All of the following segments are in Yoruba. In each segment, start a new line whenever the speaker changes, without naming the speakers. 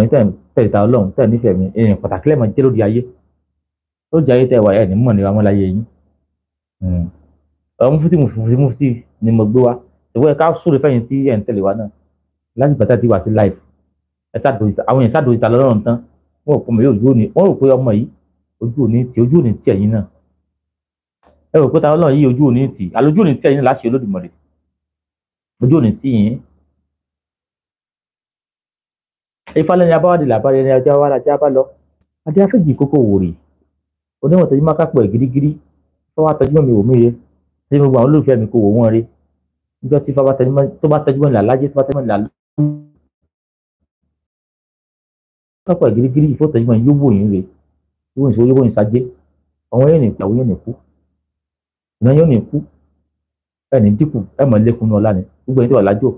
ọ̀yìn tẹ̀ ń ọlọ́run tẹ̀ nífẹ̀ẹ́ mi èèyàn pàtàkì lẹ́ẹ̀mọ jẹ́ lórí ayé lórí ayé tẹ̀ wà ẹ̀ mọ̀ ní ọmọ láyé yín ọmọ fúti mufti mufti ni mo gbé wa ṣùgbọ́n ẹ̀ka sóòrè fẹ́yìn tí ẹ̀ ń tẹ̀lé wa náà láti gbàtà tí wà sí live ẹ̀ sàdòyìntà àwọn èèyàn sàdòyìntà lọ́rùn tán wọn ò pọ̀ mọ́ ojú pé ọmọ yìí ojú òní ti ojú òní ti ẹ̀yìn náà ẹ rò pé ta ọlọ́run yìí ojú òní ti àlọ́ òní ti ẹ̀yìn náà láṣẹ Olódùmarè ojú òní ti yìí ìfalẹ̀ ni abáwádìí làbáyé ni ajá wa ajá bá lọ adé afẹ́jì kókó wòrì oníwọ̀n tẹjú máa kápọ̀ ẹ̀ gírígírí fọwọ́ tẹjú mọ́ mi wò mí re tẹjú mọ́ àwọn olólùfẹ́ mi kò wò wọ́n re níjọ́ tí fọwọ́ tẹjú mọ́ tó bá tẹjú mọ́ ní alájẹ́ tó bá tẹjú mọ́ ní alájẹ́ kápọ̀ ẹ̀ gírígírí ìfọ́ tẹjú mọ́ yóò wò yín re yóò wò yín sọ́wọ́ yóò wò yín sájẹ́ àwọn yóò ní ìpàwọ́ yóò ní kú ìná yóò ní kú ẹni dínkù ẹ̀ mọ̀ lẹ́kùn náà ni, gbogbo ẹni tó wà lájò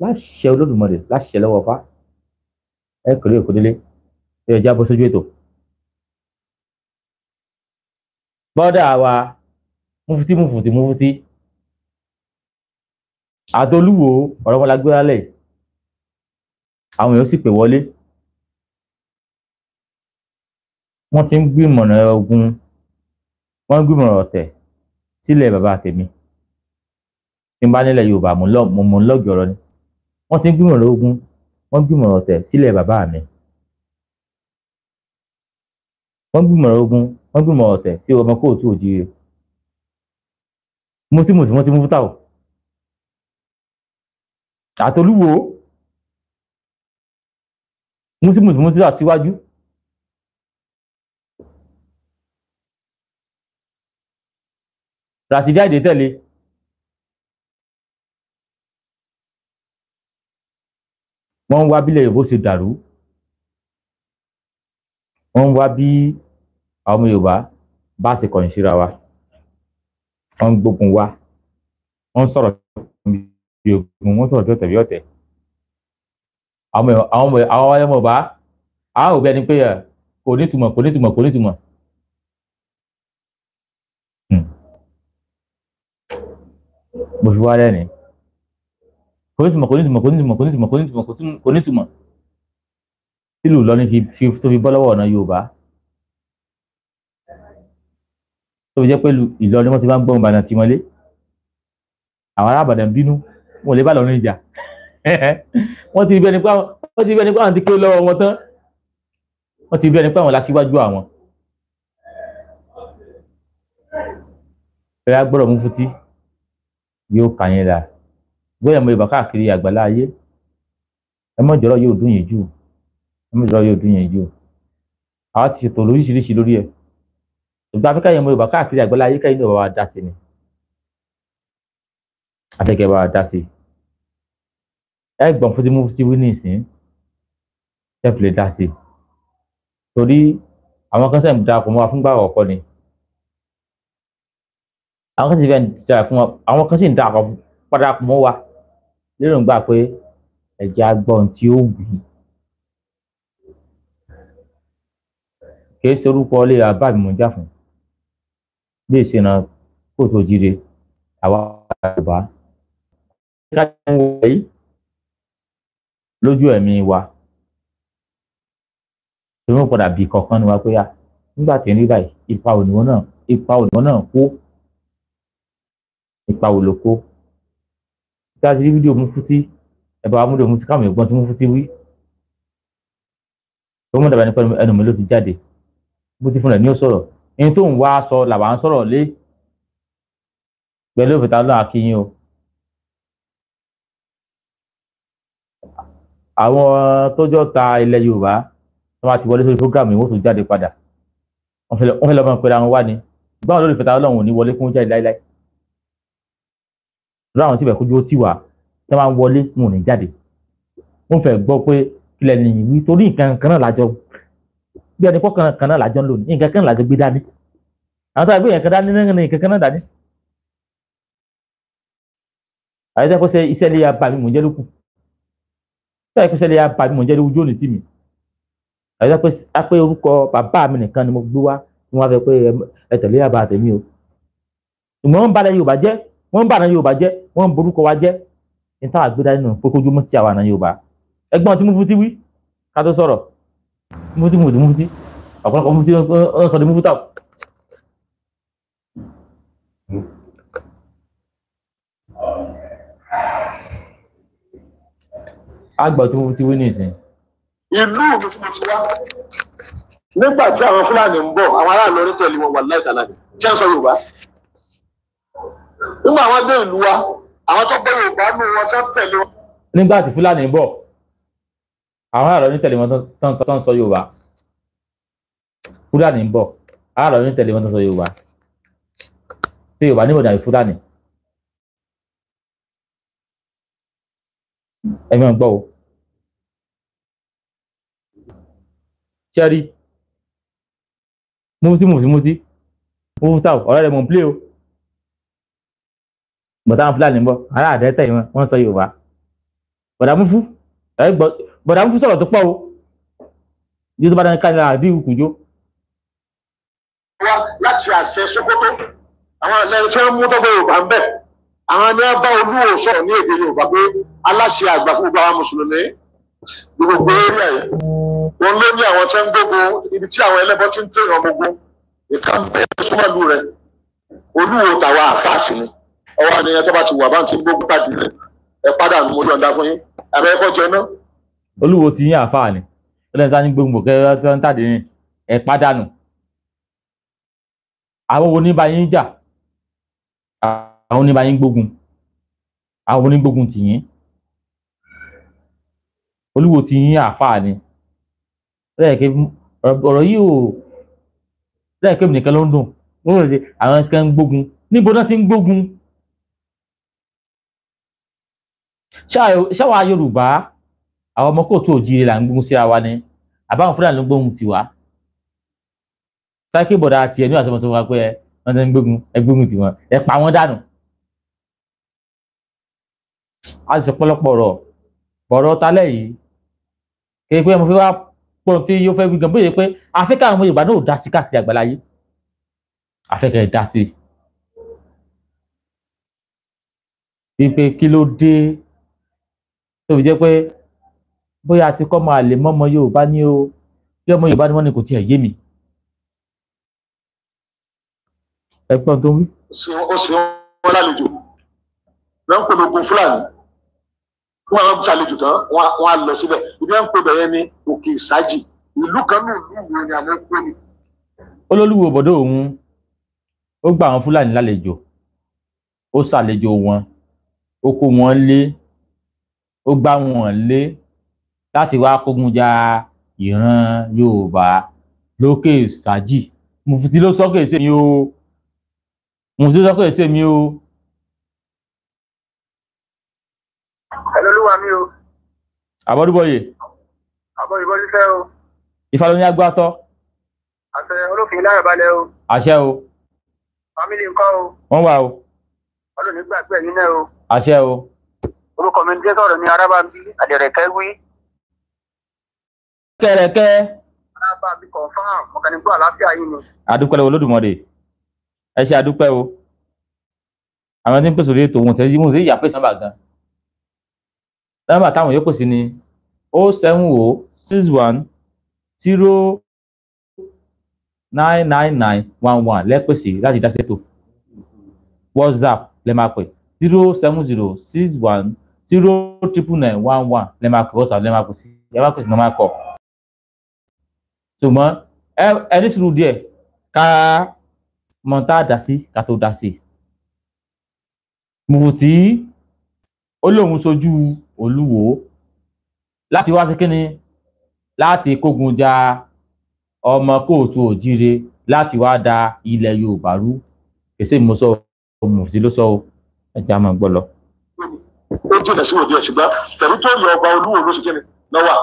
láṣẹ Olódùmarè láṣẹ lọ́wọ́ fáà ẹ kéré òkú délé ẹ jábọ́ sójú ètò. bọ́dà wa mufuti mufuti mufuti. àtolúwo ọ̀rọ̀ wọn la gbé lálẹ́ àwọn èèyàn sì pè wọlé wọ́n ti ń gbìmọ̀nà ogun wọ́n ń gbìmọ̀nà ọ̀tẹ̀ sílẹ̀ bàbá tèmi tí n bá nílẹ̀ Yorùbá mo ń lọ́ọ̀gì ọ̀rọ̀ ni wọ́n ti ń gbìmọ̀nà ogun wọ́n gbìmọ̀ ọ̀tẹ̀ sílẹ̀ bàbá mi wọ́n gbìmọ̀ ogun wọ́n gbìmọ̀ ọ̀tẹ̀ sí ọmọ kóòtù òjìire mo tí mo tí wọ́n ti mú fúta o àtolúwo mo tí mo tí mo ti rà síwájú. Ràṣídì Àìdé tẹ̀lé wọ́n ń wá bílẹ̀ Yorùbá ṣe dàrú wọ́n ń wá bí àwọn ọmọ Yorùbá bá ṣe kọ̀yìn síra wa wọ́n ń gbógun wa wọ́n ń sọ̀rọ̀ bí ogun wọ́n sọ̀rọ̀ bí ọ̀tẹ̀ bí ọ̀tẹ̀ àwọn ọmọ Yorùbá àwọn òbí ẹni pé kò nítumọ̀ kò nítumọ̀ kò nítumọ̀. Hmm. mo fi wá lẹ́nìí kò nítumọ̀ kò nítumọ̀ kò nítumọ̀ kò nítumọ̀ kò nítumọ̀ kò nítumọ̀ sílù lọ́ní fi tó fi bọ́ lọ́wọ́ ọ̀nà Yorùbá tó fi jẹ́ pé Ìlọrin wọn ti máa ń gbọ́n Ìbàdàn tì mọ́lé àwọn ará Ìbàdàn bínú wọn ò lè bá lọ́rin ìjà wọ́n ti bẹ́ni pé wọ́n ti bẹ́ni pé àwọn ti ké lọ́wọ́ wọn tán wọ́n ti bẹ́ni pé àwọn lásìwájú àwọn. ẹ á gbọ́dọ̀ mú fútí yóò kà yín dáa bóyá mo yorùbá káàkiri àgbàlá ayé ẹ mọ jọrọ yóò dún yẹn jù ẹ mọ jọrọ yóò dún yẹn jù àwa ti ṣètò lóríṣiríṣi lórí ẹ ìgbà afẹ́ká yẹn mo yorùbá káàkiri àgbàlá ayé káyìn náà bá wa dá sí ni afẹ́kẹ́ bá wa dá sí ẹ gbọ́n fún ti mú ti wí ní ìsín ẹ fi lè dá sí torí àwọn kan sẹ́yìn darapọ̀ mọ́ wa ọ̀kọ́ ni àwọn kan sì ń darapọ̀ padà mọ́ wa lérògbà pé ẹ̀jẹ̀ agbọ́n tí ó wù í. kìí ṣe orúkọ ilé abá mi mò ń jà fún bí ìṣìnà kò tó jíire àwa àgbà ká ń wọ èyí lójú ẹ̀mí wa tí wọ́n padà bí kankan ni wa pé à ah, nígbà tí ń rí báyìí ipa òníwọ́n náà ipa òníwọ́n náà kó ipa òlò kó tí a ti rí fídíò Mufti ẹ bá wa múdò Mufti káwọn èèyàn gbọ́n tí Mufti wí tó mọ̀ dàbà ní pẹ́ẹ́nu ẹnu mi ló ti jáde Mufti fúnra ní ó sọ̀rọ̀ ẹni tó ń wá sọ làwa ń sọ̀rọ̀ lé pẹ̀lú òfìta ọlọ́run akínyìn o àwọn tọ́jọ́ ta ilẹ̀ Yorùbá wọ́n máa ti wọlé sórí program yìí wọ́n tún jáde padà wọ́n fẹ́ lọ́ọ́ máa pera wọn wá ni báwọn lórí ìfẹ́ta ọlọ́run ò ní wọlé fún jáde láíláí ráwọn tí ìbẹ̀kújú ó tì wá tí wọ́n wọlé wọn ò ní jáde wọ́n fẹ́ gbọ́ pé ilẹ̀ nìyí wí torí nǹkan kan náà lájọ bí ẹni kọ́ kan náà lájọ ń lò ní nǹkan kan náà lájọ gbé dání àwọn tó àgbé yẹn kan dání náà ní nǹkan kan náà dání. àyẹ̀dẹ́ kó ṣe iṣẹ́ ilé ya bá mi mò ń jẹ́ lókù bẹ́ẹ̀ kó ṣe ilé ya bá mò ń jẹ́ lókù jóni tì mí àyẹ̀dẹ́ pé orúkọ bàbá mi nìkan ni mo gbé wá ni wọ́n fẹ́ pé ẹ tẹ̀lé yàbá tèmi o ìmọ̀ràn balẹ̀ Yorùbá jẹ́ wọ́n ń bà náà Yorùbá jẹ́ wọ́n ń borúkọ wa jẹ́ ní táwọn àgbéda nínú pókójúmọ́ tí àwa náà Yorùbá ẹgbọ́n tí Mufti wí ká tó sọ̀rọ̀ Mufti Mufti Mufti ọ̀pọ̀lọpọ̀ Mufti ọ̀n sọ̀dọ̀ Mufti táwọn. àgbà tí Mufti wí ní ìsìn.
ìlú
ìlú tí nígbà tí àwọn Fúlàní ń bọ̀ àwọn aráàlú orí wọn wà láìka láti jẹ́ sọ Yorùbá nígbà wọn dé ìlú wa àwọn tó gbọ́ Yorùbá nù wọn tó tẹ̀lé wọn.
nígbà tí Fúlàní bọ̀ àwọn àrò ní tẹ̀lé wọn tó ń sọ Yorùbá Fúlàní bọ̀ àrò ní tẹ̀lé wọn tó ń sọ Yorùbá ṣé Yorùbá níbo ni àbí Fúlàní. ẹ máa gbọ́ o ṣẹ́rí mutí mutí mutí mutí ọ̀rẹ́ rẹ̀ mọ̀ n plé o bọ̀dá wọn fúlàní ń bọ̀ ará àdẹ́tẹ̀ wọn wọ́n sọ yorùbá bọ̀dá mú fún bọ̀dá sọ̀rọ̀ tó pọ̀ o bí tó bá dáná káyọ̀ àbí ìkùjó. wá láti
àṣẹ sokoto àwọn àlẹyìn tí wọn mú dọgbọ yorùbá ń bẹ àwọn ni wọn bá olúwo sọ̀rọ̀ ní èdè yorùbá pé aláṣẹ àgbà fún gbogbo àwọn mùsùlùmí gbogbo area yẹn wọn ló ní àwọn tí wọn gbogbo ibi tí àwọn ẹlẹ́bọ ti ń tẹ̀yàn ọmọ ogun ìkànnì rẹ̀ olúwo tàwa àfáàsì ni ọwọ́ àni ẹjọ́ bá ti wà bá ń ti ń gbógun pàdé rẹ̀ ẹ padà nù mo yọ̀ǹda fún yín abẹ́rẹ́kọ́ jẹ náà.
olúwo ti yín àáfàá ni ọlọ́run tá ní gbogbo kẹ́rẹ́ tó ń tàdé ní ẹ padà nù àwọn wo ní bá yín jà àwọn ní bá yín gbógun àwọn onígbógun tì yín olúwo ti yín àáfàá ni lẹ́ẹ̀kẹ́ ọ̀rọ̀ yìí ò lẹ́ẹ̀kẹ́ nìkan ló ń dùn àwọn kan ń gbógun níbo náà ti ń gbógun. ṣáwa yorùbá àwọn ọmọ kóòtù òjìrì là ń gbógun síra wa ni àbáwọn fúlàní ló ń gbógun tiwa sáké bọ̀dá tiẹ̀ ní àtọmọtọ wa pé wọn ti ń gbógun ẹ gbógun tiwọn ẹ pa wọn dànù a sì pọ̀lọpọ̀ ọ̀rọ̀ ọ̀rọ̀ ta lẹ́yìn kéèké mo fi wá pọ̀ tí yóò fẹ́ gbígan bóyá pé afẹ́kẹ́ àwọn yorùbá náà ò dá sí káàkiri àgbáláyé afẹ́kẹ́ dá sí wípé kí ló dé tó fi jẹ́ pé bóyá àti kọ́ máa lè mọ́mọ Yorùbá ní o bí ọmọ Yorùbá ni wọ́n ní kò tiẹ̀ yé mi. ẹ̀gbọ́n tó ń wí.
ó sì wọ́n lálejò wọ́n ń pè mí ogun Fúlàní wọ́n á ṣàlejò tán wọ́n á lọ síbẹ̀ ibi wọ́n ń pè bẹ̀rẹ̀ ní Òkè
Ìsájì
ìlú kan ní ìlú ìwé ni àwọn pè ní.
olólùwò bọ̀dọ̀ òun ó gba àwọn Fúlàní lálejò ó ṣàlejò wọn ó kó wọn lé ó gbá wọn lé láti wá kógun ja ìran yorùbá lókè sàájì mufti ló sọ kèsè mi o mufti ló sọ kèsè mi o. ẹ lọ́lúwa mi o. àbọ̀dúbọ̀yè.
àbọ̀dúbọ̀yè fẹ́ o.
ifá ló ní agbátọ́.
àṣẹ olófin láyọ̀ balẹ̀ o. àṣẹ o. fámìlì ńkọ́ o. wọ́n wà o. ọlọ́run nígbà pẹ̀lú náà o. àṣẹ o orúkọ mi jẹ́ sọ̀rọ̀ ní arábàmbí àdẹ̀rẹ̀kẹ́ wí. kẹrẹkẹ. arábàmbí confam mọ̀kànnìkú àlàáfíà yìí ni.
àdúpẹ́ lọ́wọ́ Olódùmarè ẹ ṣe àdúpẹ́ o àwọn tí ń pèsè orí ètò òun tẹ́jú mọ̀ọ́sí ìyá pèsè nọ́mbà gan nọ́mbà táwọn yóò pèsè ni o oh seven o oh six one zero nine nine nine one one lẹ́pèsè láti dá sẹ́tò WhatsApp lẹ́ẹ̀ máa pè zero seven zero six one zero triple nine one one lẹ́ máa pè wọ́tà lẹ́ máa pè sí ẹ máa sí normal call ṣùgbọ́n ẹ ẹ ní sùúrù díẹ̀ ká mọ tá a dá sí ká tó dá sí mùfùtì ó lóun sojú olúwo láti wá sí kínní láti kógun ja ọmọ kóòtù òjíire láti wá da ilẹ̀ yorùbá rú èsì mo sọ mùfùtì ló sọ ọ ẹ máa gbọ́ lọ
ó jìnà sí wò díẹ̀ ṣùgbọ́n tẹ̀lé tó yọ ọba olúwo ló ṣe kíni lọ́wọ́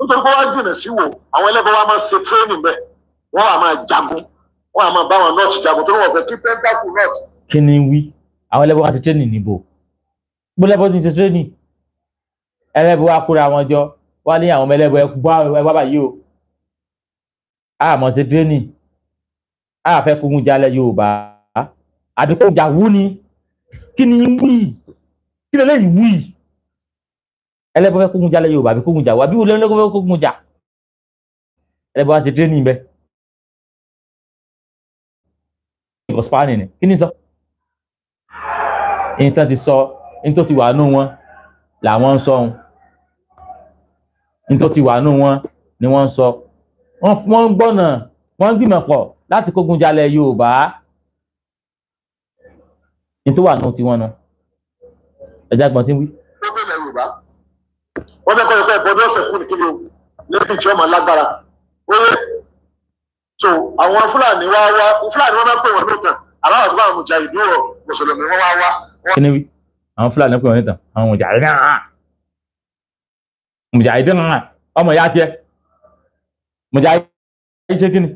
nítorí pé wọ́n á jìnà sí wò àwọn ẹlẹ́gbẹ́ wa máa ṣe tírénì bẹ́ẹ̀ wọ́n á máa jagun wọ́n á máa bá wọn nọ́ọ̀tì jagun tó
wọ́n fẹ́ kí pẹ́ńtàkù nọ́ọ̀tì.
kí ni wí àwọn ẹlẹ́gbẹ́ wa ṣe tírénì níbo bó lẹ́gbẹ́ ti ṣe tírénì ẹlẹ́gbẹ́ wa kóra wọn jọ wá ní àwọn ẹlẹ́gbẹ́ wa báyìí kí ló léyìí wí ẹlẹ́bọ fẹ́ kógun jalè Yorùbá àbí kógun jà wà bí wọ́n lẹ́nu fẹ́ kógun jà ẹlẹ́bọ wá ṣe tírénì bẹ́ẹ̀ ìbọn spani ni kí ni sọ nǹkan ti sọ nítorí ti wà nù wọn làwọn ń sọ ohun nítorí ti wà nù wọn ni wọ́n ń sọ wọ́n ń gbọ́nà wọ́n ń gbìmọ̀ pọ̀ láti kógun jalè Yorùbá nítorí wà nù tiwọn náà ẹja gbọ́n tí ń wí.
lọ́gbẹ̀lẹ̀ yorùbá wọ́n fẹ́ kọ́ ẹ̀kọ́ ẹ̀kọ́ ọdún ọ̀sẹ̀ kù ní kíni o lẹ́yìn tí ọmọ lágbára ó yẹ so àwọn fúlàní wá wá fúlàní wọn bá pè wọn lóòótọ́ aláwọ̀ tó bá wọn jà ìdú ọ̀ mùsùlùmí wọn wá wá.
kíni wí àwọn fúlàní pè wọn lóòótọ́ àwọn mùjà ìdí náà mùjà ìdí náà ọmọ ìyá tiẹ̀ mùjà ìdí ṣe kíni.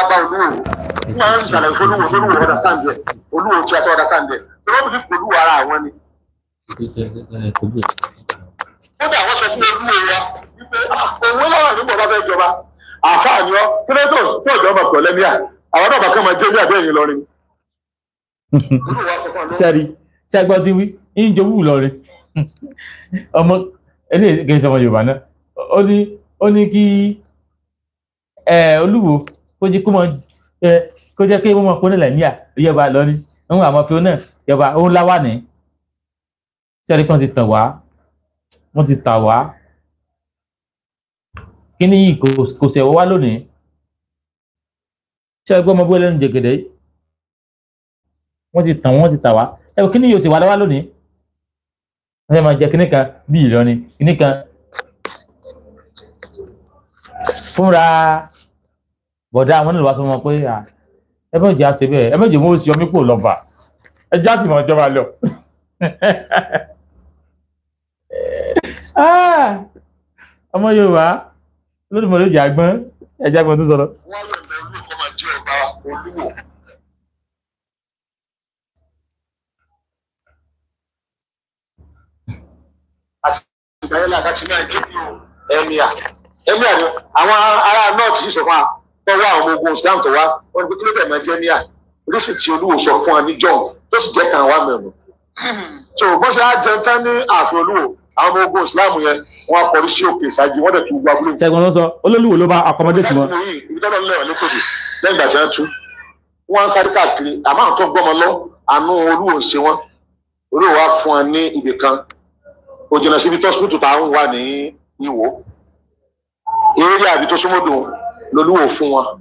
a bá olúwo wọn ń ṣàlàyé fún olúwo olúwo ọ̀dà sáǹdì olúwo tí a tọ́ ọ̀dà sáǹdì tí wọ́n fi pẹ̀lú ara àwọn ni. nígbà wọ́n sọ fún olú wa wípé ah, òun lọ́wọ́ ní bọ̀dá fẹ́ jọba àfààní ọ kí ló tó ìjọba pẹ̀lú ẹ̀mí à àwọn náà bá máa jẹ́ bí àgbẹ̀ yìí lọ́rin.
sẹ́ẹ̀rì sẹ́gbọ́n ti wí ìjọwú lọ́rin ọmọ eléyìí kì í sọmọ Yorùbá náà ó ní ó ní kí olúwo kó jẹ́ kó jẹ́ kí wọ́n máa pọ́nlẹ̀ lẹ́mí à ìyẹ́ba lọ́rin ń wà mọ́ fi ó náà ìjọba ó láwà ní sẹ́rí kan ti tàn wá wọ́n ti tà wá kí ni yìí kò sẹ̀wọ́ wá lónìí ṣé ẹgbẹ́ ọmọ bóyá lẹ́nu jẹ̀gẹ̀dẹ̀ wọ́n ti tàn wọ́n ti tà wá ẹ kí ni yóò sẹ̀wọ́ wá lónìí wọ́n ṣe máa jẹ kíní kan bí Ìlọrin kíní kan fúnra bọ̀dá àwọn nílùú wa sọ wọn pé ẹ má jẹ́ àṣẹ bẹ́ẹ̀ ẹ má jẹ́ mọ́ oṣù ọmí pò lọ́ba ẹ já sì mọ́ ìjọba lọ. Ah! ọmọ yorùbá lónìí mo lè jẹ àgbọn ẹ jẹ àgbọn tó sọ̀rọ̀.
wọ́n lè bẹ̀rù kọ́ máa jẹ́ ọba olúwo. àti ìgbà yẹn làkàtì náà kí ni ẹ̀mí
à ni àwọn ará north sì sọ fún wa wọ́n wá àwọn ogun Islam tó wá wọ́n ní kílódé máa jẹ́ níyà oríṣi tí olúwo sọ fún wa ní john tó sì jẹ́ kàn wá mẹ́rin. so o ṣe á jẹun tán ní ààfin olúwo àwọn ọmọ ogun Islam yẹn wọ́n akọrí sí òkè ìsájú wọ́n dẹ̀
tún gba abúlé. sẹ́gun sọ olólùwò ló bá akọmọdé tì mọ́.
ibi tọ́lọ́ lẹ́wọ̀n wá fún wọn ní ibì kan òjìnà síbi tọ́sítù tá à ń wà ní Ìwó eré àbí tó súnmọ́dún lolúwo fún wọn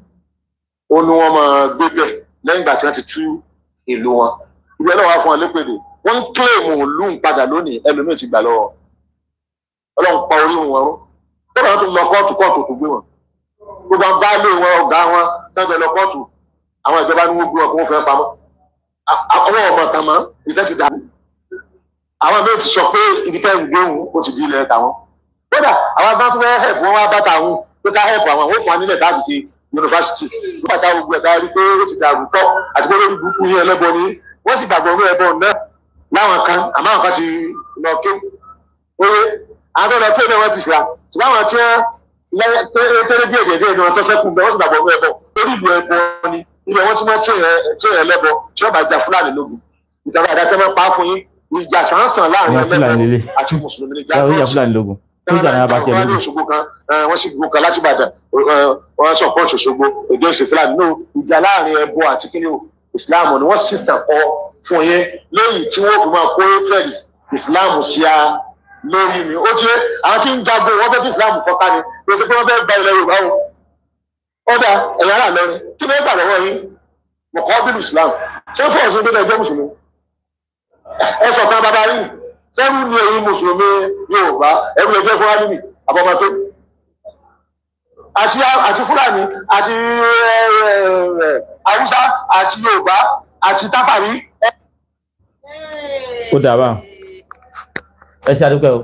ó ní wọn máa gbé bẹ lẹ́yìn ìgbà tí wọn ti tú ìlú wọn ìwé náà wà fún wọn lépèdè wọn ń kílèmù ìlú ń padà lónìí ẹlòmíì ti gbà lọ́wọ́ Ọlọ́run pa orí wọn rún ó náà tún lọ kóòtù kóòtù kò gbé wọn gbogbo àwọn baálé wọn ọ̀gá wọn tẹnbẹ lọ kóòtù àwọn ìjọba ni wọn gbé wọn kó wọn fẹ́ pamọ́ àwọn ọmọ tàmọ ìtẹ ti dàrú àwọn mẹ́rin ti sọ pé ibi tẹ́ ń gbóhùn ó ti di ilẹ̀ tàwọn kódà àwọn abáfẹ́ ẹ̀kọ́ wọn bá tàwọn pé ká help àwọn òfò anílẹ̀ káàdì sí yunifásitì nígbà táwọn gbogbo ẹ̀ka rí pé ó ti dàrú tọ́ àti pé lórí burúkú yẹn ẹlẹ́bọ ni wọ́n sì gbàgbọ́ ní ẹbọ náà láwọn kan àmọ́ àwọn kan ti lọ ké oye àwọn tó lọ ké náà wọ́n ti sira ṣùgbọ́n àwọn tí wọ́n tẹ́lẹ̀ díẹ̀ díẹ̀ díẹ̀ ni wọ́n tọ́sẹ́ kù bẹ́ẹ̀ wọ́n sì gbàgbọ́ ní ẹbọ lórí ìlú ẹbọ ni ibẹ̀ wọ́n ti mọ́ tún yẹn ẹlẹ́bọ tí wọ́n bá jà fúlàní lógun ìtàkùn àdá tẹ́ mọ́ pa fún yín ìjà sàn-án sàn láàrin
ẹlẹ́bọ
àti mùsùlùmí ni jà
nígbà yẹn abàjẹ́
ni wọ́n sì tàn kọ́ fún yẹn lẹ́yìn tí wọ́n fi máa kó trends ìsìláàmù sí a lórí ni ó jẹ́ àwọn tí ń jago wọ́n fẹ́ kí ìsìláàmù fọ́ká ni kò sí pé wọ́n fẹ́ gba ilẹ̀ Yorùbá o ọ̀dà ẹ̀yà rà lọ́rin kí ló ń gbà lọ́wọ́ yín mọ̀kọ́ bílù ìsìláàmù ṣé fọ́ọ̀sì ń gbé sẹ́rù ni èyí mùsùlùmí yorùbá ẹ̀rù ẹ̀fẹ́ fún alimi àbọ̀mọ́tò àti àti fúlàní àti eh, haúsá àti yorùbá àti tápàrí.
ó dàbà ẹ ṣe àdúpẹ́ o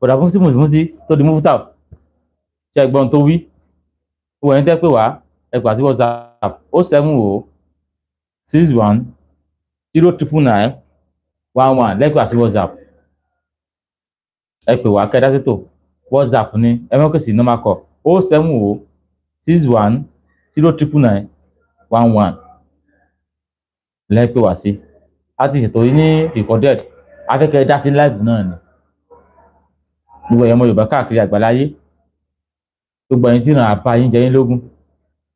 bọ̀dà fún sí mùsùlùmí tó di mufta ṣe ẹgbọ́n tó wí wọ́n ẹni tẹ́ pé wá ẹgbà sí whatsapp ó seven o six one zero triple nine one one lẹ́gbàá sí whatsapp ẹ pè wá kẹ́dá tètò whatsapp ní emergency normal call o seven o six one zero triple nine one one lẹ́yìn pé wá sí a ti ṣètò yìí ní recorded afẹ́kẹ́ dá sí live náà ni gbogbo ẹ̀yọ́mọ yorùbá káàkiri àgbáláyé gbogbo ẹ̀yin tí ràn àbá yín jẹ yín lógún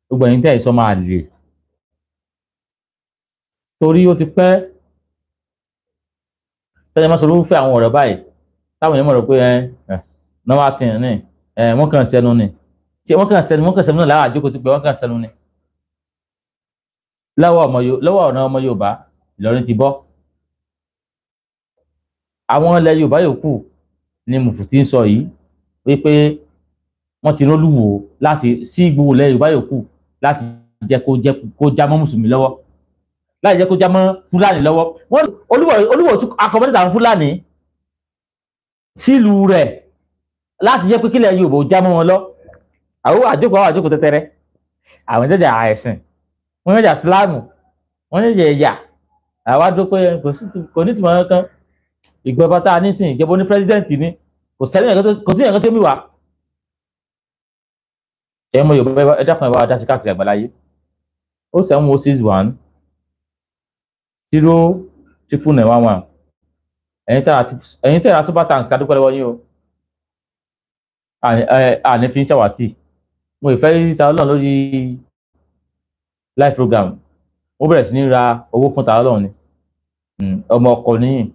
gbogbo ẹ̀yin tẹ̀ sọ máa lè torí ó ti pẹ́ tẹ́lẹ̀ máa sọ ló ń fẹ́ àwọn ọ̀rọ̀ báyìí táwọn èèyàn mọ̀ rò pé ẹ ẹ náwó àti ẹ̀ ní ẹ wọ́n kàn sẹ́nu ni tí wọ́n kàn sẹ́nu wọ́n kàn sẹ́nu náà láwọn àjókòó ti pé wọ́n kàn sẹ́nu ni. lọ́wọ́ ọ̀nà ọmọ Yorùbá Ìlọrin ti bọ́ àwọn ilẹ̀ Yorùbá yòókù ni mùfùtí ń sọ yìí wípé wọ́n ti rólùwò láti sí gbogbo ilẹ̀ Yorùbá yòókù láti jẹ́ kó jẹ́ kó já mọ́ mùsùlùmí lọ́wọ́ láti jẹ́ kó já mọ́ Fúlàní lọ́wọ́ wọ́n Olúwo Olúwo tún akọmọdé tàwọn Fúlàní sílùú rẹ̀ láti jẹ́ pé kílẹ̀ Yorùbá ó já mọ́ wọn lọ àwọn àjókòó àwọn àjókòó tẹ́tẹ́rẹ́ àwọn jẹ́jà àìsìn wọ́n jẹ́jà síláàmù wọ́n jẹ́jà ẹ̀yà àwa dúpẹ́ kò ní tìmọ̀ kankan ìgbọ̀nba tá a ní sìn ìjọba ní pírẹsidẹ́ǹtì ni kò sẹ́yìn kò sí ẹ̀kan tó mi wá. ẹ mọ Yorùbá ẹ dákun ẹ bá wa dá sí káàkiri àgbáláyé ó oh seven oh six one zero triple nine one one ẹ̀yin tẹ̀ra super tanks adúpẹ́ lọ́wọ́ yín o àní fi ń ṣàwátì mo ìfẹ́ ta ọlọ́run lórí live program ó bẹ̀rẹ̀ sí ní ra owó fún ta ọlọ́run ni hmm, ọmọ ọkọ níyìn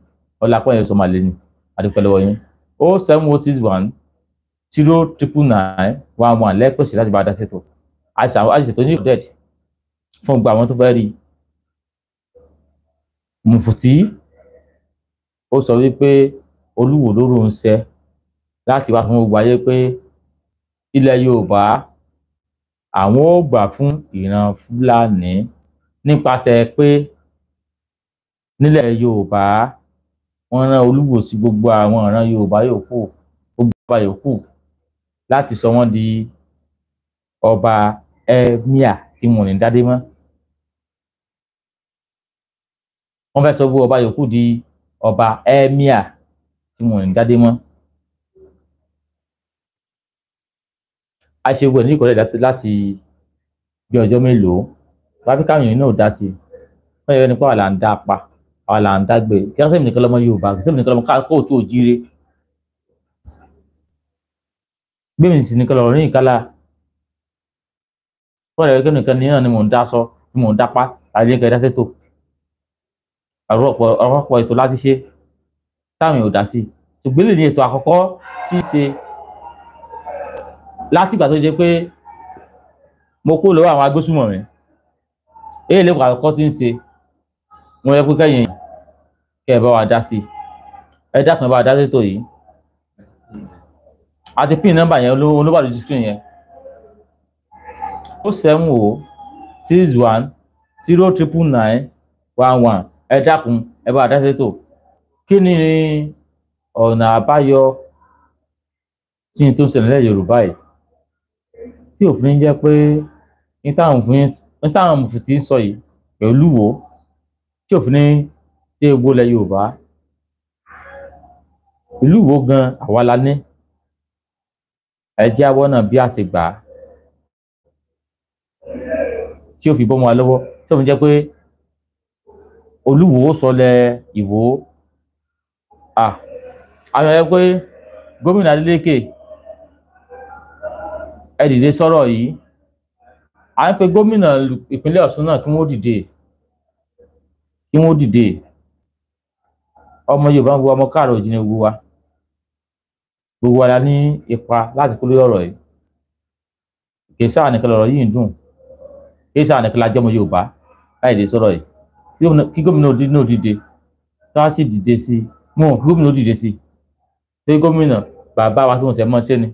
ọlápẹ́yẹ sọmalẹ̀ ni adúpẹ́ lọ́wọ́ yín o seven o six one zero triple nine one one lẹ́pẹ̀sì láti bá a dá ṣètò àìsàn àìsàn tó ní ìdẹ́ẹ̀dì fún gbogbo àwọn tó fẹ́ rí mùfùtì ó sọ wípé olúwo ló rò ń ṣe láti wá fún gbogbo ayé pé ilẹ̀ yorùbá àwọn ò gbà fún ìran fúlàní nípasẹ̀ pé nílẹ̀ yorùbá wọ́n rán olúwo sí gbogbo àwọn ìran yorùbá yòókù ọba yòókù láti sọ wọ́n di ọba ẹmíà tí wọn ò ní dádé mọ́ wọ́n fẹ́ẹ́ sọ gbogbo ọba yòókù di ọba ẹ́míà tí wọn ò ní jáde mọ́. a ṣe gbogbo ìdílé ìkọ́lẹ̀ láti bí ọjọ́ mélòó ráfíkà yìí náà dá sí i wọ́n yẹ nípa àlà ń dá apá àlà ń dá gbé kí wọ́n sẹ́mi nìkan lọ́mọ Yorùbá kí sẹ́mi nìkan lọ́mọ kó tó jíire gbẹ̀mí sì nìkan lọ́rọ̀ ní ìkálá wọ́n yẹ kí nìkan ní náà ni mò ń dá sọ ni mò ń dápá àti nìkan ìdásẹ́tò ọ̀rọ̀pọ̀ ètò láti ṣe táwọn èèyàn ò dá sí ṣùgbọ́n lè ní ètò àkọ́kọ́ tí í ṣe látìgbà tó jẹ́ pé mo kó lọ́wọ́ àwọn agbésùmọ̀mí èyí lè kọ́ àkọ́kọ́ tí ń ṣe wọ́n yẹ pé kẹ́yìn kẹ́ ẹ bá wa dá sí ẹ dákun ẹ bá wa dá sí ètò yìí àti pin nọ́mbà yẹn olóbàdàn ju screen yẹn ó sẹ́wọ̀n o oh six one zero triple nine one one ẹ dákun ẹ bá dá sétò kí ni ọ̀nà àbáyọ tí n tó ń ṣẹlẹ̀ lẹ́ yorùbá yìí tí òfin jẹ́ pé ní táwọn mùfùtì ń sọ yìí pẹ̀lú wo tí òfin dé egbò lẹ yorùbá ìlú wo gan àwa la ní ẹ jáwọ́ náà bí a ṣe gbà tí ó fi bọ́ mọ́ wa lọ́wọ́ tí òfin jẹ́ pé olúwo sọlẹ ìwò à àwọn ẹ pé gómìnà Adeleke ẹ dìde sọ̀rọ̀ yìí à ń pe gómìnà ìpínlẹ̀ Ọ̀ṣun náà kí wọ́n dìde kí wọ́n dìde ọmọ Yorùbá ń wo ọmọ káàrọ̀ òjì ní gbogbo wa gbogbo wa la ní ipa láti kó lórí ọ̀rọ̀ yìí kì í sáà nìkan lọ̀rọ̀ yìí ń dùn kì í sáà nìkan la Yorùbá láì dé sọ̀rọ̀ yìí kí gómìnà náà dìde tó a sì dìde sí wọn kí gómìnà dìde sí pé gómìnà bàbá wa tó ń sẹ mọ ṣe ni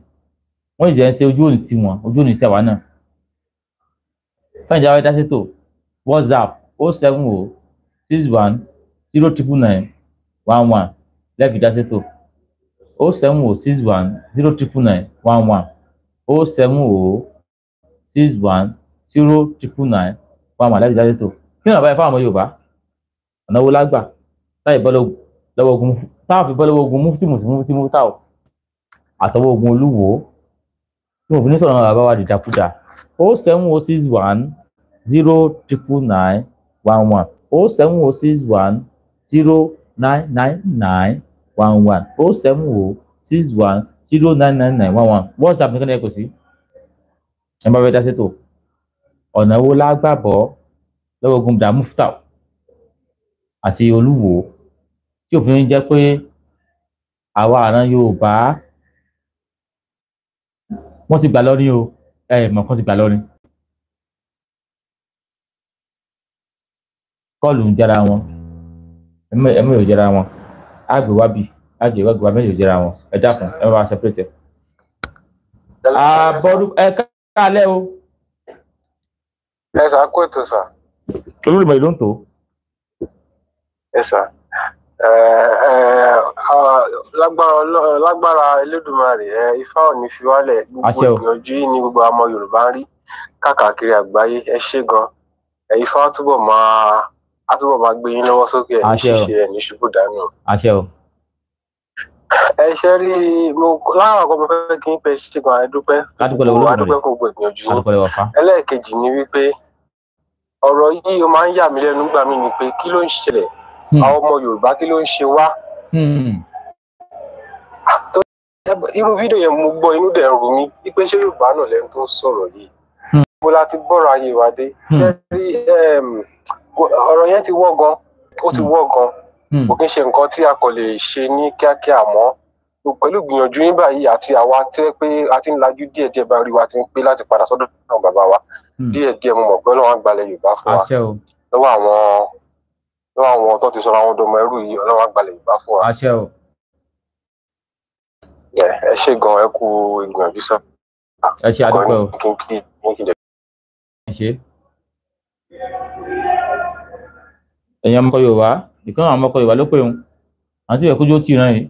wọn ìṣẹ ń ṣe ojú òní tiwọn ojú òní tẹwa náà fẹjá wáyé dásítò whatsapp o seven o six one zero triple nine one one lẹ́ẹ̀kì dásítò o seven o six one zero triple nine one one o seven o six one zero triple nine one one lẹ́ẹ̀kì dásítò kí ni àbáyé fáwọn ọmọ Yorùbá ọ̀nà wo lágbà táyì bọ́lọ́wọ́ ogun táwọn fi bọ́lọ́wọ́ ogun mufti mufti mufta o àtọwọ́ ogun olúwo tí mo fi ní sọ̀rọ̀ náà bàbá wa dìdàkudà o seven o oh six one zero triple nine one one o seven o oh six one zero nine nine nine one one o seven o oh six one zero nine nine nine one one whatsapp nìkan ní ẹ kò sí ẹ bá fẹ́ dá sí tò ọ̀nà wo lágbàbọ̀ lọ́wọ́ ogun dàmúfta o àti olúwo tí òfin jẹ́ pé àwa àran yorùbá wọ́n ti gbà lọ́rin o ẹ mọ̀ kán ti gbà lọ́rin. kọ́ọ̀lù ń jára wọn ẹ mọ̀ èrò jára wọn àgbè wá bì àjẹ wá gbà mẹ́rin jára wọn ẹ dákun ẹ wá sẹpẹ̀tẹ̀. àbọ̀dù ẹ káàlẹ́ o. ẹ sà kó ètò sà. olórí mẹ́rin ló ń tò
ẹ̀sà eh, eh, ah, eh, lágbára Elédùmarè ẹ ifá ò ní fi wálẹ̀ gbogbo ìgbìyànjú yìí ni gbogbo ọmọ Yorùbá ń rí káàkiri àgbáyé ẹ ṣé gan ẹ ifá túbọ̀ máa á túbọ̀ máa gbé yín lọ́wọ́ sókè ẹ̀ ní ṣíṣe ẹ̀ ní ṣubú dànù. ẹ ṣe rí mo láwọn ọkọ mo fẹ́ kí n pẹ́ ṣe gan adúpẹ́
adúpẹ́ kò
gbọ́ ìgbìyànjú ẹlẹ́ẹ̀kejì ni wípé ọ̀rọ̀ yìí ó máa ń yà mí lẹ́nu gbà mí ni pé kí ló ń ṣẹlẹ̀ Hmm. àwọn ọmọ yorùbá kí ló ń ṣe wá. Hmm. irú fídíò yẹn mo gbọ́ inú dẹ̀ rù mí wípé ṣé yorùbá náà lẹ́nu tó ń sọ̀rọ̀ yìí bó hmm. la ti bọ́rọ̀ ayé wa dé ọ̀rọ̀ yẹn ti wọ́ gan ó ti wọ́ gan kò kí ń ṣe nǹkan tí a kò lè ṣe ní kíákíá mọ́ pẹ̀lú gbìyànjú yín báyìí àti àwa tẹ́ pé a ti ń lajú díẹ̀ bá rí wa ti ń pé láti padà sọ́dọ̀ àwọn bàbá wa díẹ̀ díẹ̀ mo mọ̀ pé ọlọ́run á yorùbá fún
wa
lọ́wọ́ àwọn ní àwọn tó ti sọ̀rọ̀ àwọn ọdọmọ ẹrú yìí ọlọ́wọ́ àgbàlẹ̀ ìbá fún wa.
àṣẹ o. ẹ ṣe gan ẹ kú ìgbìyànjú sọ.
ẹ ṣe àdúgbò o. kí
n kí n kí n jẹ.
ẹ ṣe. ẹ̀yin ọmọkọ yorùbá ìkan àwọn ọmọkọ yorùbá ló pé òun àti ìwẹ̀ kójú ó tì ràn yìí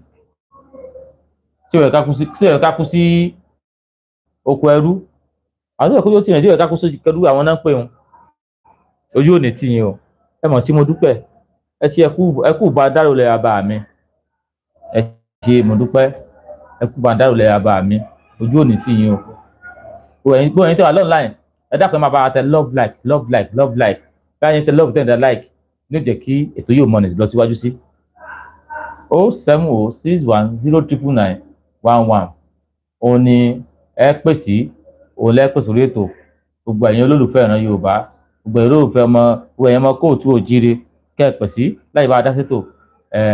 tí ìwẹ̀ ká sí oko ẹrú àti ìwẹ̀ kójú ó tì ràn tí ìwẹ̀ ká sí oko àwọn náà pé òun ojú ò ní tì yín o ẹ mọ̀ sí mo dúpẹ́ ẹ ṣe ẹ kú bá dárò lẹ́yà bá mi ẹ ṣe mo dúpẹ́ ẹ kú bá dárò lẹ́yà bá mi ojú òní tì yín o ẹ̀yin ẹ̀yin tó wà lọ́nláìn ẹ dákun ẹ máa bá wa tẹ love like love like love like báyìí tẹ love tẹ̀dá like ní ó jẹ́ kí ètò yóò mọ̀nì lọ síwájú sí o oh seven o oh six one zero triple nine one one òun ni ẹ pè sí òun lẹ́ pè sórí ètò gbogbo ẹ̀yin olólùfẹ́ ìran Yorùbá gbogbo ẹ̀yin ọmọ gbogbo ẹ̀yin ọmọ kóòtù òjíire kẹ́ ẹ pẹ̀ sí láì bá a dá sétò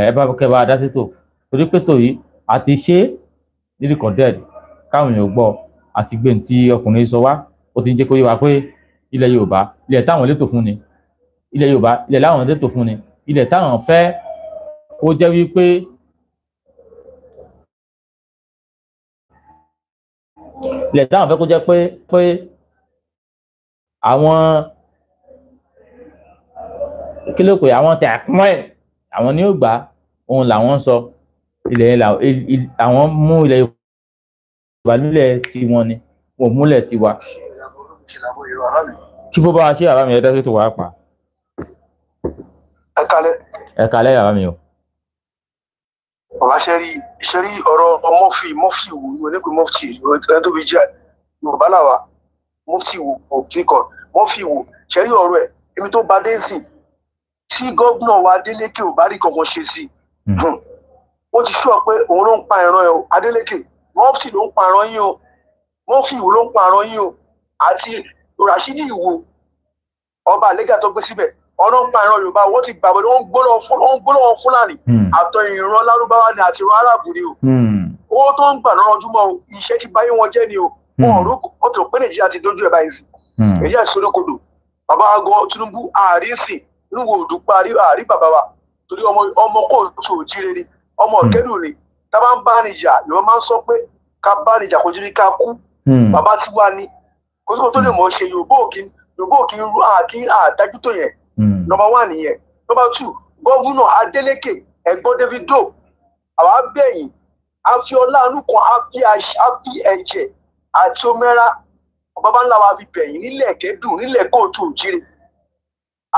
ẹ bá kẹ́ ẹ bá a dá sétò torí pé tòyí àti ṣe ní recorded káwọn èèyàn gbọ́ àti gbé ti ọkùnrin sọ wá ó ti ń jẹ́ kó yé wa pé ilẹ̀ Yorùbá ilẹ̀ táwọn elétò fún ni ilẹ̀ Yorùbá ilẹ̀ láwọn elétò fún ni ilẹ̀ táwọn fẹ́ ó jẹ́ wípé
ilẹ̀ táwọn fẹ́ kó jẹ́
pé pé àwọn kí ló pè àwọn tẹ àpọ́n ẹ̀ àwọn ni ó gbà òun làwọn sọ ilẹ̀ àwọn mú ilẹ̀ Yorùbá lulẹ̀ ti wọn ni wọn múlẹ̀ ti wa kí bó bá wa ṣe àbá mi ẹ dá sí tó wàá pa. ẹ kalẹ̀. ẹ kalẹ̀ yàrá mi o
ọba ṣẹ́rí ṣẹ́rí ọ̀rọ̀ mọ́fì mọ́fì wò ní onípe mọ́fì ẹni tó fi jẹ́ yorùbá làwà mọ́fì wò òkìkan mọ́fì wò ṣẹ́rí ọ̀rọ̀ ẹ̀ èmi tó bá dé sìn tí gómìnà wa Adeleke ò bá rí kankan ṣe sí i hmm. Hmm. ó ti sọ pé òun ló ń pa ìran ẹ o Adeleke Murphy ló ń pa ìran yín o Murphy ìwò ló ń pa ìran yín o àti Rashidi ìwò ọba àlégà tó gbé síbẹ̀ ọ̀nà ń pa ìran Yorùbá wọ́n ti gbàgbọ́ wọ́n ń gbólọ́wọ́ Fúlàní hmm. àtọ ìran Lárúbáwá ni àti ìran Árábù ni o owó tó ń gbà náà ọdúnmọ́ o iṣẹ́ ti báyé wọn jẹ́ ni o wọn ò rókò ó tò pé Nàìjíríà ti dójú ẹ̀ báyìí sí Nàìjíríà ti sódókodò bàbá àgọ́ Tinubu ààrí sìn níwò òdùpá àrí bàbá wa torí ọmọ ọmọ kóòtù òjíire ni ọmọ hmm. ọ̀kẹ́dù ni tá bá ń bá ní ìjà ìwọ máa ń sọ pé ká bá ní ìjà kò jírí ká kú hmm. bàbá ti wá ní kó tó tó lè mọ̀ ṣe Yorùbá òkì Yorùbá òkì rú àkí àdájú tó yẹn hmm. number one nìyẹn number two gọ́vùnà Adeleke ẹ̀gbọ́n Davido àwa bẹ̀yìn àfi ọlá afi kan afi ẹ̀jẹ̀ àti omẹ́ra bàbá ńlá wa fi bẹ̀yìn nílẹ̀ kẹ́dùn nílẹ̀ kóòtù òjíire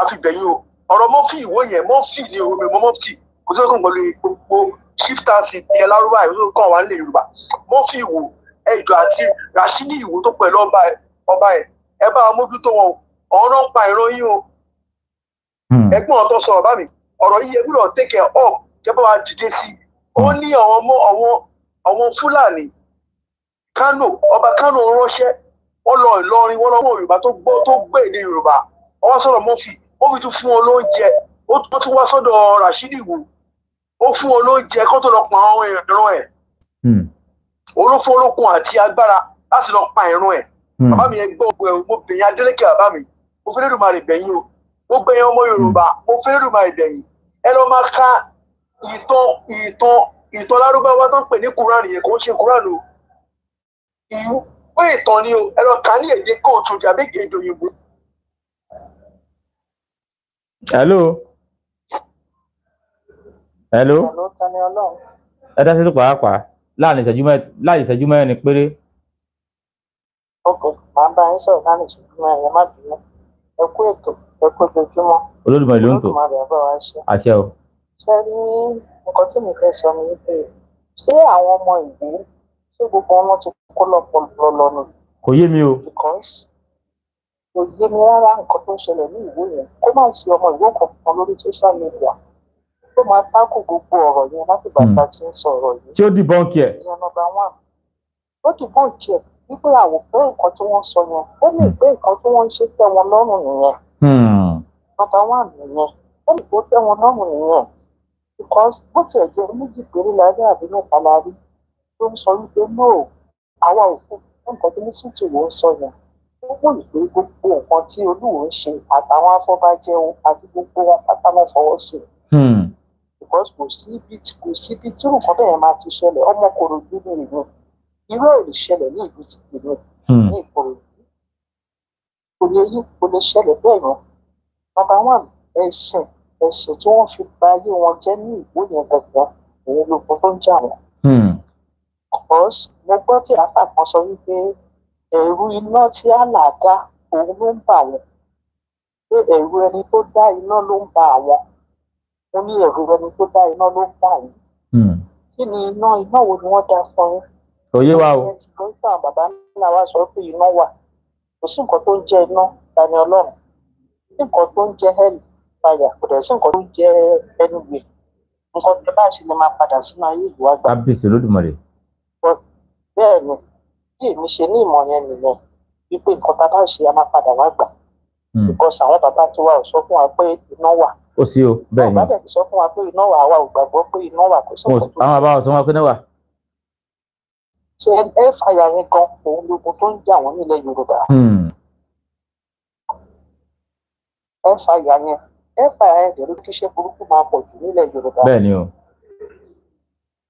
àfìgbẹ̀yìn o ọ̀rọ̀ mọ́fì ìwó yẹn mọ́fì ni omi mọ́ mọ́fì kò tó kàn gbọ́dọ̀ gbogbo shifters ti ẹ lárúbá ìlú kan wà nílẹ̀ yorùbá mọ́fì ìwó ẹjọ́ àti rashidi ìwó tó pẹ̀lú ọba ẹ ọba ẹ ẹ bá wọn mójútó wọn ọ̀rọ̀ pa ìran yín o hmm. ẹgbọ́n ọ̀tọ̀ sọ̀rọ̀ bá mi ọ̀rọ̀ yìí ẹgbẹ́ náà take care of kẹ́ bá wa dìde sí ó hmm. ní àwọn ọmọ àwọn àwọn fúlàní kánò ọba kánò ránṣẹ́ wọ́n lọ ìlọrin wọ́n lọ́mọ yorùbá tó tó gbé èdè yorùbá ọwọ́ sọ̀rọ̀ mọ́fì ó fi tún fún olóúnjẹ ó tún wá sọ́dọ̀ Rashidi wò ó fún olóúnjẹ kó tó lọ pa àwọn ìran ẹ̀ olófó hmm. olókun àti agbára láti lọ pa ìran ẹ̀ hmm. bàbá mi yẹn gbọ́ ọgbẹ́ mo bẹ̀yìn Adélékè bàbá mi mo fẹ́ lẹ́dùnmá rẹ̀ bẹ̀yìn o mo gbẹ̀yìn ọmọ Yorùbá mo fẹ́ lẹ́dùnmá rẹ̀ bẹ̀yìn ẹ lọ́ máa ka ìtàn ìtàn ìtàn lárúbáwá tó ń pè ní Quran yẹn kò ń ṣe Quran o ìwé ìtàn ni o ẹ lọ kà á ní èdè kóòtù tàbí èdè òyìnbó
hello hello ẹ dá sẹ́tù pàápàá láàrin ìṣẹ́jú mẹ́rin láàrin ìṣẹ́jú mẹ́rin ni péré.
ọkọ màá bá yín sọ̀rọ̀ láàrin ìṣẹ́jú mẹ́rin ẹ má bínú ẹ kú ètò ẹ kú ojoojúmọ́.
olódùmarè
ló ń tò àti ẹ o.
ṣé rí ní nǹkan tí mi fẹ́ sọ ni wípé ṣé àwọn ọmọ ìlú ṣé gbogbo wọn ti kó lọ́pọ̀lọpọ̀ lọ́nà. kò yé mi o. because kò yé mi rárá nǹkan tó ń ṣẹlẹ̀ ní ìwé yẹn kó má ṣe ọmọ ìwé kankan lórí social media tó máa tákù gbogbo ọ̀rọ̀ yẹn láti hmm. bàtà tí ń sọ ọ̀rọ̀
yìí. tí ó dìbọn kí ẹ.
ìyẹn nọ́mbà one ó dìbọn kí ẹ wípé àwòfẹ́ nǹkan tí wọ́n sọ yẹn ó lè gbé hmm. nǹkan tí wọ́n ń ṣe tẹ́ wọn lọ́rùn nìyẹn. Hmm. nọ́mbà one nìyẹn ó lè gbé tẹ́ wọn lọ́rùn nìyẹn because bó tiẹ̀ jẹ́ méjì péré la rí àbí mẹ́ta la rí tó ń sọ wípé no àwa ò fún nǹkan tí wò ń sọ yẹn ó wòye gbogbo nǹkan tí olúwo ń ṣe àtàwọn afọbajẹ o àti gbogbo wọn pátá wọn sí i. Hmm. because kò sí ibi kò sí ibi tí nǹkan bẹ́ẹ̀ máa ti ṣẹlẹ̀ ọmọ ní ìlú irú ò lè ṣẹlẹ̀ ní ìlú ti tèmi hmm. ní ìkòròdú kò lè yí kò lè ṣẹlẹ̀ bẹ́ẹ̀ yẹn bàbá wọn ẹ̀sìn ẹ̀sìn tí wọ́n fi bà ayé wọn jẹ́ ní ìwó yẹn gangan òun ló kọ́ tó ń jà wọ́n. Hmm. because mo gbọ́ tí àáfà kan sọ wípé ẹ̀rù iná tí àlà dá òun ló ń bà wọ́n pé ẹ̀rù ẹni tó dá iná ló ń bà wọ́n mo ní ẹ̀rù ẹni tó dá iná ló ń bà yín hmm. kí ni iná iná wo ni wọ́n dá sọ yín. òye wa o. ẹni tí ló ń sàn bàbá ńlá wa sọ pé iná wà kò sí nǹkan tó ń jẹ iná tani ọlọ́run nǹkan tó ń jẹ hẹ́lì fàyà kò dẹ̀ sí nǹkan tó ń jẹ ẹnu nǹkan tó bá ṣe ni máa padà sínú ayé ìwà gbà. bẹ́ẹ̀ ni bí èmi ṣe ní ìmọ̀ yẹn nìyẹn wípé nǹkan tá a bá ṣe a máa padà wá gbà hmm. because àwọn bàbá tó wà ò sọ fún wa pé iná wà
ó sí o bẹ́ẹ̀ ni àwọn bàbá
sọ fún wa pé iná wà àwa ò gbàgbọ́ pé iná wà kò sọ̀rọ̀ tó
àwọn bàbá sọ fún pé iná wà.
ṣe ẹ fàyà yẹn gan òun lógun tó ń jà wọn nílẹ̀ Yorùbá ẹ hmm. fàyà yẹn ẹ fàyà yẹn dẹ̀rú kí burúkú máa pọ̀ jù nílẹ̀ Yorùbá. bẹ́ẹ̀ ni o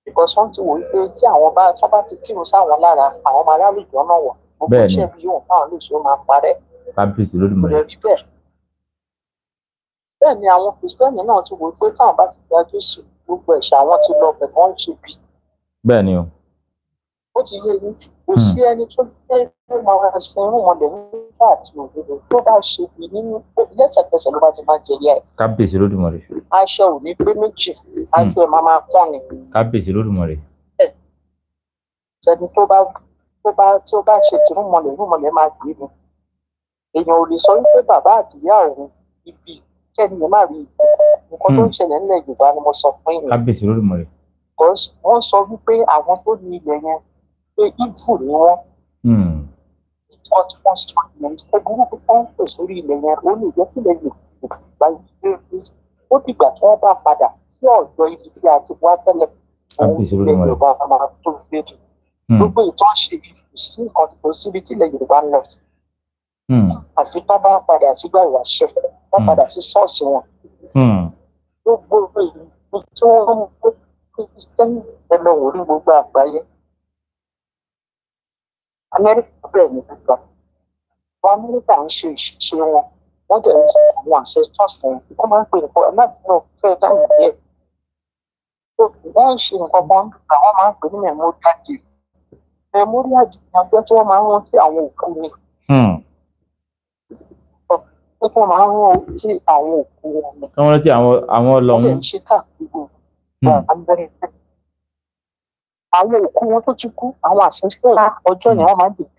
because wọ́n ti wò ó pé tí àwọn bá tó bá ti kírun sáwọn lára àwọn máa rárá ìjọ náà wọ̀ gbogbo iṣẹ́ bí yóò fáwọn lóṣù ó máa parẹ́
kábíyèsí lódìmọ̀lẹ́ rí
bẹ́ẹ̀ bẹ́ẹ̀ ni àwọn kìrìsìtẹ́nì náà ti wò ó pé táwọn bá ti gba Jésù gbogbo ẹ̀ṣẹ̀ àwọn ti lọ bẹ̀ kán ṣe bí. bẹ́ẹ̀ ni o ó ti yé yín kò hmm. sí ẹni tó jẹ́ ló máa sin irú wọn lòun nígbà àti òdodo tó bá ṣe fi nínú lẹ́sẹ̀kẹsẹ̀ ló bá ti máa jẹ̀yà ẹ̀.
kábíyèsí lódùmarè.
aṣọ ò ní pé méjì aṣọ hmm. ẹ̀ máa máa pọ́n ni.
kábíyèsí lódùmarè.
ẹni tó bá tó bá tó bá ṣe tìrúmọlẹ̀ rúmọlẹ̀ máa gbé ni èèyàn ò lè sọ wípé bàbá àtìyá òun ibi kẹ́ni ẹ̀ má rí ibi nǹkan tó ń hmm. ṣẹlẹ̀ nílẹ̀ Yorùbá ni mo sọ fún yín. kábíyèsí lódùmarè. wọ́n sọ wípé àwọn tó ní ilẹ̀ yẹn pé ibo ni wọ́n. wọ́n ti wọ́n sọ ìlànà ìṣègùn náà tó ń pè sórí ilẹ̀ yẹn ó lè jẹ́ kílẹ̀ yìí gba ìdílé kristu ó dìgbà tí wọ́n bá padà sí ọ̀dọ̀ ibi tí a ti wá tẹ́lẹ̀
òun ilẹ̀ Yorùbá
máa tó lédè hmm. gbogbo ìtàn ṣe kò sí nǹkan kò síbi tí ilẹ̀ Yorùbá ń lọ hmm. àti tó bá padà sígbà ìyàṣẹ tó amẹ́ríkà bẹ̀rẹ̀ ní gbígbà àwọn amẹ́ríkà ń ṣe ìṣiṣẹ́ wọn wọ́n dẹ̀ ń ṣe àwọn àṣẹ tọ́sí wọ́n máa ń pè ní kọ́ náà fẹ́ dáhùn díẹ̀ wọ́n ń ṣe nǹkan kan àwọn máa ń pè ní memorial day memorial day ni ọjọ́ tí wọ́n máa ń rántí àwọn òkú ni hmm. wọ́n máa ń rántí àwọn òkú wọn ni.
wọ́n rántí ń ṣe káàkiri
hmm àwọn òkú wọn tó ti kú àwọn àṣìṣe ọjọ́ yẹn hmm. wọ́n máa dìde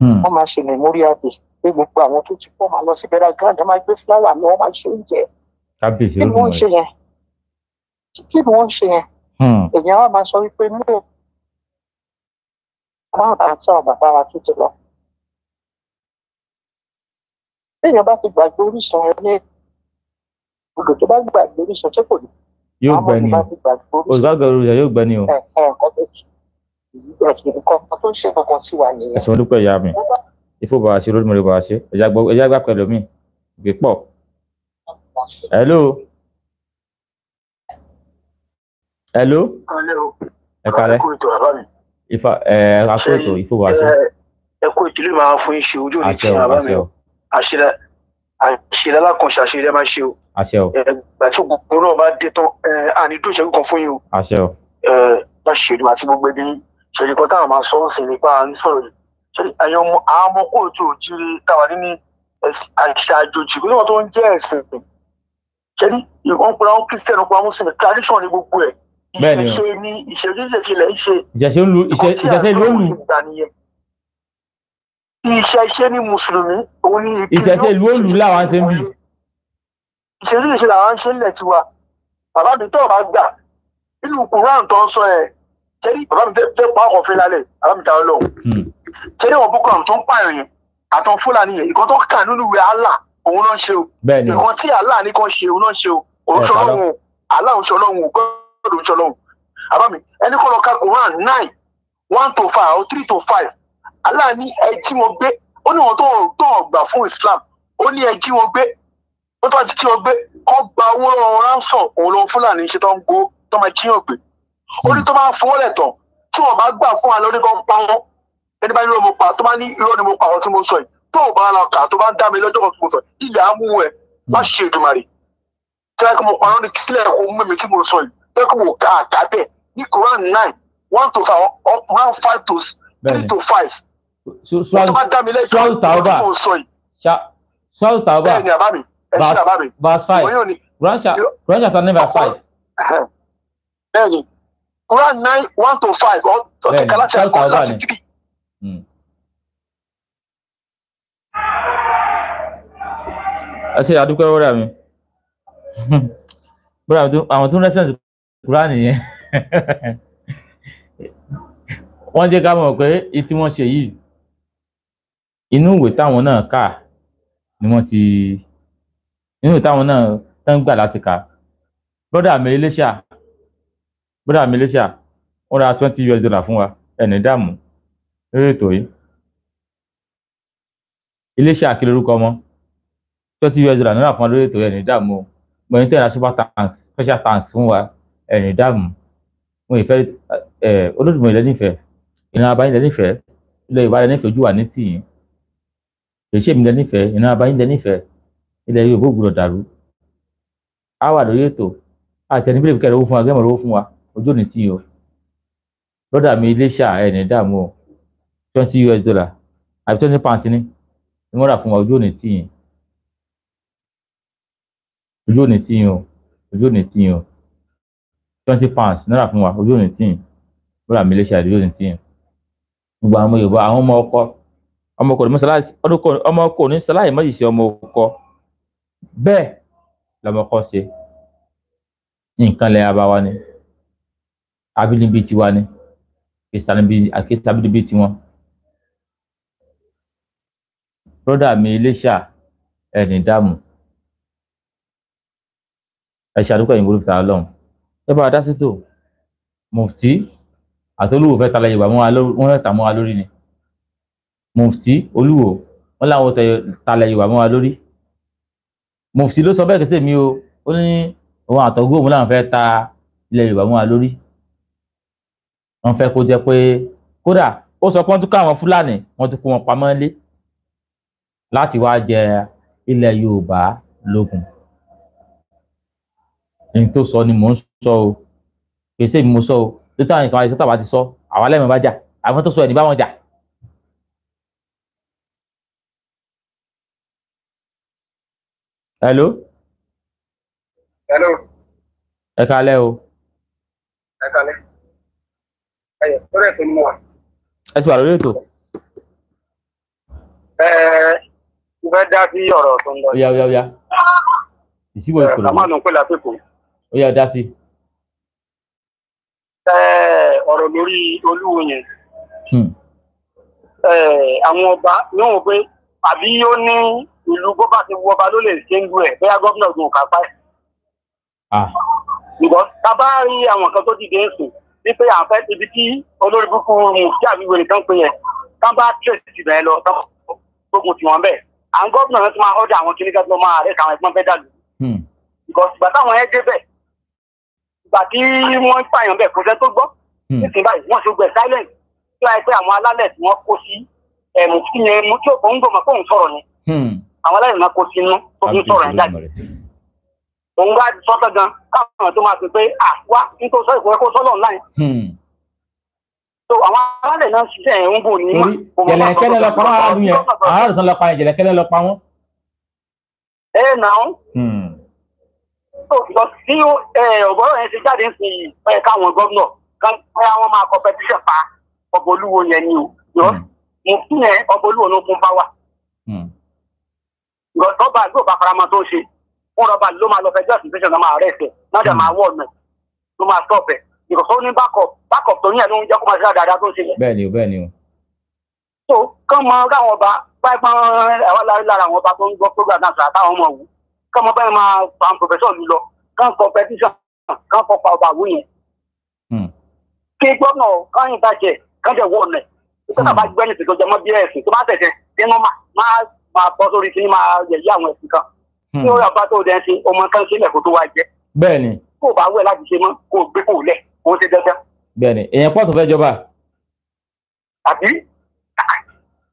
hmm. wọ́n máa ṣe memorial day pé gbogbo àwọn tó ti pọ̀ máa lọ sí bẹ́rẹ̀ grand máa gbé fúláwà ni wọ́n máa ṣe oúnjẹ
kí ni
wọ́n
ń ṣe yẹn kí ni wọ́n ń ṣe yẹn hmm. èèyàn wa máa sọ wípé mú o máa bá àti àwọn bàbá wa tó ti lọ bí èèyàn bá ti gbàgbé orísun ẹ ní odò tó bá gbàgbé orísun tí kò ní
yóò gbẹ ni o olùgbàgbọ́ olùyà yóò gbẹ ni o.
nǹkan tó ń ṣe kankan sí wa nìyẹn. ẹ̀sùn olùpẹ̀
ìyá mi ifo bàbá ṣe lórí mi bàbá ṣe ẹ̀yà gbà pẹ̀lú mi gbé pọ̀. hello. hello. ẹ kalẹ̀ ifa ẹ akó ètò ifo bàbá ṣe.
ẹ kó ètò lè máa fún iṣẹ́ ojú òní tí bàbá mi àṣìlá alákànṣe àṣìlá máa ṣe o àṣẹ o. ìgbà tí gbogbo náà bá dé tán àní dùn ìṣẹ́jú kan fún yín o. àṣẹ o. bá a ṣèlú àti gbogbo ẹbí ṣèlú kan táwọn máa sọ ọ́ sí nípa à ń sọ̀rọ̀ yìí àyàn àwọn ọmọ kóòtù òjìrì táwa nínú àṣà àjòjì níwọ̀n tó ń jẹ́ ẹ̀sìn ṣẹ́ni ìwọ̀n pẹ̀lú àwọn kristian ọ̀pọ̀ àwọn mùsùlùmí tradition ni gbogbo ẹ̀ bẹ́ẹ̀ni ìṣẹṣe ni ìṣẹjú ìṣẹṣẹlẹ ń ṣe
ìṣẹṣẹ ń lu ìṣẹṣẹ ló ń lu
ni mùsùlùmí
òun ni ìpínlẹ̀ ìṣẹṣẹ ló ń lu ṣe ń bì
ìṣeríṣe làwọn ń ṣe ń lẹ̀ tiwa bàbá mi tó bá gbà nínú Quran tó ń sọ ẹ ṣẹ́rí bàbá mi fẹ́ pa ọkọ̀ fún lálẹ́ bàbá mi ta ọlọ́run ṣẹ́rí wọn búkọ̀ tó ń pààyàn yẹn àtọ́n fúlàní yẹn ìkan tó kà nínú ìwé Allah òun náà ṣe o ìkan tí Allah ní kan ṣe òun náà ṣe o òun ṣe ọlọ́run Allah òun ṣe ọlọ́run gbọ́dọ̀ ṣe ọlọ́run bàbá mi ẹni kọ́ lọ ka Quran nine one to five or three to five Allah ní ẹ wọn gbé ó ní wọn tó gbà fún Islam ó ní ẹ wọn gbé ó tó bá ti kí ọ gbé kọ́ gba owó lọ́wọ́ ránṣọ̀ òun lọ́wọ́ fúlàní ṣe tó ń gbó hmm. tó máa kí ọ gbé ó ní tó máa fọwọ́ lẹ̀ tí wọ́n bá gbà fún wa lórí kan pa wọ́n ẹni bá ní irọ́ mo pa tó bá ní irọ́ ni mo pa àwọn tí mo sọ yìí tó o bá lọ kà tó bá ń dá mi lọ́jọ́ kan tí mo sọ ìyá mú ẹ má hmm. ṣe ìdùmarè tí wọ́n kọ́ mo parọ́ ní kílẹ̀ kó mú mi tí mo sọ yìí tó kọ́ mo kà á one to five verse verse five Quran
chapter nine verse five.
bẹ́ẹ̀ni Quran nine one to five
ọkẹkẹ láti àkọ láti three. Hmm.
ẹ ṣe àdúpẹ́ wọ́rẹ́ mi bọ́dà àwọn tó ń rẹ́fẹ̀nsì Quran yẹn wọ́n jẹ́ ká mọ̀ pé etí wọ́n ṣe yìí inú ìwé táwọn náà kà ni wọ́n ti nínú táwọn náà tán gbà láti kà bọ́dà mi iléṣà bọ́dà mi ra twenty us dollar fún wa ẹni dààmú lórí ètò yìí iléṣà kí lorúkọ ọmọ twenty us dollar náírà fún wa lórí ètò ẹni dààmú mo ní tẹ̀lé super tanks special tanks fún wa ẹni dààmú mo ìfẹ́ ẹ olódùmọ̀ ilẹ̀ nífẹ̀ẹ́ ìran abayín ilẹ̀ nífẹ̀ẹ́ ilẹ̀ ìwà ilẹ̀ nífẹ̀ẹ́ ojú wa ní tìyín kì ṣèmi ilẹ̀ nífẹ̀ẹ́ ìran abayín ilẹ̀ nífẹ̀ẹ́ ilẹ̀ Yorùbá gbọ́dọ̀ dàrú á wà lórí ètò àtẹni bílẹ̀ kẹrẹ owó fún wa gẹ́mọ̀ owó fún wa ojú òní tí o lọ́dà mi iléṣà ẹ̀ẹ́nì dààmú o twenty US dollar àbí twenty pounds ní ni wọ́n rà fún wa ojú òní tí yìí ojú òní tí yìí o ojú òní tí yìí o twenty pounds ni wọ́n rà fún wa ojú òní tí yìí lọ́dà mi iléṣà ojú òní tí yìí gbogbo àwọn ọmọ Yorùbá àwọn ọmọ ọkọ ọmọ ọkọ ní mọ́ṣáláṣí ọmọ ọkọ ní sáláì mọ́ṣíṣẹ́ ọmọ ọkọ bẹ́ẹ̀ lọmọkọ ṣe nǹkan lẹ́yìn abawa ni abínibí tiwa ni kìsàbínibí tiwọn. broda mi iléṣà ẹni dààmú ẹ ṣàdúgbò ẹ̀yìn olùfẹ́ àlọ́hùn ẹ bá a dá sí tò mufti àtolúwo fẹ́ tala yorùbá wọn rẹ̀ tà mọ́ wa lórí ni mufti olúwo wọn làwọn tẹ tala yorùbá mọ́ wa lórí mufti ló sọ bẹ́ẹ̀ kẹsẹ̀ mi o ó ní òun àtọ́gbó òun làwọn fẹ́ ta ilẹ̀ yorùbá mọ́ wa lórí wọn fẹ́ kó jẹ́ pé kódà ó sọ pé wọ́n tún kó àwọn fúlàní wọ́n tún kó wọn pamọ́ lé láti wá jẹ ilẹ̀ yorùbá lógun ní tó sọ ni mò ń sọ o kèsè mi mo sọ o tó táwọn nǹkan àìsàn tàbá ti sọ àwa lẹ́mìí bá jà àwọn tó sọ ẹ̀ ní bá wọn jà hello. hello. ẹ kalẹ o.
ẹ kalẹ. ẹ yẹ
lórí ètò ni mo wà. ẹ ti wà lórí ètò. ẹ mo fẹ́ dá sí ọ̀rọ̀ tó ń lọ. oya oya
oya ìsíwọ̀ ìkòlò. ẹ̀ka máa nù pé lásìkò. oya dá sí.
ẹ ọ̀rọ̀ lórí olúwo yẹn. Hmm. àwọn ọba níwọ̀n pé àbí ó ní ìlú bó bá ti wọ ọba ló lè ṣe ń lu ẹ̀ bóyá gómìnà ògùn kà pa ẹ̀. ǹgbọ́n tá a bá rí àwọn kan tó dìde ń sùn wípé à ń fẹ́ ibi tí olórí burúkú mùsùlùmí àbíwèé nìkan pé yẹn tá a bá tẹ̀sí ti bẹ̀rẹ̀ lọ tán gbógun tiwọn bẹ́ẹ̀ à ń gómìnà náà ti máa ọ̀dà àwọn kìnnìkà tó máa rẹ̀ káwọn ẹ̀gbọ́n fẹ́ dàlú. ǹgbọ́n hmm. ìgbà táwọn ẹ dé bẹ̀ ìgbà tí wọ́n ń pààyàn bẹ̀ kò sẹ́ tó gbọ́ hmm. nísìnyí báyìí wọ́n ti gbẹ̀ silent tó yà pé àwọn alálẹ̀ tí àwọn aláìmọ̀ kó sínú tó fi ń sọ̀rọ̀ ẹ̀ jáde òun bá sọ́tọ̀ gan káwọn tó máa fi pé à wá nítorí sọ ìkúrẹ́ kó sọ́lọ̀ ńlá yẹn. Hmm. tó àwọn aráàlẹ̀ náà ṣiṣẹ́ ẹ̀ ń bò ní. jẹlẹkẹlẹ lọ pa wọn aráàlú yẹn
aráàlú tán lọ pa yẹn jẹlẹkẹlẹ lọ pa wọn. ẹ ẹ nà hmm.
ó. tó lọ sí ọ̀gọ́rọ̀ yẹn ti jáde sí i ẹ káwọn gómìnà kan pé àwọn máa kọ pẹtíṣẹ̀ pa ọbọlúwo yẹn ni o. Hmm. mo fún yẹn ọbọlúwo ló kún bá wà lọ́ba àgbẹ̀ òbá faramọ́ tó ń ṣe fún rọba ló máa lọ fẹjọ́ ìsìnkú náà máa rẹ̀ẹ̀sẹ̀ náà dẹ̀ máa wọ̀ ọ̀nà ló máa stop ẹ̀ ìkọ̀sọ́ ní backup backup tó ní ẹ̀ ló ń jẹ́ kó máa ṣe dáadáa tó ń ṣe yẹn. o bẹ́ẹ̀ni o. so kán mọ ráwọn ọba pàápàá àwọn lára àwọn ọba tó ń gbọ́ program náà sàrà táwọn ọmọ wù kán mọ bẹ́ẹ̀ máa pa professor mi lọ kán kọ petition kán kọ pa ọba àwù yẹn. Hmm. kí gbọ́nà kán yìnbọn jẹ kán jẹ wọ ọ̀nà ìtọ́ka bá gbẹ́ni tó jẹ máa bọ́ sórí kí ni máa yẹ̀yí àwọn ẹ̀sìn kan tí ó rà bá tó dẹ́n sí ọmọ kan sílẹ̀ kó tó wá jẹ́ bẹ́ẹ̀ni kó bá wẹ̀ láti ṣe mọ́ kó gbé kó lẹ̀ kó ṣe dandan.
bẹ́ẹ̀ni èèyàn pọ̀ tó fẹ́ jọba.
àbí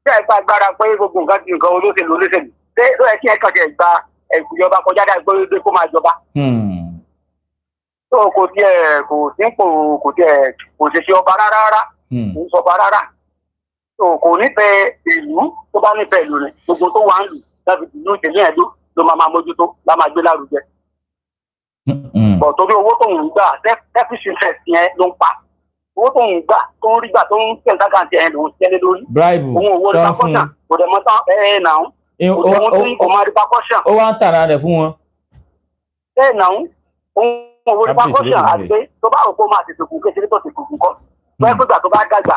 ṣé ẹ gba agbára pé gbogbo nǹkan ti nǹkan olóṣèlú olóṣèlú ṣé ó yẹ kí ẹ kàn jẹ ìgbà ìjọba kọjá dá gbé kó máa jọba tó hmm. kò tiẹ̀ kò sí kò tiẹ̀ kò ṣe ṣe ọba rárá rárá hmm. kò ń sọba rárá kò nífẹ̀ẹ́ ìlú tó bá nífẹ̀ẹ́ ìlú ni gbogbo tó wà ń lù láti ìlú ìtẹ̀lé ẹ̀ ló ló máa máa mójútó lá máa gbé lárugẹ. bọ̀ torí owó tó ń gbà deficit interest yẹn ló ń pa owó tó ń gbà tó ń rí gbà tó ń tẹ̀ dákàntì ẹ̀ ló ń tẹ́lẹ̀ lórí.
bribe ohun owó rí bákọ́ṣàn
kò dẹ̀ mọ́ tán ẹ̀ ẹ̀ nà ó
ohun tó ń owó rí
bákọ́ṣàn àti pé
tó bá òkú máa tètè kù kékeré tó tètè kù kọ́ pẹ́ẹ́gbẹ́gbà tó bá dàgbà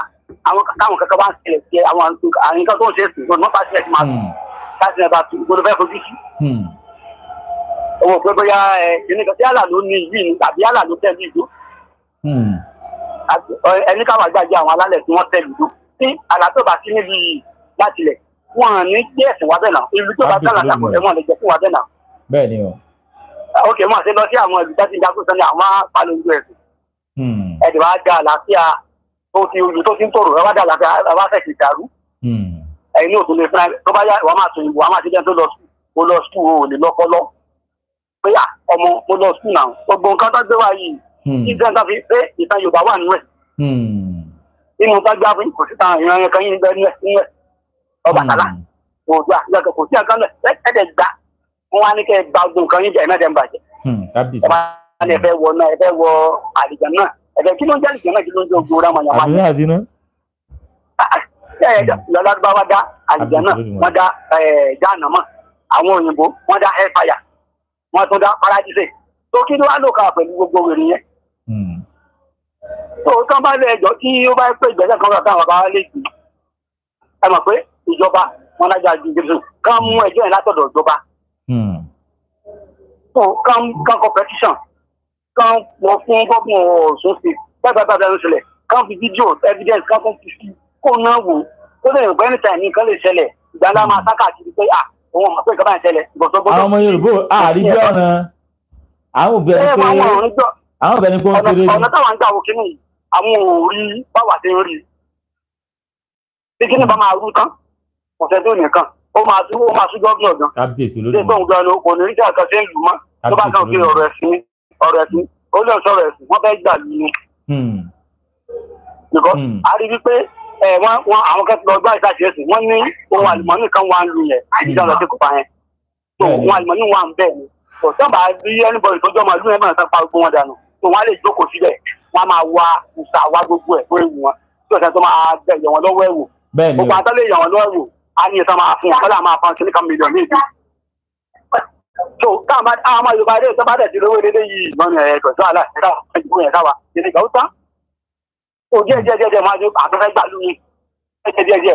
àwọn táwọn kankan bá ń ṣẹlẹ̀ sí àwọn àwọn nǹkan tó ń ṣe é sùn mọ́ pàṣẹ ti máa sùn hmm. pàṣẹ bá tu ìgbọ́dọ̀ fẹ́ fojú sí. owó hmm. pé bóyá ẹ ẹnìkan tí yàrá ló ní yìí ni tàbí yàrá ló tẹ̀lé ìlú. Hmm. ẹni káwá gbàgbé àwọn alálẹ̀ tí wọ́n tẹ̀lé ìlú tí àlàtò bá sí níbi láti lẹ̀ wọ́n ní kí ẹ̀sìn wá bẹ́ẹ̀ náà ìlú tó bá dáná dàpọ̀ ẹ̀wọ̀n lè jẹ́ fún wá bẹ́ẹ̀ náà. bẹ́ẹ̀ ni o. ok mo àti lọ tó ti oyè tó ti ń tòrò ẹwà dàgbà pé ẹwà fẹ́ ti dàrú hmm. ẹ̀yin ní òtún lè fún ẹ tó bá yá ìwà máa tún ìwà máa ti jẹ́ tó lọ sùn ó lọ sùn o lè lọ́pọ́lọ́ pé à ah, ọmọ mo lọ sùn náà gbogbo nǹkan tó gbé wá yìí hmm. kí gẹ́gẹ́ fi pé ìtàn Yorùbá wà nínú ẹ̀
hmm.
nínú bá gbá fún kò síta ìran ẹ̀kan yìí bẹ́ẹ̀ nínú ẹ̀ nínú ẹ̀ Ọbàtálá kò gbà yàtọ̀ kò sí ẹ̀kan náà ẹ̀ẹ́dẹ̀ gbà wọn wá ní kẹ́ ẹ gba ogun kan yín jẹ́ ẹ̀ náà jẹ́ ń bàjẹ́ ọba ẹ̀ fẹ́ wọ náà ẹ̀ ẹ̀jẹ̀ kí ló ń jẹ́ ìjẹ́ náà kí ló ń jẹ́ ogun ah, ah. ramanya wa. àmì àdínà. lọ́ládùbáwá dá àlìjáná wọ́n dá jáànàmọ́ àwọn òyìnbó wọ́n dá airfire wọ́n tún dá paradise tó kí ló wá lò ká pẹ̀lú gbogbo wèrè yẹn. tó hmm. tán bá lé ẹjọ́ kí ó bá pé ìgbésẹ̀ kan bàbá àwọn bá lè jù ẹ mọ̀ pé ìjọba wọn lájà ju jésù kán mú ẹjọ́ yẹn látọ̀dọ̀ ìjọba. Hmm. kán kọ́ petition kan lọ fún gómìnà Ọ̀ṣun sí gbàgbàgbà ló ṣẹlẹ̀ kan fi fídíò evidence kan fún fífi kó náà wò ó lè rìn pé anytime ní nǹkan lè ṣẹlẹ̀ ìgbà ńlá máa sáká kiri pé à òun mọ̀ pé nǹkan bá ń ṣẹlẹ̀ ìbọ̀sọ̀ gbọ́dọ̀. àwọn ọmọ Yorùbá àárí bí ọ̀nà
àwọn òbí ẹni pé àwọn òbí ẹni pé ó ń ṣeré ni. ọ̀nà táwọn
ń gbà wò kí ni àwọn ò rí báwa ṣe ń rí i kí ni bá máa rú tán ọ̀sẹ̀ tó nìkan ó máa tún ó máa tún jọ́ bí ọ̀gán.
kábíyèsí ló dùn mọ́.
ṣé gbọ̀ngàn ni kò ní rí ọ̀rọ̀ ẹ̀sìn ó lọ sọ̀rọ̀ ẹ̀sìn wọ́n fẹ́ẹ́ gbà lù ú.
Hmm. Hmm.
a rí wípé wọn àwọn kẹsàn-án lọ ẹ̀sìn wọ́n ní ohun àlùmọ́nì kan wà ń lu yẹn ìjà lọ hmm. sí kópa yẹn
tó ohun àlùmọ́nì
wà ń bẹ̀ ni kò sábà bí ẹnìbọ̀dì tó jọmọ ìlú yẹn mọ̀ nípa gbogbo wọn dànù tó wọn á lè jókòó síbẹ̀ wọn á máa wa ìsà wa gbogbo ẹ̀ tó ewu wọn tí ọ̀sẹ̀ tó máa bẹ̀ yẹ̀ lọ́wọ́ ẹ̀wò gbogbo àtàlẹ̀ yẹ̀ lọ́wọ́ ẹ̀wò á ní ìsà máa fún wọn kọ́lá máa fa kíníkà mílíọ̀nù méjì so káàmá àwọn yorùbá ilé ìjọba dẹ̀ lówó ilé yìí mọ́nà ẹ̀ gbọ̀dọ̀ àlà ẹ̀ka ìgbó yẹn káwa ilé ìgbà ọ̀tá òjì ẹ̀jẹ̀ jẹjẹ máa ju àbẹ̀fẹ́ gbàlú ni ẹ̀jẹ̀ jẹjẹ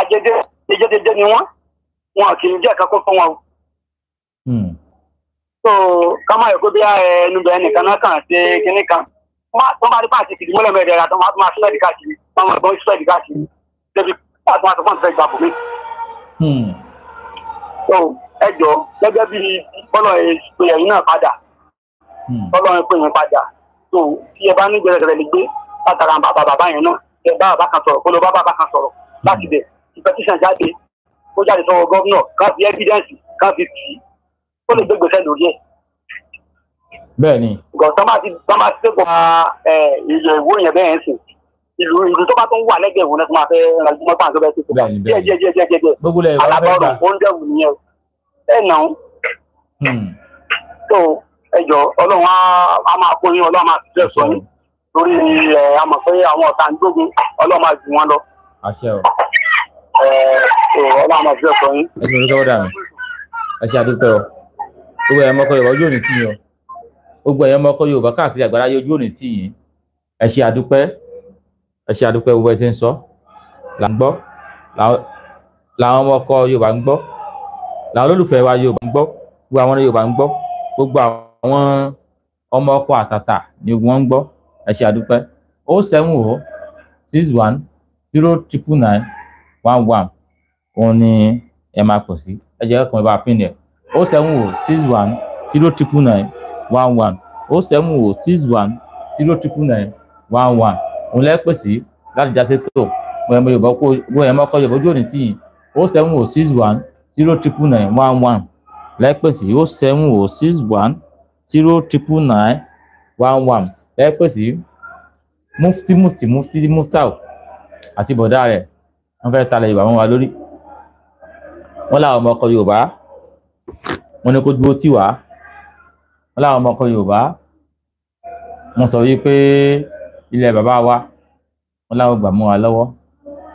àjẹjẹ jẹjẹjẹjẹ ni wọ́n wọn kì í jẹ́ ẹ̀ka fún wọn o. so káàmá yòókù bí ẹnu bẹ́ẹ̀ nìkan náà kàn ṣe kinní kan wọ́n bá rí pàṣẹ kìdí mọ́lẹ̀ mẹ́rin àtàwọn àti máa ṣẹ́ẹ̀dì káàkiri wọ́n máa gbọ́n ṣẹ́ẹ̀dì káàkiri débi àtàwọn àti fọ́ọ̀n fẹ́ gbà bùnmí ẹjọ́ gẹ́gẹ́ bí bọ́lọ̀ ìpèyàn náà padà hmm. bọ́lọ̀ ìpèyàn padà tó tí ẹ bá ní gbẹrẹgbẹrẹ lè gbé látara bàbá bàbá yẹn náà ẹ bá bàbá kan sọ̀rọ̀ kó lọ bá bàbá kan sọ̀rọ̀ hmm. láti bẹ̀ ìpẹ́tíṣàn jáde ó jáde sọ́wọ́ gọ́vnọ̀ kan fi ẹ́fídẹ́ǹsì kan fi tì í ó lè gbégbèsè lórí ẹ̀. bẹ́ẹ̀ni. gọ̀ọ́sán máa ti bá máa ti dẹ́gbọ̀ ìyẹ̀ ìwó yẹn bẹ́ẹ̀ ń sìn ìlú ìlú tó bá tún wà lẹ́gbẹ̀ẹ́ ìwò náà tó máa fẹ́ ràn ẹ̀ nà ó. ẹjọ ọlọ́run á máa kó yín ọlọ́run á máa ṣiṣẹ́ sọ yín torí ẹ a mọ̀ pé àwọn ọ̀tá ń gbógun ọlọ́run máa jù wọ́n lọ. ẹ ẹ ọlọ́run máa ṣiṣẹ́ sọ yín.
ẹ ṣe orí kọ́kọ́ ẹ ṣe àdúpẹ́ o gbogbo ẹ̀yọ́ mọ́kọ́ yorùbá ojú òní tì yín o gbogbo ẹ̀yọ́ mọ́kọ́ yorùbá káàkiri àgbàlá ojú òní tì yín ẹ ṣe àdúpẹ́ ẹ ṣe àdúpẹ́ gbogbo ẹ ti ń sọ là ń gbọ́ làwọn ọmọ ọkọ yorùbá ń gbọ́ la olólùfẹ́ wa yorùbá ń gbọ́ gbogbo àwọn yorùbá ń gbọ́ gbogbo àwọn ọmọ ọkọ àtàtà ni wọ́n ń gbọ́ ẹ ṣe àdúpẹ́ o oh seven o oh six one zero triple nine one one òun ni ẹ máa pọ̀ sí ẹ jẹ́ kàn bá a pín ní ẹ̀ o oh seven o six one zero triple nine one one o seven o six one zero triple nine one one òun lẹ́ pè sí láti jáde tó gbọ́n ẹ̀mọ́ yorùbá kó gbọ́n ẹ̀mọ́ kọ́ yorùbá o seven o six one zero triple nine one one lẹ́pẹ̀ sí o seven o oh six one zero triple nine one one lẹ́pẹ̀ sí mufti mufti mufti muftau àti bọ̀dá rẹ̀ wọ́n fẹ́ talẹ̀ Yorùbá wọn wá lórí wọ́n làwọn ọmọ ọkọ Yorùbá wọ́n ní kó dúró tì wá wọ́n làwọn ọmọ ọkọ Yorùbá wọ́n sọ wípé ilẹ̀ bàbá wa wọ́n làwọn gbà mọ́ wa lọ́wọ́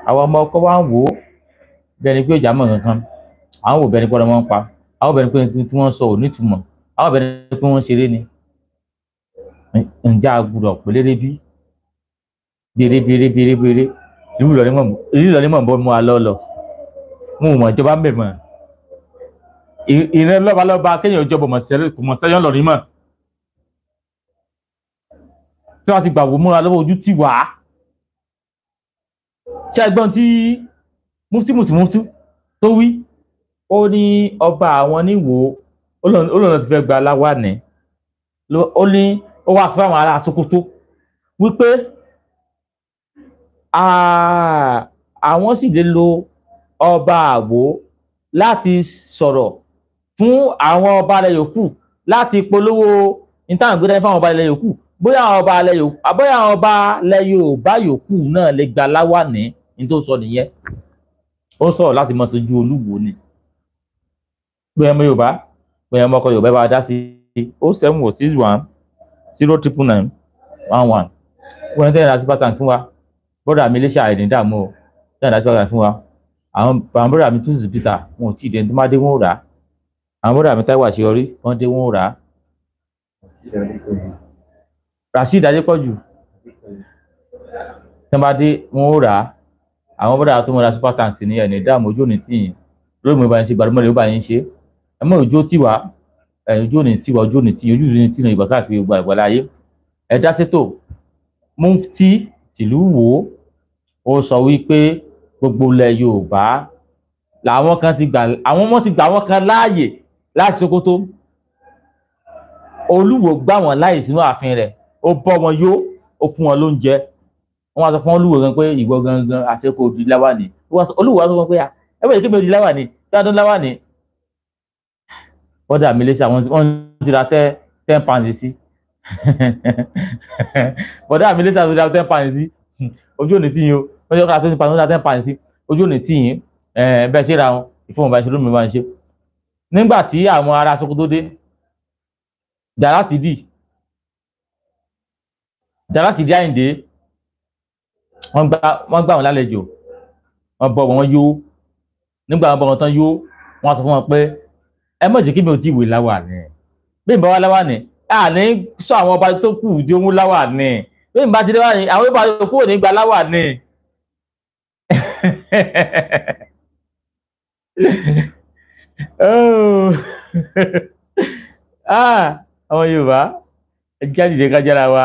àwọn ọmọ ọkọ wa ń wò ó bẹ́ẹ̀ ni pé ìjà mọ̀ kankan àwọn obìnrin pọ́nrọ́ wọn pa àwọn obìnrin pé tí wọ́n sọ ò nítumọ̀ àwọn obìnrin pé wọ́n ṣeré ni ǹjẹ́ àgùdọ̀ pélére bí bèrè bèrè bèrè bèrè ìlú Ìlọrin mọ̀ bọ́ mu alọ́ lọ mo mọ̀ ìjọba mẹ̀ mọ̀ ìrìn lọ́balọ́ba kéèyàn ìjọba mọ̀ sẹ́yìn lọ́rin mọ̀ tí wọ́n ti gbà wò múra lọ́wọ́ ojú tì wá tí a gbọ́n tí mufti mufti mufti tó wí ó ní ọba àwọn níwò olóòna ti fẹ́ gba aláwàní ó ní ó wà fún àwọn ará Sokoto wípé àwọn sì lè lo ọba àwò láti sọ̀rọ̀ fún àwọn ọba alẹ́ yòókù láti polówó ìtàǹgbẹ́dẹ́ fún àwọn ọba alẹ́ yòókù bóyá àwọn ọba alẹ́ yòókù bóyá àwọn ọba alẹ́ Yorùbá yòókù náà lè gba aláwàní ní tó sọ nìyẹn ó sọ̀rọ̀ láti mọ̀ sójú olúwo ni bóyá ọmọ yorùbá bóyá ọmọ ọkọ yorùbá bá dá sí o seven o six one zero triple nine one one wọ́n ń tẹ́lẹ̀ dá sí pátán fún wa bọ́dà mi iléeṣẹ́ àìní dààmú o tẹ́lẹ̀ dá sí pátán fún wa àwọn àwọn bọ́dà mi tún zùpítà wọn ò tí ì dé tó má dé wọn ò rà á àwọn bọ́dà mi táwọn àṣeyọrí wọn dé wọn ò rà á. rasheed adépọ̀jù tí wọ́n bá dé wọn ò rà àwọn bọ́dà tó mọ̀ dá sí pátán sí ni dààmú ojú ò ní tì yín lórí mi ò bá yín ṣe gbàdúmọ̀ lè bá yín ṣe ẹ mọ òjò tiwa òjò ní tiwa òjò ní tiwa ojú ní tiwa ìgbà káàkiri gbogbo àgbà láyé ẹ dá sétò mufti tìlú wo ó sọ wípé gbogbo ilẹ̀ Yorùbá làwọn kan ti gbà àwọn ọmọ ti gbà wọn kan láàyè láti Sokoto Olúwo gbà wọn láàyè sínú ààfin rẹ̀ ó bọ́ wọn yó ó fún wọn lóúnjẹ wọn wá sọ fún Olúwo gan pé ìwọ gangan àtẹkọ òdi láwà ni Olúwo wá sọ fún pé ẹ bẹ̀rẹ̀ kí mi òdi láwà ni tí wọn láwà ni bọ́dà mi léṣe àwọn wọ́n ti ra ten pounds sí bọ́dà mi léṣe àwọn ti ra ten pounds sí ojú òní tìyín o wọ́n ti ra twenty pounds wọ́n ti ra ten pounds sí ojú òní tìyín bẹ́ẹ̀ ṣe ra wọn ìfowópamọ́ ìṣẹ́ lómi máa ń ṣe nígbà tí àwọn ará Sokoto dé dàrá ti dì dàrá ti dì Àyìndé wọ́n gbà wọ́n gbà wọn lálejò wọ́n bọ̀ wọ́n yó nígbà wọn bọ̀ wọn tán yó wọ́n sọ fún wọn pé ẹ mọ̀ jẹ́ kí mi ò ti wè láwà ni bí n bá wá láwà ni a ní sọ àwọn ọba tó kù di ohun láwà ni bí n bá ti láwà ni àwọn ìbá tó kúrò nígbà láwà ni. àwọn Yorùbá ẹ jẹ́ àjèjì kájára wa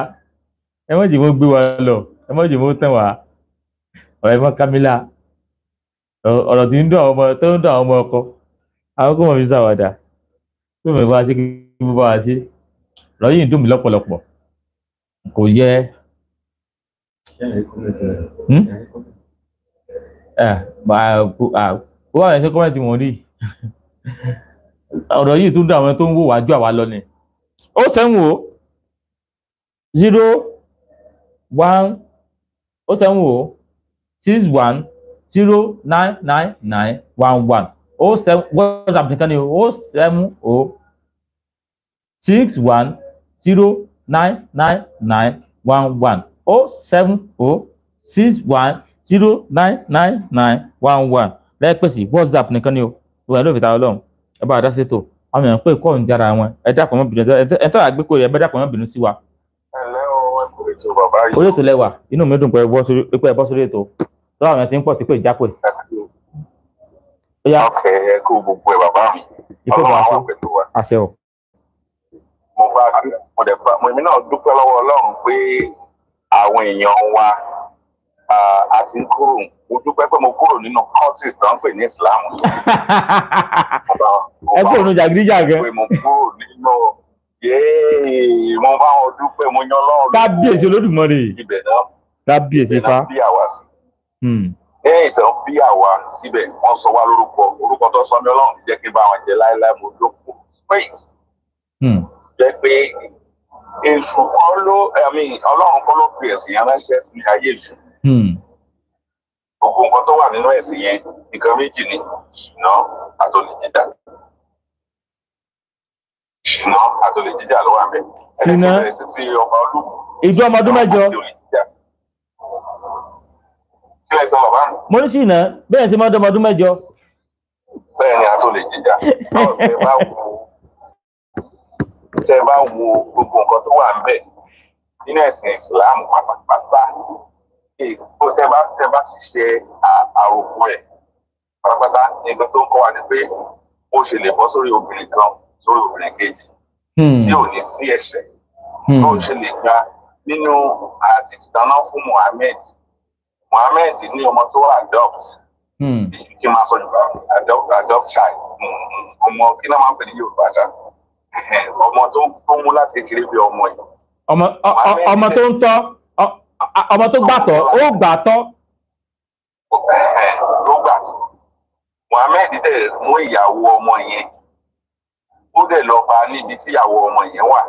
ẹ mọ̀ jẹ́ mo gbé wa lọ ẹ mọ̀ jẹ́ mo tàn wá ọ̀rẹ́ mọ́ Kamila ọ̀rọ̀ tí ń dùn àwọn ọmọ tó ń dùn àwọn ọmọ ọkọ àwọn kò mọ̀ fi ṣàwàdà tó mọ̀ bá ṣe kí bó bá ṣe lọ́yìn dùn mí lọ́pọ̀lọpọ̀ kò yẹ. ó wà lẹ́sẹ̀ kọ́mẹ̀tì wọn rí ọ̀rọ̀ yìí tún dá àwọn tó ń wò wájú àwa lọ ni ó sẹ́wọ̀n o zero one ó sẹ́wọ̀n o six one zero nine nine nine one one. O seven whatsapp nìkan ni o seven o six one zero nine nine nine one one O seven o six one zero nine nine nine one one lẹ́ẹ̀pẹ̀sì whatsapp nìkan ni o ìwà ìlú ìfìta ọlọ́run ẹ bá dá sétò àwọn èèyàn pé kọ́ ń jára wọn ẹ dàpọ̀ mọ́ bìnú ẹ fẹ́ àgbékò rẹ̀ ẹ bá dàpọ̀ mọ́ bìnú sí wa.
ẹlẹ́ o ẹ kò lè tó bàbá
yìí. orí ètò lẹ́wà inú mi dùn pé ẹ bọ́ sórí ètò tó àwọn èèyàn ti ń pọ̀ sí pé ìjápè. ẹ ọkẹ
ẹ kó gbogbo
ẹ bàbá
mi Ọlọ́run àwọn pẹ̀lú wa mo bá mo dẹ̀ bá mo èmi náà dúpẹ́
lọ́wọ́ Ọlọ́run pé àwọn èèyàn wa a ti ń kúrò mo dúpẹ́ pé mo kúrò nínú cultist tó ń pè ní Islam.
ẹ kúrò nínú jàgídíjàgẹ. mo
kúrò nínú yéé mo bá wọn dúpẹ́ mo yan Ọlọ́run. kábíyèsí
Olódùmarè kábíyèsí fa. ibẹ̀ náà bí
àwa hmm lẹ́yìn tó ń bí àwa síbẹ̀ wọ́n sọ wá lórúkọ orúkọ tó sọ mí ọlọ́run jẹ́ kí n bá wọn jẹ láéláé mo jókòó faith hmm. jẹ́ pé èṣù kan ló
ọlọ́run kan ló fi ẹ̀sìn yẹn ránṣẹ́ sí ayé èṣù hmm. gbogbo nǹkan tó wà nínú ẹ̀sìn yẹn nǹkan méjì ni ṣìnà àtòlè jíjà ṣìnà àtòlè jíjà ló wà bẹ́ẹ̀ ẹ̀ẹ́dẹ́gbẹ̀rẹ̀ sí ọba olúkú
ìjọ ọmọdún mẹ́jọ mo ní ṣìnà bẹ́ẹ̀ sí máa dọ́mọdún mẹ́jọ.
bẹ́ẹ̀ ni a tó lè
jíjà tẹ bá wo gbogbo nǹkan tó wà ń bẹ̀ nínú ẹ̀sìn ìsìláàmù pátápátá èkó tẹ bá tẹ bá ti ṣe àròkù ẹ̀ pátápátá nǹkan tó ń kọ́ wa ni pé
ó ṣe lè bọ́ sórí obìnrin kan sórí obìnrin kejì hmm. tí ò ní sí ẹ̀ṣẹ̀ tó hmm. ṣe lè gba nínú àti
tìtaná fún Muhammed Mohammed ní ọmọ tó wà adopt hmm. kí n máa sọ Yorùbá adopt adopt child hmm, ọmọ kí náà máa ń pè ní Yorùbá ṣá ọmọ tó tó mú láti kékeré bí ọmọ yìí.
ọmọ tó ń tọ́ ọmọ tó gbàtọ́ ó gbàtọ́.
ó gbàtọ́ Mohammed dẹ̀ mú ìyàwó ọmọ yẹn ó dẹ̀ lọ bá níbi tí ìyàwó ọmọ yẹn wà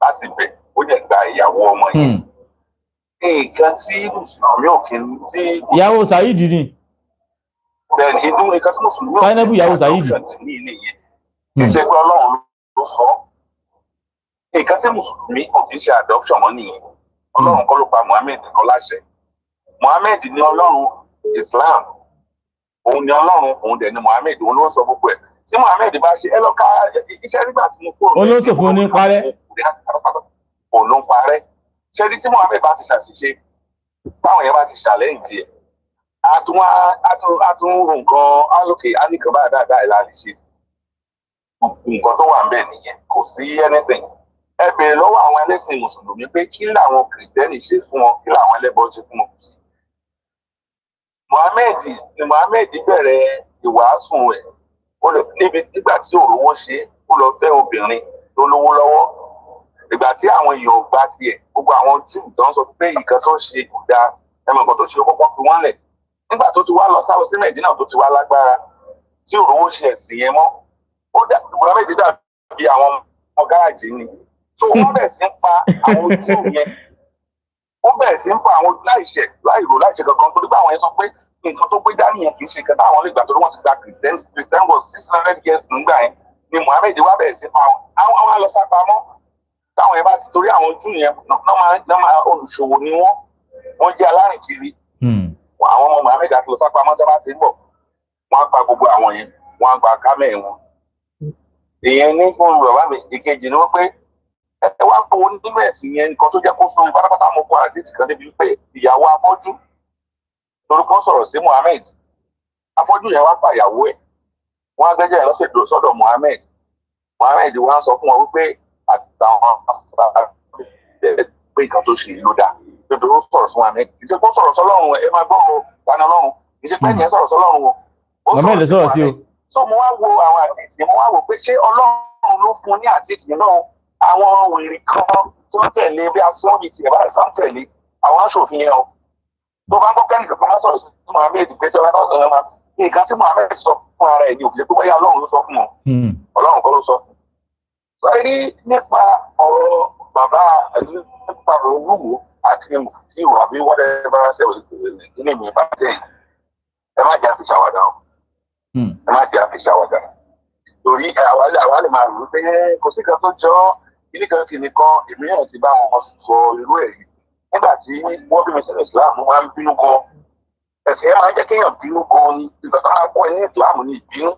láti bẹ̀ ó dẹ̀ gba ìyàwó ọmọ yẹn. Hmm nǹkan tí mùsùlùmí ọ̀kìn tí.
ìyàwó Saheed ni.
bẹ́ẹ̀ni inú nǹkan tí mùsùlùmí
ọ̀kìn Zainabu ìyàwó Saheed.
ní ilé yẹn
iṣẹ́ pé ọlọ́run ló sọ nǹkan tí mùsùlùmí ọ̀kìn ṣe adoption mọ́ nìyẹn ọlọ́run kọ́ ló pa Muhammed kọ́ láṣẹ Muhammed ni ọlọ́run Islam òun ni ọlọ́run òun dẹ̀ ni Muhammed òun ló sọ gbogbo ẹ̀ tí Muhammed bá ṣe ẹ lọ ká iṣẹ́ nígbà tí mo kúrò. olóṣèlú ló ń parẹ́ ṣé ní tí Mohammed bá ti ṣàṣìṣe táwọn yẹn bá ti ṣàlẹ́yìn tiẹ̀ àtúnwá àtún nǹkan alókè ánìkan bá dáadáa ìlànà ṣe nǹkan tó wà ń bẹ̀ nìyẹn kò sí anything ẹ bèrè lọ́wọ́ àwọn ẹlẹ́sìn mùsùlùmí pé kí làwọn kìrìsìtẹ́nì ṣe fún wọn kí làwọn ẹlẹ́bọ ṣe fún wọn kò sí. Mohammed ni Mohammed bẹ̀rẹ̀ ìwàásù rẹ̀ níbi nígbà tí òrówó ṣe ó lọ fẹ́ obìnrin tó lówó lọ́wọ́ ìgbà tí àwọn èèyàn ò gbà tiẹ̀ gbogbo àwọn tíìmù tó ń sọ pé nǹkan tó ṣe kò dáa ẹmọ nǹkan tó ṣe kọ́kọ́ fi wọ́n lẹ̀ nígbà tó ti wá lọ sáwọ́ sí nàìjíríà tó ti wá lágbára tí òrówó ṣe ẹ̀sìn yẹn mọ́ ó dà ìgbà méjì dàbí àwọn ọmọ gáàjì ni tó wọ́n bẹ̀ sí ń pa àwọn tíìmù yẹn ó bẹ̀rẹ̀ sí ń pa àwọn láìṣẹ̀ láìrò láìṣẹ̀ kankan torí pé àwọn yẹn sọ pé nǹkan tó gbé dání yẹn kì í ṣe nǹkan táwọn lè gbà torí wọ́n ti gba christian christian was six hundred years nígbà yẹn ni Muhammed wá bẹ̀rẹ̀ sí pa àwọn àwọn alọ́sàpamọ́ táwọn yẹn bá ti torí àwọn ojú yẹn náà máa olùṣòwò ni wọ́n wọ́n jẹ́ alárìnkiri hmm. àwọn ọmọ mohammed àti olùsápamọ́ tó bá ti ń bọ̀ wọ́n á gba gbogbo àwọn yẹn wọ́n á gba kámẹ́ wọn. èèyàn ní fún bàbá mi ìkejì ni wọ́n pé ẹ wá gbowó nígbà ẹ̀sìn yẹn nǹkan tó jẹ́ kó sun pátápátá mo kó àdéhùn kan débi pé ìyàwó afọ́jú lórúkọ sọ̀rọ̀ sí mohammed afọ́jú yẹn wá pàyàwó ẹ̀ wọ́n á gbẹ́jẹ̀ lọ́sẹ̀ dò sọ́dọ̀ mohammed mohammed wá sọ fún wọn wípé àtàwọn pé nǹkan tó ṣe ló dáa bèbè ó sọ̀rọ̀ fún wa ní ìṣe kó sọ̀rọ̀ sọlọ́run ẹ máa gbọ́ o tani ọlọ́run ìṣe pé ẹnìyẹn sọ̀rọ̀ sọlọ́run o
ó sọ̀rọ̀ sí wa ní
so mo wá wo àwọn àtìsí mo wá wò pé ṣé ọlọ́run ló fún ní àtìsí náà àwọn wèrè kan tó ń tẹ̀lé bí asọ́ọ̀bì tiẹ̀ báyìí tó ń tẹ̀lé àwọn aṣòfin yẹn o tó bá ń gbọ́ kẹ́nìkan kan máa sọ̀rọ̀ sí Mohammed pé tí ọlọ́run sọ̀rọ̀ máa nǹkan tí Mohammed sọ fún ara ẹ̀ ní òkè pé wáyà ọlọ́run ló sọ fún ọ ọlọ́run kọ́ ló sọ fún sọrí nípa ọ̀rọ̀ bàbá nípa olúwo àti ìwà bí wọ́n dẹ́ bá ṣe ìdílé mi bá dẹ̀ ẹ má jẹ́ àfi ṣàwádà o hmm. ẹ má jẹ́ àfi ṣàwádà torí àwa lè máa rò pé kò sí kan tó jọ kíní kan kìíní kan èmi náà ti bá wọn sọ irú ẹ̀ yìí nígbà tí wọ́n bí mi sẹ́lẹ̀ Islam máa ń bínú gan ẹ̀sìn ẹ̀ máa ń jẹ́ kéèyàn bínú gan ni ìgbà tó máa kọ́ ẹ̀ ní Islam ní ìbínú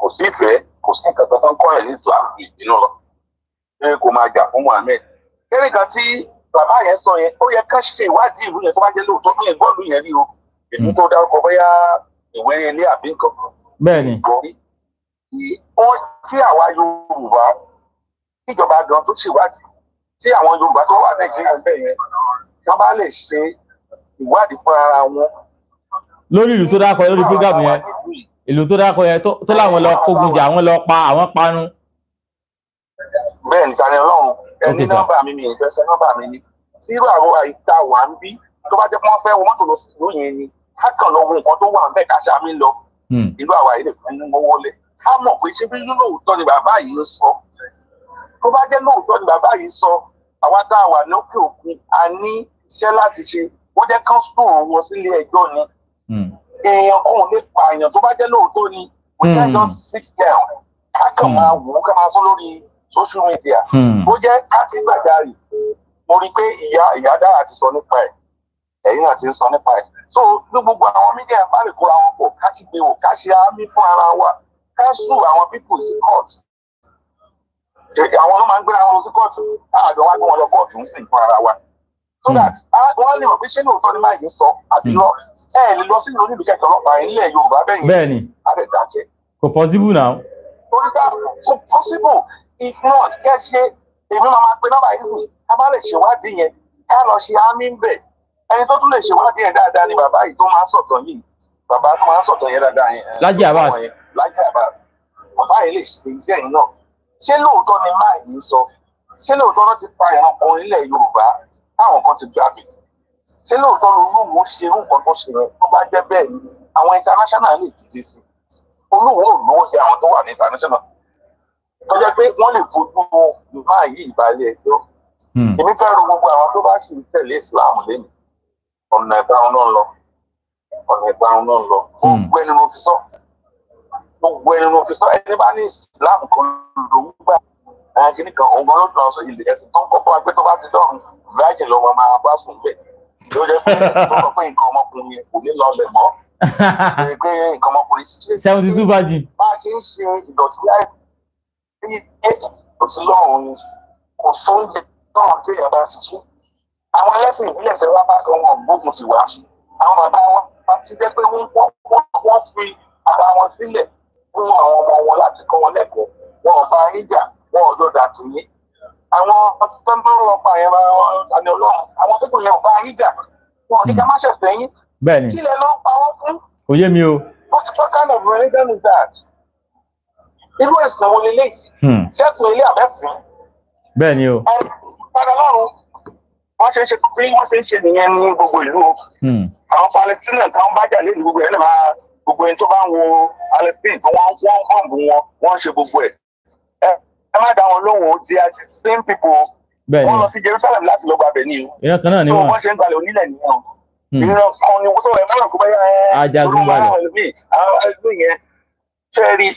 kò sí ìfẹ́ kò sí nǹkan tó ń kọ́ ẹ̀ nítorí àwọn ìbínú lọ pé kò máa jà fún Muhammed kẹ́rì kan tí bàbá yẹn sọ yẹn ó yẹ ká ṣe ìwádìí ìlú yẹn tó bá jẹ́ lóòótọ́ ní bọ́ọ̀lù yẹn rí o èmi tó dárúkọ bóyá ìwé ilé àbí nǹkan kan bẹ́ẹ̀ni ó tí àwa Yorùbá ìjọba gan tó ṣèwádìí tí àwọn
Yorùbá tó wà Nàìjíríà bẹ́ẹ̀ yẹn tí wọ́n bá lè ṣe ìwádìí fún ara wọn.
lórí ìlú tó dákọ lórí fúgàmù yẹn ìlú tó dákọ yẹn tó láwọn lọ kógun jà àwọn lọ pa àwọn panu?
bẹ́ẹ̀ ni tani Ọlọ́run ẹni nọ́mbà mi mi ìfẹsẹ nọ́mbà mi ni tí irú àrùn àìta wà ń bí tó bá jẹ́ pé wọ́n fẹ́ wọ mọ́tò lọ sí ìlú yẹn ni ká kàn lọ wo nǹkan tó wà ń bẹ káṣá mi lọ hmm. irú àwọn àyè lè fún mi mọ wọlé ká mọ̀ pé ṣé bí lóòótọ́ ni bàbá yìí ń sọ tó bá jẹ́ lóòótọ́ ni bàbá yìí sọ àwa tá a wà lókè òkun a ní iṣẹ́ láti ṣe wọ́n jẹ́ kán sún òun wọ sílé ẹjọ́ ni èèyàn kò lè pààyàn tó bá jẹ́ lóòótọ́ ni kò jẹ́ hmm. just sit down kájọ hmm. máa wò ó ká máa sọ lórí social media hmm. ó jẹ́ káàkiri gbàdáre mo rí i pé ìyá ìyá dára ti sọ nípa ẹ̀ ẹ̀yin náà ti ń sọ nípa ẹ̀ so ní gbogbo àwọn media bá lè kóra wọn pọ̀ ká kígbe wò ká ṣe àmì fún ara wa ká sùn àwọn people sí court àwọn ọmọ máa ń gbéra wọn lọ sí court àdó wa gbé wọn lọ court ń sìn fún ara wa so hmm. that ah, wọ́n lè mọ̀ pé ṣé lóòótọ́ ni máa yìí sọ àti lọ ẹ ẹ lọ sínú onílù kẹ̀kẹ́ ọlọ́pàá yẹn nílẹ̀ Yorùbá bẹ́yìn bẹ́ẹ̀ni àbẹ̀dàjẹ́.
kò possible now.
torí bá kò possible if not kẹ́ ṣe èmi máa pe nọ́mbà yìí sìn ká bá lè ṣèwádìí yẹn ká lọ ṣe àmì ń bẹ̀ ẹni tó tún lè ṣèwádìí yẹn dáadáa ni bàbá yìí tó máa sọ̀tàn yìí bàbá tó máa sọ̀tàn yẹn dáadáa yẹn. Lájí Abbas Lájí Abbas bàbá yìí lè ṣe táwọn kan ti graduate ṣé lóòótọ́ olúwo ṣe irú nǹkan tó ṣe yẹn tó bá jẹ́ bẹ́ẹ̀ ni àwọn international lè dìde sí olúwo ò lówó ṣe àwọn tó wà ní international tó jẹ́ pé wọ́n lè fojú máa yí ìbálẹ̀ ẹjọ́ hmm. èmi fẹ́ ro gbogbo àwọn tó bá sì ń tẹ̀lé Islam lẹ́nu ọ̀nà ìparun náà lọ ọ̀nà ìparun náà lọ hmm. gbogbo ẹni mo fi sọ gbogbo ẹni mo fi sọ ẹni bá ní Islam kan lòún gbà kíní kan òun gan ló dùn ọsọ ilé ẹsìn tó ń kọ́kọ́ wa pé tó bá ti dọ̀rùn virgin lọ́wọ́ máa bá sùn bẹ̀ ló jẹ́ pé tó sọ pé nǹkan ọmọkùnrin kò ní lọ lẹ̀ mọ́ pé nǹkan ọmọkùnrin sì ṣe
seventy two virgin
bá a ṣe ń ṣe ìdọ̀tí láì bí ẹ̀jẹ̀ tó ti lọ́rùn ni kò sóúnjẹ náà tó yẹ bá ti sùn àwọn ẹlẹ́sìn ìbílẹ̀ fẹ́ wá bá sọ wọn gbógun ti wá àwọn bàbá wa bá ti jẹ́ pé wọn ò lọ dàtú yín àwọn tó ń bọ̀rọ̀ ọ̀pá yẹn máa ń tàbí ọlọ́run àwọn tó kù yẹn ọ̀pá yín jà wọn ò ní ká má ṣẹ̀ṣẹ̀ yín bẹ́ẹ̀ni kí lẹ lọ pa wọ́n fún. kò yé mi o. what kind of religion is that? irú ẹ̀sìn wo lélẹ̀ hmm. ṣẹ́sùn ilé àbẹ́sìn. bẹ́ẹ̀ni o. padà lọ́rùn wọ́n ṣe ń ṣe bí wọ́n ṣe ń ṣe nìyẹn ní gbogbo ìlú o. Hmm. àwọn palestine táwọn bá jà lẹ́nu gbogbo ẹ̀ náà máa gbogbo ẹni tó bá ń wo palestine tó wọ́n ń bọ̀m̀bù wọn wọ́n ń ṣe gbogbo ẹ̀ ẹ má dá wọn lóhùn they are the same people wọ́n lọ sí Jerusalem láti lọ gbàgbẹ́ ni o so wọ́n ṣe ń gbalẹ̀ onílẹ̀ nìyẹn hmm. ìran kan ni sọ̀rọ̀ ẹ̀ mọ́ràn kó bá yá ẹ̀ olúmọ̀ àwọn ẹlòmíì àwọn ẹlòmíì yẹn fẹ́ẹ́rí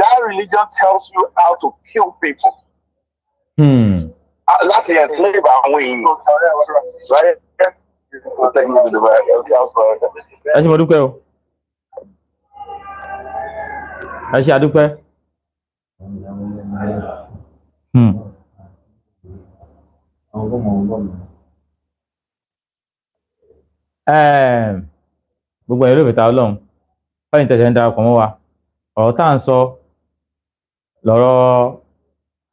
that religion tells you how to kill people. Hmm. láti enslave àwọn èèyàn. ẹ ṣe mo
dúpẹ́ o ẹ ṣe àdúpẹ́.
Hmm. gbogbo
ẹ̀rọ ìbẹ̀ta ọlọ́run fẹ́yìn tẹ̀sẹ̀ ń darapọ̀ mọ́ wa ọ̀rọ̀ tá à ń sọ lọ́rọ̀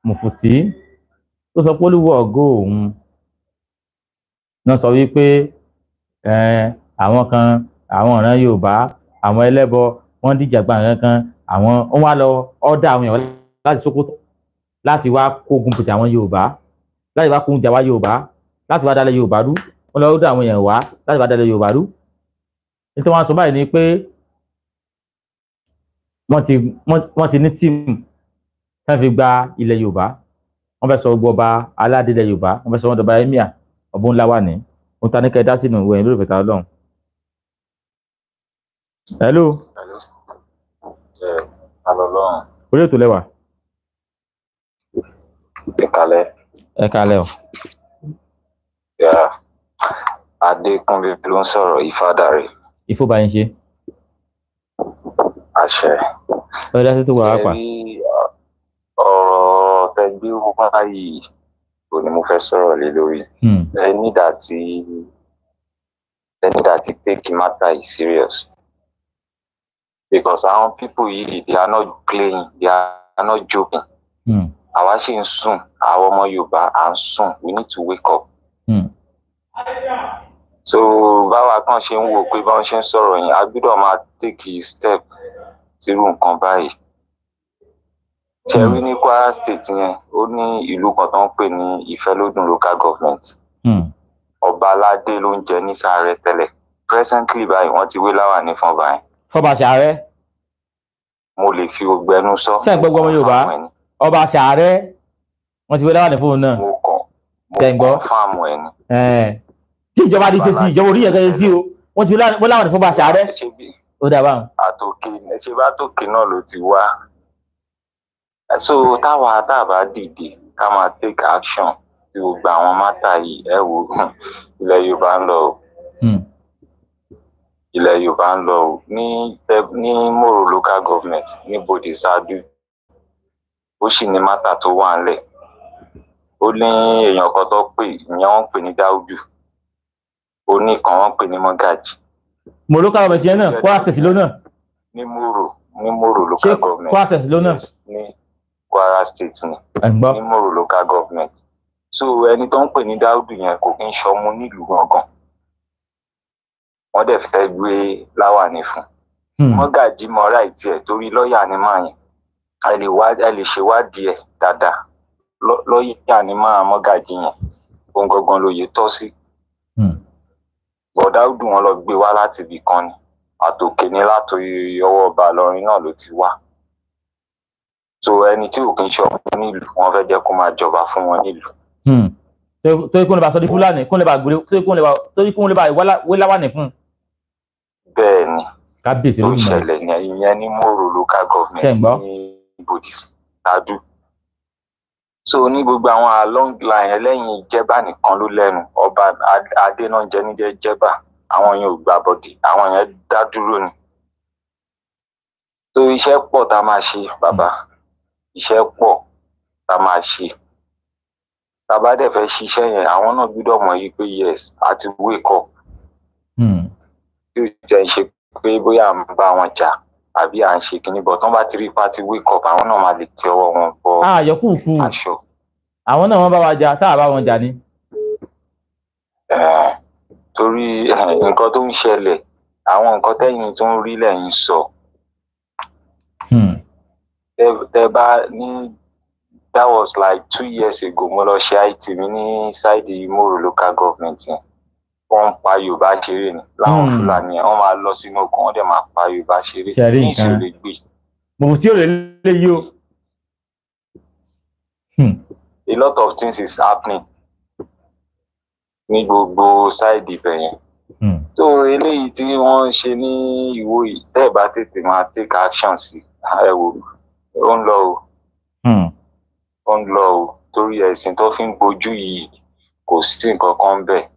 mùfùtí tó sọ pé olúwo ọ̀gọ́ òun náà sọ wípé àwọn kan àwọn ọ̀ràn yorùbá àwọn ẹlẹ́bọ wọ́n dìjà gbàǹkan kan àwọn wọ́n wá lọ ọ́dà àwọn èèyàn láti Sokoto láti wá kógun pèjà àwọn Yorùbá láti wá kógun jàwá Yorùbá láti wá dalẹ̀ Yorùbá rú wọn lọ rúdà àwọn èèyàn wá láti wá dalẹ̀ Yorùbá rú nítorí wọn sọ báyìí ni pé wọ́n ti wọ́n ti ní tíìmù tán fi gba ilẹ̀ Yorùbá wọ́n fẹ́ sọ gbogbo ọba aládé ilẹ̀ Yorùbá wọ́n fẹ́ sọ wọn dọba emir ọ̀bùn ńlá wà ní òun ta ní kẹ́ dá sínú ìwé yẹn lórí ìfẹ̀tà Ọlọ́run. hello.
ẹ alọ lọrun.
orí ẹ kalẹ̀. ẹ kalẹ̀ o.
adékúnlé ló ń sọ̀rọ̀ ìfádàrẹ. ìfúba yín ṣe. àṣẹ.
ọ̀dà tó tó wà á pa.
Uh, ọ̀rọ̀ tẹgbẹ́ owó báyìí ò ní mo fẹ́ sọ̀rọ̀ lé lórí. Hmm. ẹ nídà tí ẹ nídà tí take matter is serious because our people they are not playing they are not joking. Mm àwa sì ń sùn àwọn ọmọ yorùbá à ń sùn we need to wake up. Mm. so báwa kan ṣe ń wò pé báwọn ṣe ń sọ̀rọ̀ yẹn a gbọ́dọ̀ máa take step sírú nǹkan báyìí. ṣẹ́rí hmm. ní kwara state yẹn ó ní ìlú kan tó ń pè ní ìfẹ́lódùn local government. Hmm. ọba aládé ló ń jẹ ní sàárẹ̀ tẹ́lẹ̀ presently báyìí wọ́n ti wé láwàní fún ọba yẹn. fọba ṣàárẹ̀. mo lè fi ogbẹnu sọ. sẹ́ẹ̀ gbogbo ọmọ yorùbá
ọba ṣàárẹ̀ wọ́n ti wé láwàní fóun náà. mo kàn mo kàn
fáàmù ẹ̀ ni.
tí ìjọba ti ṣe sí ìjọba orí yẹn kẹ́yẹ sí o wọ́n ti wé láwàní fóun ọba ṣàárẹ̀
ó dà báwọn.
àtòkè ṣe bá tòkè náà ló ti wá so táwa tábà dìde ká máa take action tí gbogbo àwọn mátà yìí ẹ wo ilẹ̀ yorùbá ń lọ o hmm. ilẹ̀ yorùbá ń lọ ní ní mòrò local government ní bòde ṣáájú ó sì ní mátà tó wà ńlẹ̀ ó ní èèyàn kan tó pè ìyẹn wọ́n pè ní dáúdù ó ní kan wọ́n pè ní mọ́gàjì.
mo
ló kára bẹ̀tì náà kó àṣẹ̀sì lónà.
ní mòrò ní mòrò local government. ṣé kó àṣẹ̀sì lónà. ní Kwara state ni ní mòrò local government. so ẹni tó ń pè ní dáúdù yẹn kò kí ń ṣọmú nílùú gangan wọ́n dẹ̀ fẹ́ gbé láwàní fún. Hmm. mọ́gàjì mọ́ra ìtì ẹ̀ torí lọ́ọ̀yà ni máa yẹn a lè wá a lè ṣèwádìí ẹ̀ dáadáa lọ́ọ̀yà ni máa mọ́gàjì yẹn ohun gangan lóye tọ́ sí. Hmm. bọ̀dá ó dùn wọn lọ gbé wá láti ibì kan ni àtòkè ní látòrí ọwọ́ ọba lọrin náà ló ti wá. so ẹni tí ò kí ń ṣe ọkùnrin nílùú wọn fẹ́ jẹ́ kó máa jọba fún wọn nílùú. Hmm.
torí kó lè bá sọ di fúlàní kó lè bá gbélé torí kó lè bá wéláwàní fún. bẹ́ẹ̀ ni ó
ṣẹlẹ̀ yẹn ní mòrò local government ní Buddhist ṣáájú so ní gbogbo àwọn along line ẹlẹ́yin ìjẹba nìkan ló lẹ́nu ọba adénájẹ níjẹ jẹba àwọn yẹn ò gbà bọ̀dì àwọn yẹn dá dúró ni so iṣẹ́ pọ̀ tá a máa ṣe bàbá iṣẹ́ pọ̀ tá a máa ṣe tá a bá dẹ̀ fẹ́ ṣiṣẹ́ yẹn àwọn náà gbọ́dọ̀ mọ̀ yìí pé yes àti wake up hmm. tí ó jẹ́ ń ṣe pé bóyá à ń bá wọn jà. Ja àbí à ń ṣe kinní bọ̀ tán bá ti rí ipa ti wake up àwọn náà máa lè ti ọwọ́ wọn bọ ah,
aṣọ. àwọn náà wọ́n bá wa jà sáà bá wọn jà ni.
Eh, torí eh, nǹkan tó ń ṣẹlẹ̀ àwọn nǹkan tẹ́yìn tó ń rí lẹ́yìn sọ. Hmm. tẹ bá ní that was like two years ago mo lọ ṣe IT mi ní ṣáìdì Moro local government yẹn wọ́n ń pa yorùbá ṣeré ni láwọn hmm. fúlàní ẹ̀ wọ́n máa lọ sínú okùn wọ́n dẹ̀ máa pa yorùbá ṣeré ní ìṣòro gbé.
mòun tí ò lè lè yí o.
Hmm. a lot of things is happening ní gbogbo ṣáìdì ibẹ̀ yẹn tó hmm. eléyìí tí wọ́n ń ṣe ní ìwò yìí tẹ́ ẹ̀ bá tètè máa take action sí ẹ wò ó ń lọ o ó ń lọ o torí ẹ̀sìn tó fi ń bojú yìí kò sí nǹkan kan bẹ́ẹ̀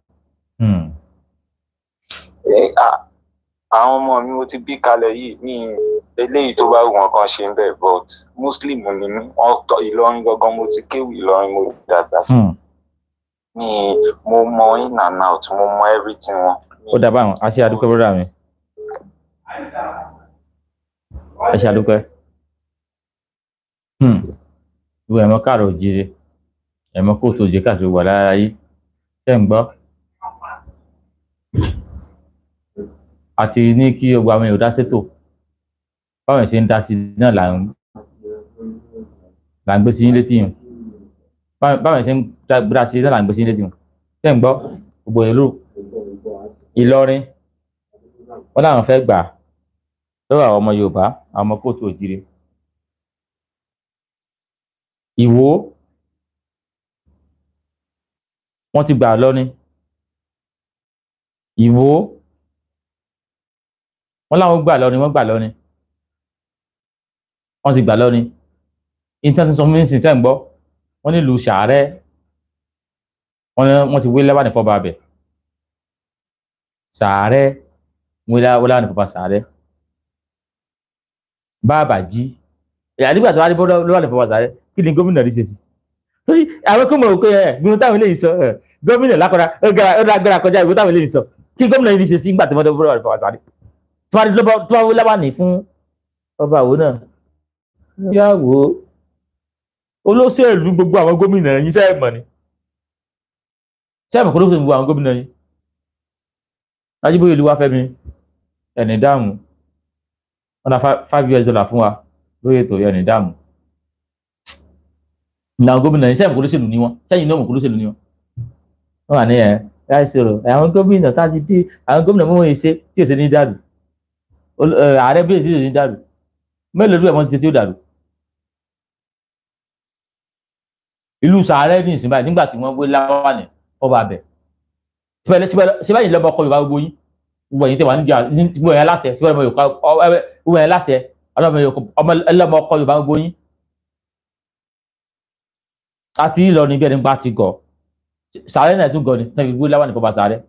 jẹ́ àwọn ọmọ mi mo ti bí kalẹ̀ yìí ní eléyìí tó bá wù wọn kan ṣe ń bẹ̀ but muslim ni mí ìlọrin gangan mo ti kéwì ìlọrin mo dàgbà sí hmm. mi mo mọ in and out mo mọ everything wọn.
ó dábàá àwọn àṣẹ àdúpẹ́ bọ́dà mi àṣẹ àdúpẹ́ hmm. ìwọ ẹ̀mọ́ káàrọ̀ òjìire ẹ̀mọ́ kóòtù òjìká tó wà lára yìí ṣẹ́ ń gbọ́ àti ní kí ọgbà àwọn èèyàn dá sétò báwọn èèyàn ṣe ń dá sí náà là ń là ń gbé sí yín létí yìí báwọn èèyàn ṣe ń dá sí náà là ń gbé sí yín létí yìí ṣé ń gbọ́ gbogbo ìlú Ìlọrin wọn làwọn fẹ́ gbà lọ́wọ́ àwọn ọmọ Yorùbá àwọn ọmọ kóòtù òjìrè Ìwó wọ́n ti gbà lọ́ni Ìwó wọ́n láwọn gbà lọ ni wọ́n gbà lọ ni wọ́n ti gbà lọ ni intanet sọ fún mi sísẹ ń gbọ́ wọ́n ní ìlú sàárẹ wọ́n ti wé lẹwà ní pọba abẹ sàárẹ wé lẹwà ní pọba sàárẹ bàbá jí àdìgbà tó wà ní lọwà ní pọba sàárẹ kí ni gómìnà rí ṣe sí torí àwọn kò mọ̀ òkè ẹ̀ gbìyànjú táwọn eléyìí sọ gómìnà lákọ̀ọ́ra ó dágbára kọjá ìwé táwọn eléyìí sọ kí gómìnà rí ṣe sí tó mọ́ tó tó bá rí tó bá wí lábàánì fún ọba àwo náà yàwó olóṣèlú gbogbo àwọn gómìnà yín sẹ́ẹ̀ mọ̀ ni sẹ́ẹ̀ mọ̀ kó ló fi gbogbo àwọn gómìnà yín Ajíbóyè Olúwafẹ́mi ẹni dáàmú wọn na five years dollar fún wa lórí ètò ẹni dáàmú ìlànà gómìnà yín sẹ́ẹ̀ mọ̀ kó lóṣèlú ni wọn sẹ́yìn náà mọ̀ kó lóṣèlú ni wọn wọn wà ní ẹ láìsí rò àwọn gómìnà tá a ti dé àwọn gómìnà mọ̀ wọ́n yìí ṣe tí ò ààrẹ bí èsì ìdíje dàrú mélòó ló ẹ̀ wọ́n ti ṣe tí ó dàrú. ìlú sàárẹ̀ ní ìsìn báyìí nígbà tí wọ́n wé láwàní ọba abẹ síbẹ̀ yìí lọ́mọ ọkọ yorùbá gbogbo yín gbogbo yín tẹ̀ wá níjà gbogbo yẹn aláṣẹ síbẹ̀ lọ́mọ yorùbá gbogbo yẹn aláṣẹ ọlọ́mọ ọkọ yorùbá gbogbo yín àti ìlọrin bí ẹni gbà ti gọ̀ sàárẹ̀ náà tún gọ̀ ni náà fi gbé láwàní fọba sàárẹ̀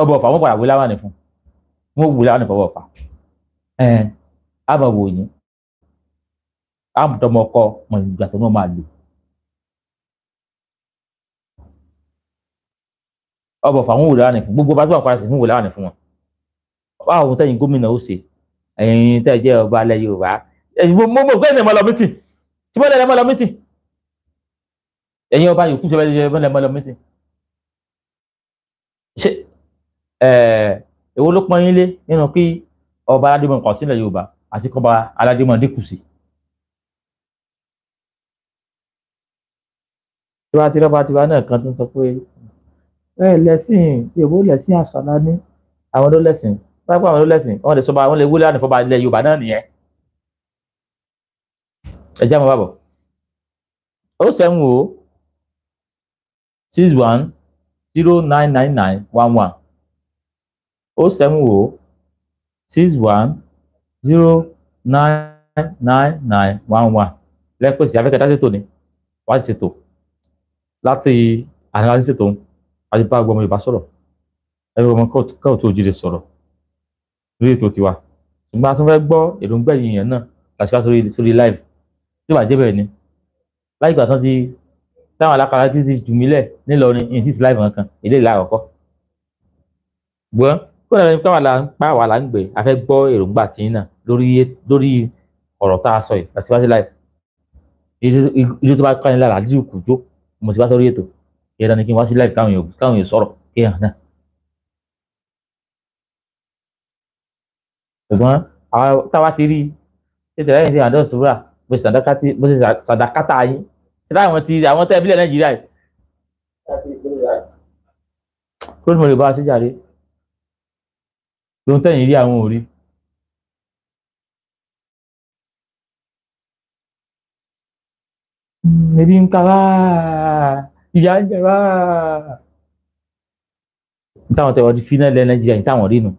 ọbọ̀ fàwọn padà gbé láwàní fún wọn wù lánàá bọ̀wọ̀ pa ẹn a máa wò yín a mú tọmọ kọ mọ ìgbà tó náà máa lò ọbọ fà ń wù lánàá fún gbogbo bá tó wà padà sí ń wù lánàá fún wọn báwo ohun tẹ̀yin gómìnà ó ṣe ẹ̀yin tẹ jẹ ọba alẹ Yorùbá ẹ̀yin mo mọ gbẹ ẹni mọ lọ mítì tí mo lẹ mọ lọ mítì ẹ̀yin ọba yòókù tí mo lẹ mọ lọ mítì ṣe ẹẹ èwo ló pọn yín lé nínú kí ọba aládémọ kọ sílẹ̀ yorùbá àti kọba aládémọ dínkù sí. ìwà tí rọba tiwa náà kan tó ń sọ pé ẹ lẹ́sìn èwo lẹ́sìn àṣàlá ní àwọn ló lẹ́sìn pápá àwọn ló lẹ́sìn wọn lè sọba wọn lè wúlẹ̀ àdìfọba ilẹ̀ yorùbá náà nìyẹn. ẹ jẹ́ àwọn bàbọ̀ ó sẹ́wọ̀n o six one zero nine nine nine one one. 07061099911 seven o oh six one zero sí afẹ́kẹ́ dáṣètò ni wàá ti ṣètò láti àná ti ṣètò àti bá gbọmọ Yorùbá sọ̀rọ̀ ẹ̀rọ ọmọ káwọ̀ tó jíire sọ̀rọ̀ lórí ètò tiwa ṣùgbọ́n a tún fẹ́ gbọ́ èròǹgbà yìí yẹn náà làṣíwá sórí live tí wàá jẹ́ ni láì gbà tán ti táwọn alákàrà ti jù mí lẹ̀ nílọrin ìyẹn ti live kankan èdè ìlà àkọ́kọ́ gbọ́n kódà ní pàwà là ń pàwà là ń gbé a fẹ́ gbọ́ èròǹgbà tí náà lórí lórí ọ̀rọ̀ tá a sọ yìí àti wáṣẹ láì ijó tó bá kọ́ ni lára àdíjú kù jó mo ti wá sórí ètò ìyẹn ni kí n wá sí láì káwọn èèyàn káwọn èèyàn sọ̀rọ̀ kí hàn náà. ṣùgbọ́n àwọn táwa ti rí ṣé tẹ̀lé ẹ̀yìn tí àdó ìṣúra bó ṣe sàdákátà yín ṣe láwọn ti àwọn tẹ́ ìbílẹ̀ Nàìjíríà yìí. kúrò ní mo lè bá a ṣe jàre tó ń tẹ̀yìn rí àwọn òre. ebi ń pa wá ìyá ń jẹ wá táwọn tẹ̀wọ́ di fínà lẹ́ nàìjíríà yìí táwọn rí nu.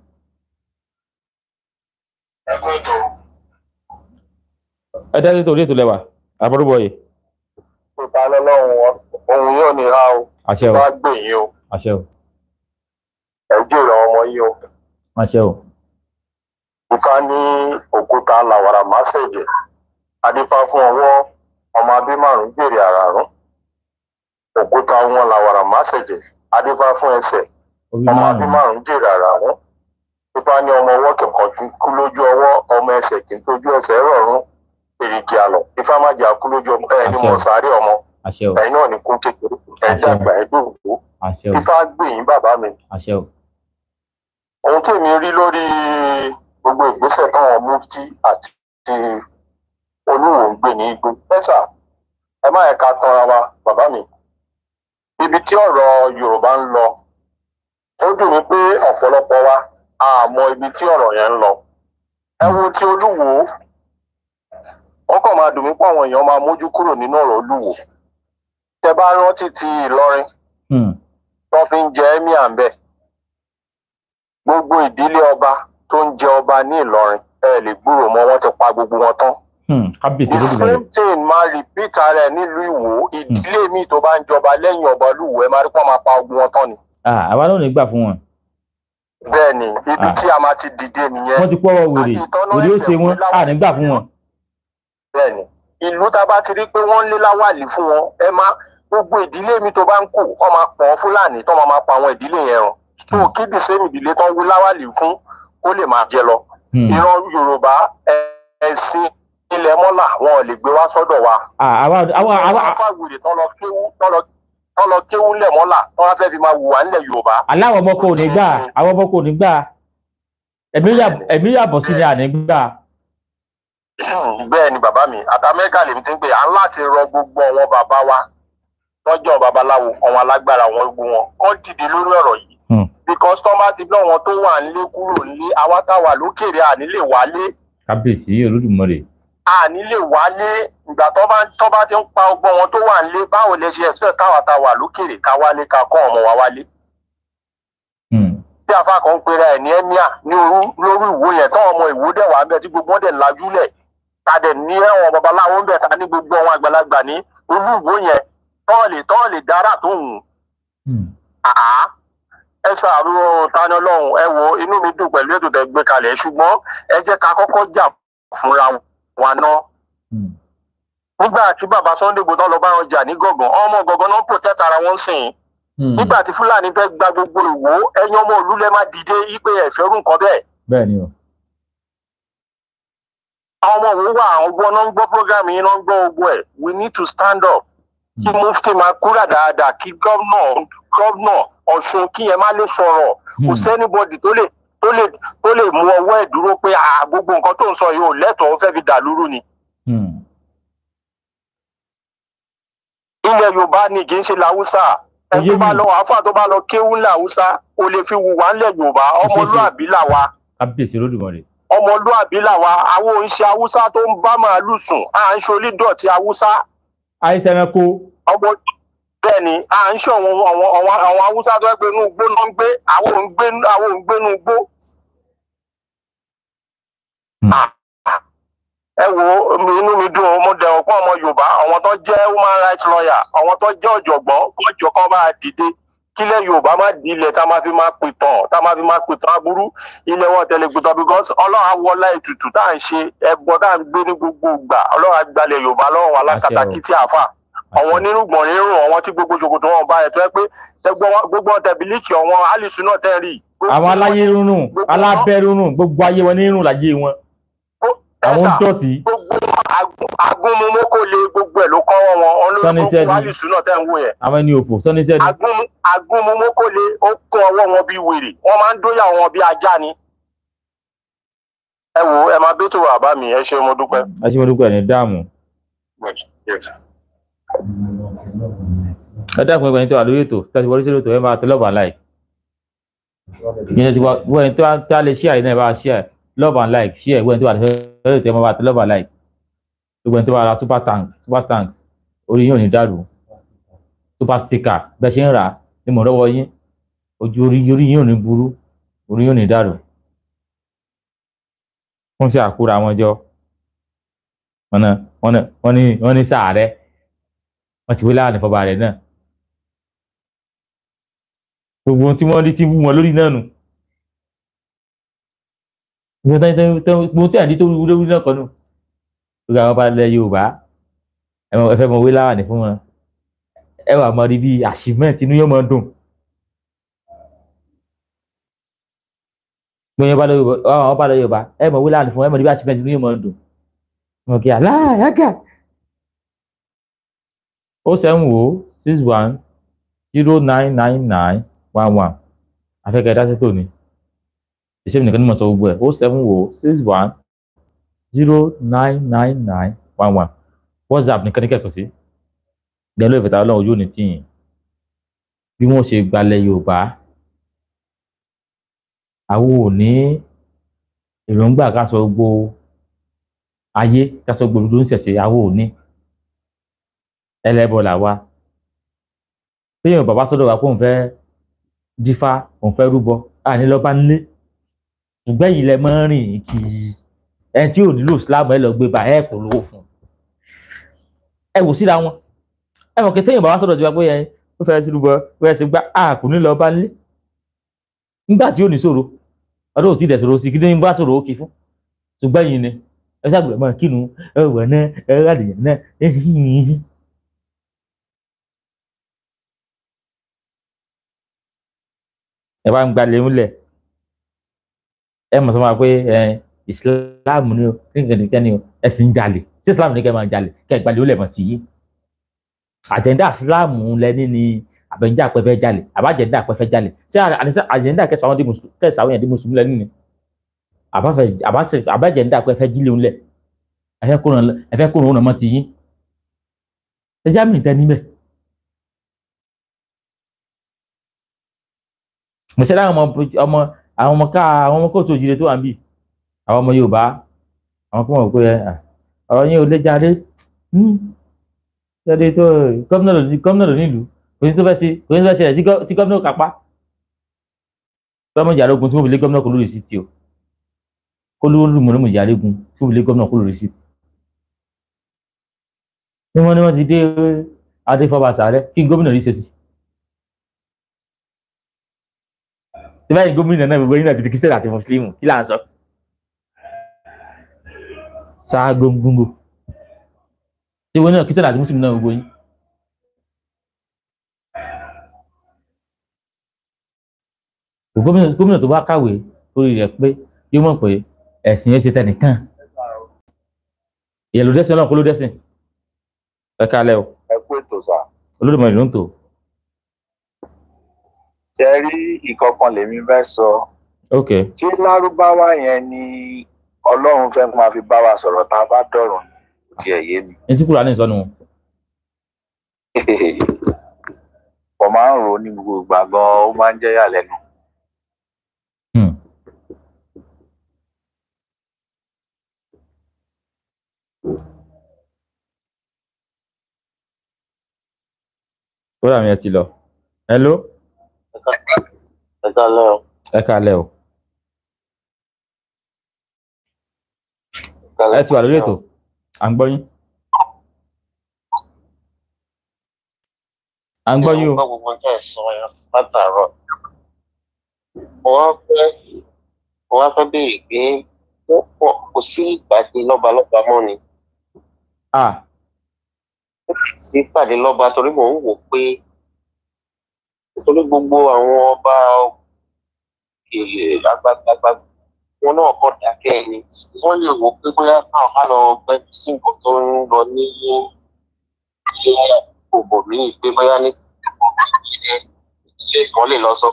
ẹ dájú tó orí ètò lẹ́wà àbúrúbọ yìí.
ìbálẹ̀ lọ́hùn ohun yóò ní ha o. àṣẹ o bá gbè yín o. àṣẹ o. ẹ jèrè ọmọ yín o má ṣe o. ìka ní òkúta làwàrà má ṣèjẹ adífá fún ọwọ́ ọmọ abí márùn jèrè àràrùn
òkúta wọn làwàrà má ṣèjẹ adífá fún ẹsẹ̀ ọmọ abí márùn jèrè àràrùn
ìfá ní ọmọ ọwọ́ kẹkọọ kí n kú lójú ọwọ́ ọmọ ẹsẹ̀ kí n tójú ẹsẹ̀ rọrùn èrìgì àlọ ifá má jà kú lójú ọmọ ẹ ní mọ sáré ọmọ ẹ̀yin náà ní kú kékeré ẹ dàgbà ẹ dòwò ifá gbìyìn bàbá mi. ohun tí èmi rí lórí gbogbo ìgbésẹ̀ táwọn mufti àti olúwo ń gbé ní igbó pẹ́sà ẹ má ẹ̀ka wa bàbá mi ibi tí ọ̀rọ̀ yorùbá ń lọ ó dùn mí pé ọ̀pọ̀lọpọ̀ wa a mọ ibi tí ọ̀rọ̀ yẹn ń lọ Ewu tí ti olúwo ó kàn máa dùn mí pé àwọn èèyàn máa mójú kúrò nínú ọ̀rọ̀ olúwo tẹ bá rántí ti ìlọrin
tó hmm. fi ń jẹ gbogbo ìdílé
ọba tó ń jẹ ọba ní Ìlọrin ẹ lè gbúrò mọ́ wọn ti pa gbogbo wọn tán. Hmm, the same
thing máa repeat ara ẹ nílùú Ìwó ìdílé hmm. mi tó bá ń jọba lẹ́yìn ọba lúwo ẹ máa rí pọ́n máa pa gbogbo wọn tán ni.
Ah, àwa náà ní gbà fún wọn.
bẹ́ẹ̀ni ibi ah. tí a máa ti dìde nìyẹn. wọ́n ti
pọ ọwọ́ wèrè wèrè ó ṣe wọn a ah, ní gbà fún wọn.
bẹ́ẹ̀ni ìlú tá a bá ti rí pé wọ́n ń lé láwàlì fún wọn ẹ máa gbogbo ìdílé mi tó bá ń kù ọ máa pọ̀ fúlàní tó máa máa pa àwọn ìdílé yẹn rùn fún hmm. kídì sẹ́mi ìdílé tán wú láwàlì fún kó lè máa jẹ lọ hmm. ìran yorùbá ẹ̀sìn ilẹ̀ mọ́là wọn ò lè gbé wá sọ́dọ̀ wa.
àwọn
fàwùrè tán lọ kéwú tán lọ tán lọ kéwú ńlẹ̀ mọ́là tán wá fẹ́ fi máa wùwà ńlẹ̀ yorùbá. aláwọ̀ ọmọ kò ní gbà hmm.
àwọn ọmọ kò ní gbà ẹ̀mí yàbọ̀ sí ni àní gbà.
bẹ́ẹ̀ ni bàbá mi àtàmẹ́ríkà lèmi ti ń pè à ń láti rọ gbogbo àwọn bàbá wa wọ́n jọ babaláwo àwọn alágbára àwọn igun wọn kọ́ dìde lórí ọ̀rọ̀ yìí hmm. because tọ́ bá ti bí àwọn tó wà nílé kúrò ní awátawà lókèrè ànílè wálé.
kábíyèsí olódùmarè.
ànílè wálé ìgbà tó bá tó bá ti ń pa ọgbọ́n wọn tó wà nílé báwo lè ṣe expect táwàtawà lókèrè ká wálé ká kọ́ ọmọ wa wálé. Hmm. bí afa kan ń pera ẹ̀ ní emir ní orú lórí ìwó yẹn tó ọmọ ìwó dẹ̀ wà bẹ́ẹ̀ tí gbogbo dẹ̀ lajúlẹ̀ ta dẹ̀ ní ẹ̀wọ̀n babaláwo ń bẹ̀ ta ní gbogbo àwọn àgbàlagbà ní olú ìwó yẹn tọ́ọ̀lì tọ́ọ̀lì dára tó wù hmm. ẹ ṣàárò tani ọlọ́run ẹ wo inú mi dùn pẹ̀lú ètò tẹ́ gbé kalẹ̀ ṣùgbọ́n ẹ jẹ́ ká kọ́kọ́ jà fúnra wa náà hmm. nígbà tí bàbá Sunday Igboho lọ bá wọn jà ní gọ̀gàn ọmọ gọ̀gàn náà protect ara wọn sìn hmm. nígbà tí Fúlàní fẹ́ gba gbogbo ìwò ẹ̀yin ọmọ ìlú má dìde ipe ẹ̀fẹ́ rú nǹkan bẹ́ẹ̀. bẹ́ẹ̀ni o. àwọn ọmọ òun wà àwọn gbọ́ náà ń gbọ́ program yìí náà ń gbọ́ ogun ẹ̀ we need to stand up tí hmm. mufti máa kúrà dáadáa kí gọ́vnà gọ́vnà ọ̀ṣun kí yẹn má lè sọ̀rọ̀ kò hmm. sẹ́nibọ́dì tó lè tó lè tó lè mú ọwọ́ ẹ̀ dúró pé gbogbo nǹkan tó ń sọ yìí ò lẹ́tọ̀ọ́ fẹ́ fi dà lúrú ni. Hmm. ilẹ̀ yorùbá ni kì í ṣe làwùsà ẹni tó bá lọ àáfà tó bá lọ kéwú làwùsà o lè fi wùwà ńlẹ̀ yorùbá ọmọlúàbí làwa.
kábíyèsí lódìmọ̀rẹ́
ọmọlúàbí làwa àwọn òǹṣe haúsá tó ń bá màálù sùn à ń ṣolídọ̀tí haúsá àìsẹ̀ranko. ọmọ bẹ́ẹ̀ ni à ń ṣọ àwọn àwọn àwọn haúsá tó ń gbé inú igbó náà ń gbé àwọn ò ń gbé àwọn ò ń gbé inú igbó. Hmm. Ah, ẹ wo inú mi dùn mo dẹ̀ ọ̀pọ̀ ọmọ yorùbá àwọn tó jẹ́ human rights lawyer àwọn tó jẹ́ ọ̀jọ̀gbọ́n kọjọ́ kọ́ bá dìde kílẹ̀ yorùbá má di ilẹ̀ tá a máa fi máa pè tán tá a máa fi máa pè tán aburú ilẹ̀ wọn tẹ̀lé gbẹtọ̀ because ọlọ́run awọlá ètùtù tá à ń ṣe ẹbọ tá à ń gbé ní gbogbo ìgbà ọlọ́run agbalẹ̀ yorùbá lọ́rùn a àfà àwọn onírùngbọ̀n rírùn àwọn tí gbogbo ṣòkòtò wọn bá ẹ̀tọ́ ẹ pé gbogbo tẹ̀bílíkì ọ̀wọ́n alìsùn náà tẹ̀ rí.
àwọn aláyé rúnrún alábẹ́ rúnrún gbogbo ayé wọn ní rún láyé wọn àwọn ń tọ́tí. gbogbo
agunmumu kò lè gbogbo ẹ̀ ló kọ́ wọn
olórí gbogbo alisu
náà tẹ̀ ń wò yẹn.
àwọn ẹni òfò sọ́nisẹ́ ni.
agunmumu kò lè ó kọ́ ọwọ́ wọn bí wèrè wọ́n máa ń dóyà wọn bí ajá ni. ẹ wo ẹ máa bẹ́tò àbá mi ẹ ṣe mo dúpẹ́.
ẹ ṣe mo dúpẹ́ ní dáàmú. ẹ dákun ẹgbẹ́ ní tó wà lórí ètò tí a ti wọlé sí ètò ẹ máa tẹ́lọ̀ bá láì. ìyẹn ti wá wọ́n ẹni tó á lè ṣíà yìí náà ẹ bá ṣíà love and like ṣíà ìwé ẹni tó wà lórí lọ́dọ̀ tẹ́ mọ́ bá tẹ́lọ́bà láì gbogbo ẹni tó bá ra super tanks super tanks orí yín ò ní dàrú super sticker bẹ́ẹ̀ ṣe ń rà ni. mọ̀ lọ́wọ́ yín ojú orí yín ò ní burú orí yín ò ní dàrú fún sí àkúrà wọn jọ wọn ní wọn ni sàárẹ̀ wọn ti wí láàánú fọba rẹ̀ náà gbogbo tí wọ́n rí ti wọn lórí náà nù mo tẹ́ àdí tó wúlé náà kọ́nù lórí àwọn ọba ilẹ̀ Yorùbá ẹ fẹ́ mọ owó láwà ní fún wọn ẹ wà mọ rí bí achievement inú yóò mọ dùn. mo yẹn bá lọ Yorùbá àwọn ọba lọ Yorùbá ẹ mọ owó láwà ní fún wọn ẹ mọ rí bí achievement inú yóò mọ dùn. mo kí aláàyágà ó sẹ́wọ̀n wo six one zero nine nine nine one one afẹ́kẹ́ dá sí tòní ìṣẹ́mi nìkan ní mọ̀ tó gbogbo ẹ̀ o oh seven o oh six one zero nine nine nine one one whatsapp nìkan ní kẹ́kọ̀ọ́ sí gẹ́lú ìfẹ̀tà ọlọ́run yóò ní tìyìn bí wọ́n ṣe gbalẹ̀ yorùbá àwọn ò ní èròǹgbà káṣọ gbogbo ayé káṣọ gbogbo tó ń ṣẹ̀ṣẹ̀ àwọn ò ní ẹlẹ́bọ̀ làwa téèyàn bàbá sọ́dọ̀ wa kó n fẹ́ dífá òun fẹ́ rúbọ àní lọ́ba nílé ṣùgbọ́n yìí lẹ mọ́ rìn kì í ẹ tí ò nílò Islam ẹ lọ gbé bá ẹ kò lówó fún un ẹ wò síra wọn ẹ mọ̀ kí téèyàn bá wá sọ̀rọ̀ tí wọ́n pé yẹn ó fẹ́ sínú bọ́ wẹ́ẹ́ sì gba àkùn nílò ọba nílé nígbà tí ò ní sọ̀rọ̀ ọdún ò tí ì dẹ̀ sọ̀rọ̀ sí kí ní bá sọ̀rọ̀ ó kì í fún ṣùgbọ́n yìí ni ẹ ṣàgbẹ̀ mọ́ kínú ẹ wẹ̀ náà ẹ rádìyàn náà
ẹ hìhìhì.
ẹ bá ń gbalẹ̀ ńlẹ̀ ẹ mọ̀ sọ ma pé islam ni o kíríkìtìkẹ́ ni o ẹ sì ń jalè sí islam ni kẹ́ máa jalè kẹ́ gbalè ó lẹ̀ mọ̀ tì í àjẹ́ndà islam lẹ́ni ni àbẹ̀njẹ́ àpẹfẹ́ jalè àbájẹ́ndà àpẹfẹ́ jalè sí àjẹ́ndà kẹsàn-án di mùsùlùmí lẹ́ni ni àbájẹ́ndà àpẹfẹ́ jílẹ̀ ńlẹ̀ ẹfẹ kó ràn ẹfẹ kó ràn ọmọ ti yín ẹjá mi tẹ níbẹ̀. mo ṣe láwọn ọmọ ọmọ àwọn ọmọ ká àwọn ọmọ kóòtù òjìlé tó wà ń bì àwọn ọmọ Yorùbá àwọn kó wọn pé ẹ ọ̀rọ̀ yín ò lè jáde jáde hmm. tó gómìnà lò ní gómìnà lò nílùú kò ní tó fẹ́ ṣe kò ní tó fẹ́ ṣe rẹ̀ tí gómìnà kápá gómìnà ìjàlógun tí wọ́n fi lé gómìnà kó lórí sí ti o kó lórí mọ̀lẹ́mọ̀ ìjàlógun tí wọ́n fi lé gómìnà kó lórí sí ni wọ́n ní wọ́n ti dé adéfọ́ba sàárẹ̀ kí gómìnà rí ṣe sí tí báyìí gómìnà náà gbogbo yín náà ti di kristian àti mùsùlùmù kí là ń sọ. sáà gbóngbóngbò tí wọn náà kristian àti mùsùlùmù náà gbogbo yín. gómìnà gómìnà tó bá kàwé lórí rẹ̀ pé yóò mọ̀ pé ẹ̀sìn yẹn ṣe tẹnìkan ìyẹn ló dẹ́sìn Ọlọ́run kó ló dẹ́sìn ẹ kálẹ̀ o. ẹ kú ètò sá. olódùmarè ló ń tò
ṣe rí ìkọ̀kan lèmi fẹ́ sọ. tí lárúbáwá yẹn ni ọlọ́run fẹ́ máa fi bá wa sọ̀rọ̀ tá a bá dọ̀rùn
ti ẹ̀ yé mi. etí kúrò ní ìsọnù.
mo máa ń rò ó ní gbogbo ìgbà gan ó máa ń jẹ́ yàlẹ́nu. Hmm.
ó rà ẹ ti lọ. hello ẹ kálẹ́ o. ẹ kálẹ́ o. ẹ ti wà lórí ètò à ń gbọ́ yín.
à ń gbọ́ yín o. látàárọ̀. wọ́n fẹ́ wọ́n fẹ́ béèrè
pé kò sí ìpàdé lọ́balọ́ba mọ́ ni. kò
sí ìpàdé lọ́ba torí mò ń wò
pé nítorí gbogbo àwọn ọba àgbàgbà wọn náà kọ́ dákẹ́ ni wọ́n lè wò pé bóyá káwọn bá lọ gbẹ́jú sí nǹkan tó ń lọ ní ilé òbò míì pé bóyá ní
ilé kan lè lọ sọ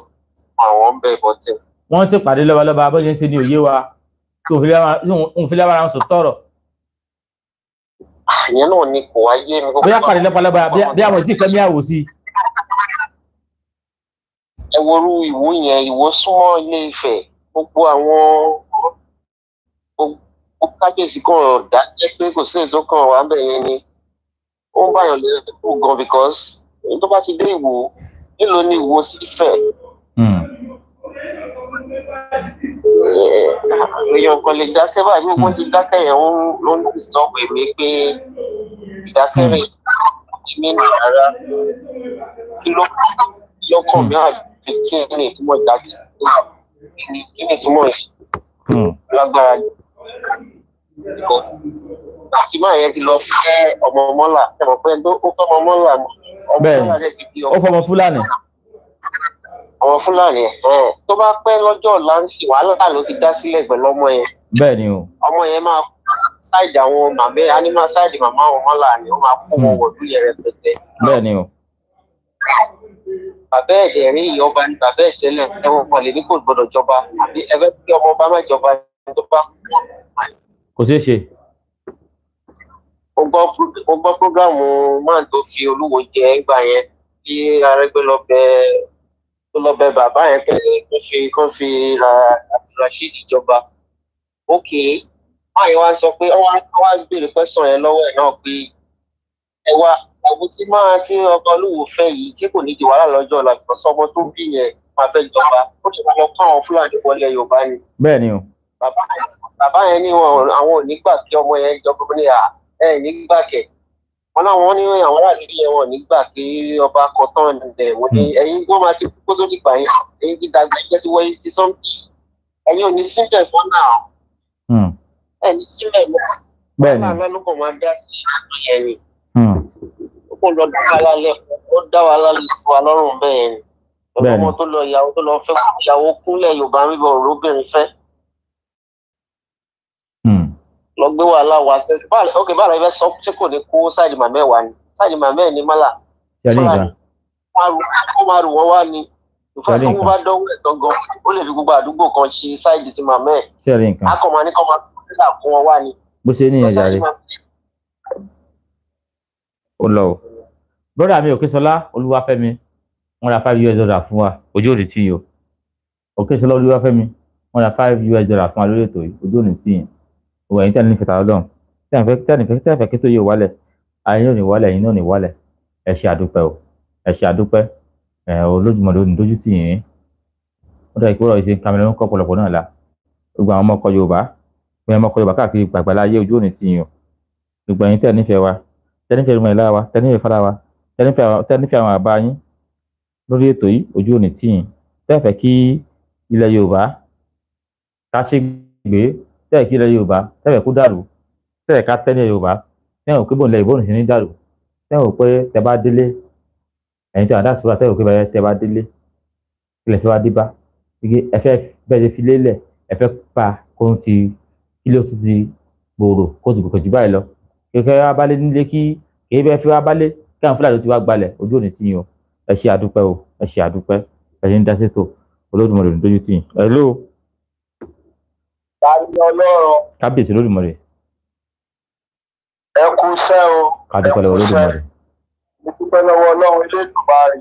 àwọn ń bẹ̀ bọ́tẹ̀.
wọ́n sì pàdé lọ́balọ́ba bó ṣe ń ṣe ní òye wa tí òun fi lábára ń sùn tọ̀rọ̀.
àyẹ̀ náà ni kò wáyé mi. bóyá pàdé
lọ́balọ́ba bí àwọn sì fẹ́ mi àwòsí
worú ìwó yẹn ìwó súnmọ́ ilé Ifẹ̀ gbogbo àwọn gbogbo kábíyèsí kan dájẹ́ pé kò sí ètò kan wà bẹ́ẹ̀ yẹn ni ó ń báyọ̀ lẹ́kọ̀ọ́ gan because tó bá ti dé ìwò nílò ní ìwò sífẹ̀. Hmm. èèyàn kan lè dákẹ́ báyìí wọ́n ti dákẹ́ yẹn ló ń ti sọ pé mi pé ìdákẹ́rẹ́ mi ní ara kí ló kàn mí àjọ kí ni ìtumọ̀ ìdájí kí ni ìtumọ̀ hmm.
lágbára láti máa yẹn ti lọ fẹ́ ọmọ mọ́là ẹ̀mọ̀ pé ó fẹ́ ọmọ mọ́là bẹ́ẹ̀ ó fọmọ fúlàní. ọmọ fúlàní tó bá pẹ́ lọ́jọ́ ọ̀la ń sì wàhálà ló ti dá sílẹ̀ pẹ̀lú ọmọ yẹn. bẹ́ẹ̀ ni o. ọmọ yẹn máa ṣáìdì àwọn màmá animal ṣáìdì màmá àwọn mọ́là ni ó máa kó wọn hmm. wọ̀lú yẹn rẹpẹtẹ. o bàbá ẹ̀dẹ̀
rí ìyọba ní bàbá ìtẹ́lẹ̀ ẹ̀wọ̀n kan lè ní kò gbọdọ̀ jọba àbí ẹ̀fẹ́ kí ọmọ bá má jọba tó bá. kò ṣeé ṣe. ó gbọ́
prógámù máa tó fi olúwo jẹ ẹgbà yẹn tí arẹgbẹ́ lọ bẹ tó lọ bẹ bàbá yẹn kẹ́lẹ́ kó fi kó fi ra rasheed jọba.
ókè báyìí wá sọ pé wọ́n á gbèrè pẹ́sàn yẹn lọ́wọ́ ẹ̀ náà pé ẹwà àwọn tí máa tí ọba olúwo fẹ́ yìí tí kò ní di wàhálà lọ́jọ́ ọ̀la kò sọmọ
tó bí yẹn máa fẹ́ jọba ó ti lọ káwọn fúlàní wọlé yorùbá ni. bẹ́ẹ̀ ni o. bàbá yẹn ní àwọn ò ní gbà kí ọmọ yẹn jọba ní à ẹ ní gbà kẹ wọn láwọn ní àwọn aráàlú yẹn wọn ní gbà kí ọba kọtán ẹ wọn ni hmm. ẹ̀yin wọn máa ti kó tó dìgbà yẹn ẹ̀yin ti dàgbà ẹ̀yin ti wọlé ti sọmtì ẹ̀yin ò ní sílẹ̀ fún náà
hmm.
ẹ ní sílẹ̀ náà Hmm. ó lọ dá wa lálẹ́ ó dá wa lálẹ́ sí wa lọ́rùn bẹ́ẹ̀ ni ọmọ tó lọ ìyàwó tó lọ fẹ́ ìyàwó kúnlẹ̀ yorùbá ń bíbọ̀ lóbìnrin fẹ́ hmm. lọ gbé wàhálà wá sí ok báàlà ẹ fẹ́ sọ tí kò ní kó sáàdì màmá ẹ̀ ni sáàdì màmá ẹ̀ mọ́là ó máa rù wọ́n wá ni ìfọ̀tí wọn bá dánwò ẹ̀tọ́ gan ó lè fi gbogbo àdúgbò kan ṣe sáàdì ti màmá ẹ̀ ní kọ́ máa kó wá ni.
bó ṣe ní ìyàrá rẹ̀
ó lọ o brọ́dà mi òkèsọlá olúwàfẹ́mi wọ́n ra five us dollar fún wa ojú òní tì yín o òkèsọlá olúwàfẹ́mi wọ́n ra five us dollar fún wa lórí ètò yìí ojú òní tì yín òwò ẹ̀yin tẹ́lẹ̀ nífẹ̀ẹ́ tààlọ́n tẹ́lẹ̀ fẹ́ kí tó yẹ wálẹ̀ ayé ò ní wálẹ̀ ẹ̀yin náà ò ní wálẹ̀ ẹ ṣe àdúpẹ́ o ẹ ṣe àdúpẹ́ ẹ olójúmọ́ ló ń dojú tì yín ó dọ̀ ìkúrọ̀ ìṣe kamẹ́rún kọ́ pọ̀lọpọ̀ náà la gbogbo àwọn ọmọ ọkọ yorùbá gbogbo àwọn ọmọ ọkọ yorùbá káàkiri gbàgbà láyé ojú òní tì yín o gbogbo ẹ̀yin tẹ́lẹ̀ nífẹ̀ẹ́ wa tẹ́ni fẹ́ ìmọ̀ ìlara wa tẹ́ni fẹ́ fara wa tẹ́ni fẹ́ àwọn àbá yín lórí ètò yìí ojú òní tíyìn tẹ́ẹ̀ fẹ́ kí ilẹ̀ Yorùbá ká ṣe gbé tẹ́ẹ̀ kí ilẹ̀ Yorùbá tẹ́ẹ̀ fẹ́ kó dàrú tẹ́ẹ̀ ká tẹ́ni Yorùbá tẹ́ẹ̀ òkè bòun lẹ̀ ìbọn ìsìn ní dàrú tẹ́ẹ̀ òpé tẹ́ bá délé ẹ̀yin tí wọ́n dá sùúrà tẹ́ẹ̀ òkè tẹ́ bá délé ilẹ̀ fẹ́ wá dé bá ẹ̀fẹ́ bẹ́ẹ̀ fi lélẹ̀ ẹ̀fẹ́ pa kó ti kílẹ̀ tó ti gbòòrò kó ti gbòkè jù báyìí lọ kẹ̀kẹ́ wá bálé nílé kí kẹ̀kẹ́ bẹ́ẹ̀ fi wá bálé kí àwọn fúlàní ti wá gbalẹ̀ ojú òní tí yín o ẹ ṣe àdúpẹ́ o ẹ ṣe àdúpẹ́ ẹ ṣe ń dá sétò olódùmarè ní dójú tì yín. hello. tani ọlọ́run. kábíyèsí olódùmarè. ẹ kú sẹ́ o. kádùpẹ́lẹ̀
olódùmarè.
mo dúpẹ́ lọ́wọ́ ọlọ́run ilé ìdùmarè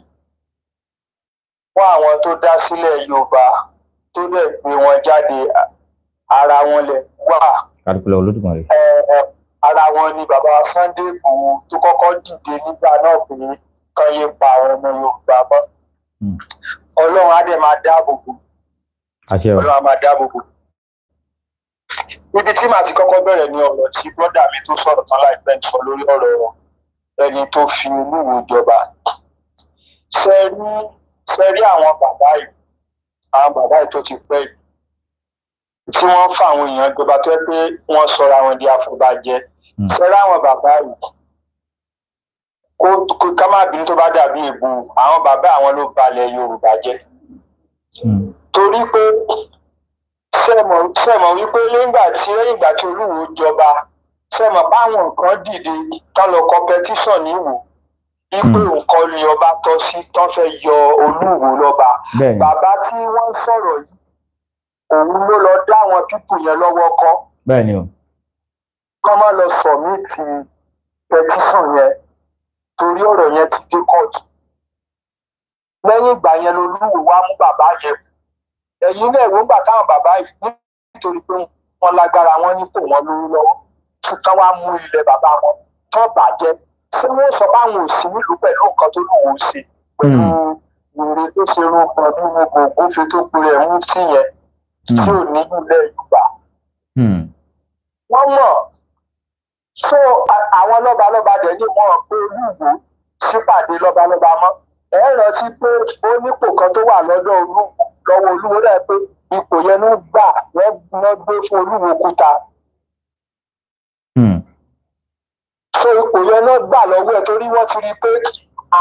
fún àwọn tó dá sílẹ̀ yorùbá tó lè gbé wọn jáde ara wọn lẹ̀ wá. kádùpẹ́lẹ̀ olódùmarè. ẹ ẹ ara wọn ni bàbá Sunday Igboho tó kọ́kọ́ dìde nígbà náà pé kàn yé pa àwọn ọmọ Yorùbá mọ́ hmm. Ọlọ́run á dẹ̀ máa dáàbò bò Ọlọ́run á máa dáàbò bò ibi tí màá ti kọ́kọ́ bẹ̀rẹ̀ ni ọ̀rọ̀ tí brọ́dà mi tó sọ̀rọ̀ tán láìpẹ́ ń sọ lórí ọ̀rọ̀ wọn ẹni tó fi olúwo jọba ṣe rí ṣe rí àwọn bàbá yìí àwọn bàbá yìí tó ti pẹ́ yìí tí wọ́n fa àwọn èèyàn jọba tó yẹ pé wọ́n sọra wọn di afọbajẹ sẹ́rẹ́ hmm. àwọn bàbá yìí kó ká má bínú tó bá dàbí ègbò àwọn bàbá àwọn ló balẹ̀ Yorùbá jẹ́ hmm. torí pé sẹ́mọ̀ wípé lẹ́yìngbà tí lẹ́yìngbà tí Olúwo jọba sẹ́mọ̀ báwọn nǹkan dìde tán lọ níwò wípé nǹkan hmm. lè ọba tọ́ sí tán fẹ́ yọ Olúwo
lọ́ba bàbá tí wọ́n sọ̀rọ̀ yìí òun ló lọ dá àwọn pípù yẹn
lọ́wọ́ kọ́. bẹ́ẹ̀ni o. kọ́ má lọ sọ mí ti pẹtísùn yẹn torí ọ̀rọ̀ yẹn ti dé kóòtù. lẹ́yìn ìgbà yẹn lolúwo wá mú bàbá yẹn ẹ̀yin náà wọ́n gbà táwọn bàbá yìí nítorí pé wọ́n lágbára wọn ní kò wọ́n lórí lọ́wọ́ tuntun wá mú ilẹ̀ bàbá wọn tó bàjẹ́ ṣé wọ́n sọ báwọn ò sí nílùú pẹ̀lú nǹkan tó lù wọ́n sí hmm. pẹ̀lú ìrè ṣe rú nínú gbòǹgbò fi tó pinnu mú sí yẹn Hmm. tí ò ní ilẹ̀ Yorùbá hmm. wọ́n mọ̀ so àwọn lọ́balọ́ba dẹ̀ ní wọ́n pé olúwo sípàdé lọ́balọ́ba mọ́ ẹ rántí pé ó nípò kan tó wà lọ́dọ̀ olúwo lọ́wọ́ olúwo rẹ̀ pé ipò yẹn ló gbà wọ́n gbé fún olúwo kúta hmm. so ipò yẹn náà gbà lọ́wọ́ ẹ̀ torí wọ́n ti rí i pé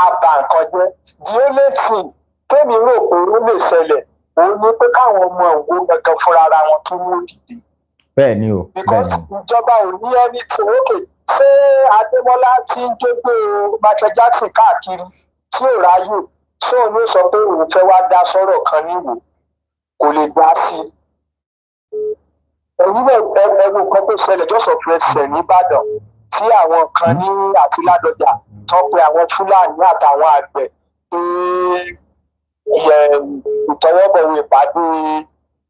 àbà nǹkan jẹ́ the only thing tèmi rò pé ó lè ṣẹlẹ̀ òun ni pé káwọn ọmọ
òwò gangan fúnra ara wọn kí wọ́n dìde. bẹ́ẹ̀ni o bẹ́ẹ̀ni. because ìjọba ò ní ẹni tí
ókè ṣé adémọlá ti ń jógbé michael jackson káàkiri tí ò ráyè ṣé òun ló sọ pé òun fẹ́ wá dá sọ̀rọ̀ kan níwò kò lè gbà sí i. ẹ̀rú ẹ̀rú nǹkan tó ṣẹlẹ̀ jọ́sọ̀ pẹ̀sẹ̀ nìbàdàn tí àwọn kan ní àti ládọjà tó pe àwọn fúlàní àtàwọn àgbẹ̀ pé Um, ìtọwọ́bọ̀wé ìpàdé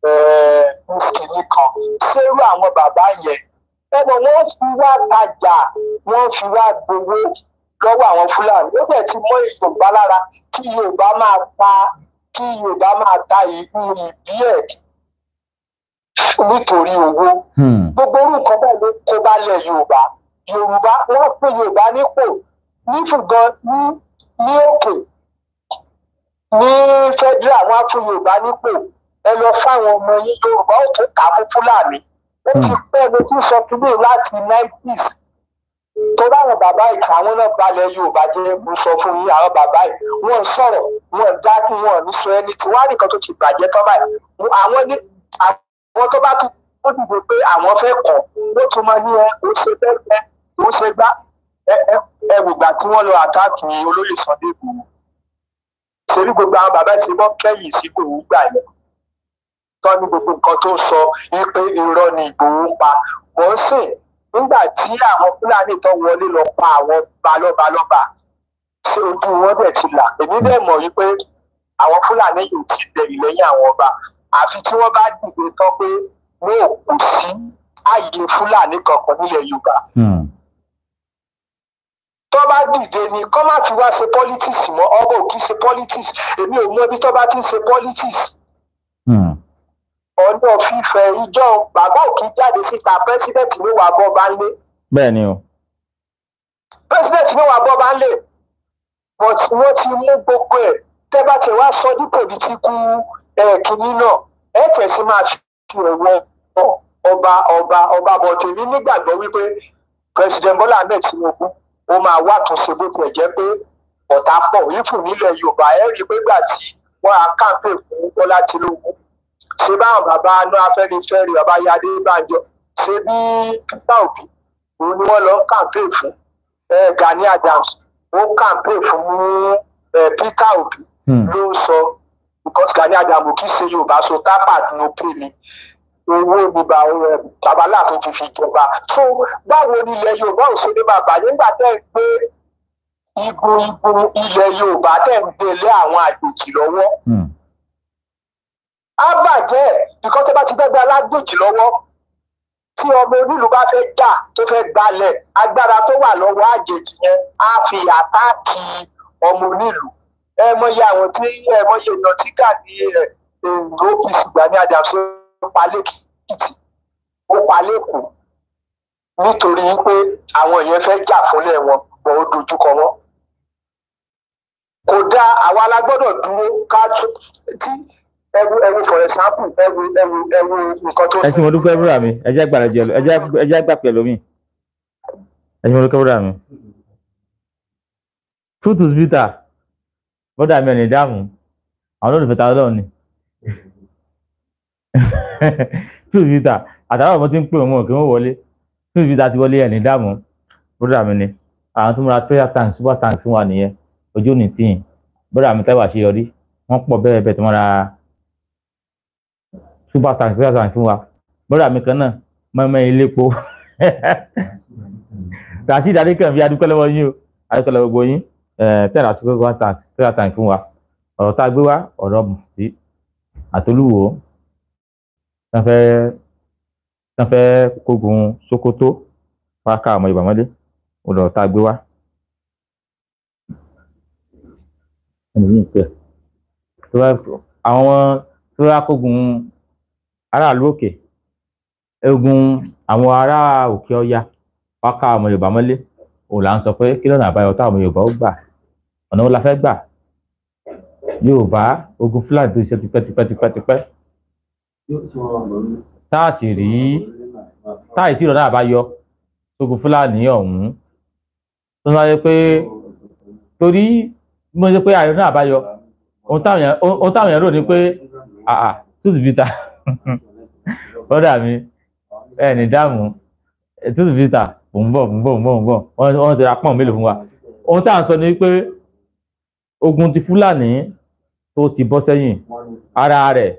kìíní um, kan sẹ́rù àwọn bàbá yẹn ẹ̀bọ̀ wọ́n fi wá tajà wọ́n fi wá gbowó lọ́wọ́ àwọn fúlàní ó bẹ̀ ti mọ́ yorùbá lára kí yorùbá máa ta kí yorùbá máa ta ìlú ìbí ẹ̀ nítorí owó hmm. gbogbo orúkọ bẹ́ẹ̀ ló kó balẹ̀ yorùbá yorùbá wọ́n pè yorùbá nípò nífùgàn ní òkè ní federal wọn á fún yorùbá nípò ẹ lọ fáwọn ọmọ yín yorùbá ò tó kà á fún fúlàní ó ti pẹ́ ẹni tí sọ kílè láti nineties tó báwọn bàbá ìkà àwọn náà balẹ̀ yorùbá jẹ́ mo sọ fún yín àwọn bàbá yìí wọ́n sọ̀rọ̀ wọ́n dákú wọ́n ní sọ ẹni tí wọ́n á nìkan tó ti bàjẹ́ tọ́ báyìí àwọn ní àwọn tó bá tún ó dìbò pé àwọn fẹ́ kọ̀ ló tún máa ní ẹ ó ṣe bẹ́ẹ̀ ẹ ó ṣe gbá ẹ ẹ ẹwùgbà tí wọ́n lọ àtàkì olóyè Sunday Igboho ṣebí gbogbo àwọn bàbá ṣe mọ́ kẹ́yìn sí Ìgbòho gbà yẹn tọ́ ní gbogbo nǹkan tó sọ wípé irọ́ ni Ìgbòho pa wọ́n sìn nígbà tí àwọn Fúlàní tó wọlé lọ pa àwọn balọ́balọ́ba ṣé ojú wọn dẹ̀ ti là èmi dẹ̀ mọ̀ wípé àwọn Fúlàní yóò ti bẹ̀rẹ̀ lẹ́yìn àwọn ọba àfi tí wọ́n bá dìde tán pé wọn ò kù sí ààyè Fúlàní kankan nílẹ̀ Yorùbá hmm tó bá dìde ni kọ́ má fi wá ṣe politics mọ́ ọba ò kí ṣe politics èmi ò mọ ibi tó bá ti ń ṣe politics. Hmm. ọ̀nà fífẹ́ ìjọ bàbá ò kí jáde síta president ló wà bọ́ bá ń lé. bẹ́ẹ̀ o. president ló wà bọ́ bá ń lé but wọ́n ti mú gbogbo ẹ̀ tẹ́ bá ti wá sọ ní pòlítíkù ẹ̀ẹ́kìnní náà ẹ̀ tẹ̀sí máa fi ẹ̀wọ̀ ọba ọba ọba bọ̀tẹ̀ ní nígbàgbọ́ wípé president Bola Ahmed Tinubu ó máa wá àtúnṣe bó tiẹ̀ jẹ́ pé ọ̀tá pọ̀ ìfù nílẹ̀ yorùbá ẹ̀ rí pé gbà tí wọ́n á kàǹpé fún bọ́lá tìlógún ṣé báwọn bàbá aná afẹ́nifẹ́re bàbá yadé bàjọ́ ṣé bí peter obi òun ni wọ́n lọ kàǹpé fún Gani Adams ó kàǹpé fún peter obi hmm. ló ń sọ because Gani Adams kì í ṣe yorùbá so tápà ló pè mí owó ni eh, babaláàfin ti fi jọba so báwo ni ilẹ̀ Yorùbá ò ṣe ní bàbá nígbà tẹ́ ẹ gbé igun igun ilẹ̀ Yorùbá tẹ̀ ń gbélé àwọn àjòjì lọ́wọ́ hmm. á bàjẹ́ nǹkan tó bá ti gbẹ́gbẹ́ alágbèjì lọ́wọ́ tí ọmọ onílù bá fẹ́ jà tó fẹ́ gbalẹ̀ agbára tó wà lọ́wọ́ àjèjì yẹn á fi àtáàkì ọmọ onílù ẹ mọyì àwọn tí ẹ mọyì èèyàn tí gà ní ẹ ẹ gbà ní àdàsó pa lẹ́kìtì ó pa lẹ́kọ̀ọ́ nítorí pé àwọn èèyàn fẹ́ jà fúnlẹ̀ wọn wọn ó dojúkọ wọn kò dáa àwa la gbọ́dọ̀ dúró ká tí ẹwu ẹwu for example ẹwu ẹwu ẹwu nǹkan tó. ẹ
ṣe mo dúpẹ́ búra mi ẹ jẹ́ gbàrà jẹ ẹ jẹ́ gbà pẹ̀lú mi ẹ ṣe mo dúpẹ́ búra mi. truth is bitter bọ́dà mi ò ní dáàmú àwọn olólùfẹ́ ta ọlọ́run ni. two visitor àtàwọn ọmọ tí ń pè wọn kí wọn wọlé two visitor ti wọlé ẹni dààmú bódà mi ni àwọn tó múra special tank super tank sí wa nìyẹn ojú ní tíyìn bódà mi táwọn àṣeyọrí wọn pọ̀ bẹ́ẹ̀ bẹ́ẹ̀ tó múra super tank special tank fún wa bódà mi kan náà mọ́mọ́ ilépo rasheed adékan fi adúpẹ́ lọ́wọ́ yín o adúpẹ́ lọ́wọ́ gbogbo yín tẹ́lá super tank special tank fún wa ọ̀rọ̀ tá a gbé wá ọ̀rọ̀ mùsùlùmí àtolúwo tán fẹ́ tán kógun Sokoto fáká àmọ́ ìbàmọ́lé ó tá a gbé wá ẹni yìí pẹ́ tó bá àwọn tó bá kógun aráàlú òkè egun àwọn ará òkè ọya fáká àmọ́ ìbàmọ́lé òun là ń sọ pé kí lọ́nà àbáyọ táwọn Yorùbá ó gbà ọ̀nà wo la fẹ́ gbà Yorùbá ogun Fúlàní tó ṣe tipẹ́tipẹ́tipẹ́tipẹ́ tá a sì rí tá a sì rọ̀ náà bá yọ sógun fúlàní ọ̀hún tó ń sáré pé torí bí wọ́n ṣe pé àìrọ̀ náà bá ohun táwọn èèyàn rò ní pé àà tútù bíta bọ́dà mi ẹ̀ ní dáàmú tútù bíta mò ń bọ̀ mò ń bọ̀ mò ń bọ̀ wọ́n ti ra pọ́n mélòó fún wa ohun tá à sọ ni pé ogun ti fúlàní tó ti bọ́ sẹ́yìn ara rẹ̀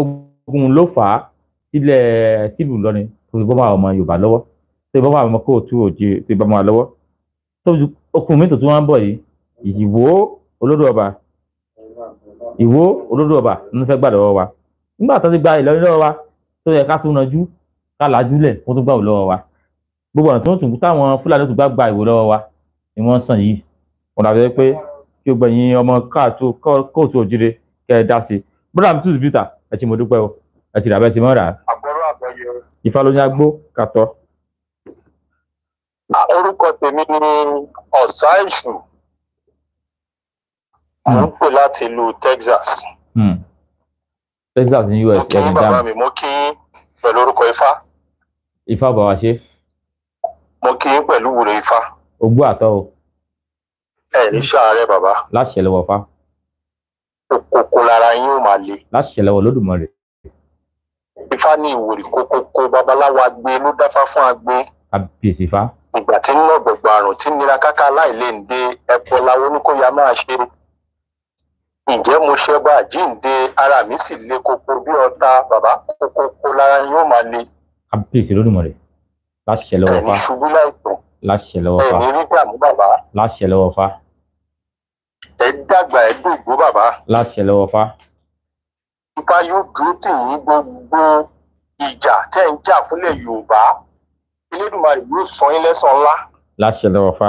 ogun ogun ló fà á sílẹ̀ tìlú Ìlọrin tó fi bọ́ ọmọ Yorùbá lọ́wọ́ tó fi bọ́ ọmọ kóòtù òjì tó fi bọ́ lọ́wọ́ tó fi okùn mi tó tún wá ń bọ̀ yìí Ìwó olódò ọba Ìwó olódò ọba ló fẹ́ gbà wa nígbà tó ti gba Ìlọrin lọ́wọ́ wa tó yẹ ká tún ranjú ká lajú lẹ̀ kó tún gbà wò lọ́wọ́ wa gbogbo ọ̀nà tó ń tún táwọn Fúlàní tó gbà gba Ìwó lọ́wọ́ wa ni wọ́n sàn yìí wọn làbẹ́ pé kí o gbẹ̀yìn ọmọ kóòtù òjire ẹ ti mo dúpẹ́ o ẹ ti ràbẹ́ ti mọ́ rà. àgbọ̀rú àgbọ̀yẹ. ifá ló ní agbó kàtọ́.
orúkọ tèmi ni ọ̀sá mo ń hmm. pè láti ìlú Texas.
Hmm. Texas ní US ẹni dáhùn. mo kí bàbá mi
mo kí pẹ̀lú orúkọ ifá. ifá bá wa ṣe. mo kí pẹ̀lú wúre ifá.
ogbó àtọ́ o. ẹ ní
sàárẹ̀ bàbá.
láṣẹ lọ́wọ́ fá
kókókó lára yín ò máa le.
láṣẹ lọ́wọ́ lódùmarè.
ifá ní ìwòrì kókókó babaláwo agbe ló dáfá fún agbe.
àbíyèsí fa.
ìgbà tí nínú ọ̀gbọ̀gbọ̀ àrùn tí nira káká láìlè ń de ẹ̀pọ̀ làwọn oníkóyà máa ṣe. ǹjẹ́ mo ṣẹba àjíǹde ara mi sì le koko bí ọ̀tá bàbá kókókó lára yín ò máa le.
àbíyèsí lódùmarè láṣẹ lọ́wọ́ fa. ẹ̀yin
ṣubú láìpẹ́.
láṣẹ lọ́wọ́ fa. ẹ̀yin
rí dààmú bàbá.
láṣẹ lọ́wọ́ fa
ẹ dàgbà bàbá.
láṣẹ lọ́wọ́ fa.
Ifá yóò dúró tì yín gbogbo ìjà tẹ́ ń jà fúnlẹ̀ Yorùbá Elédùmarè yóò san yín lẹ́san ńlá.
láṣẹ lọ́wọ́ fa.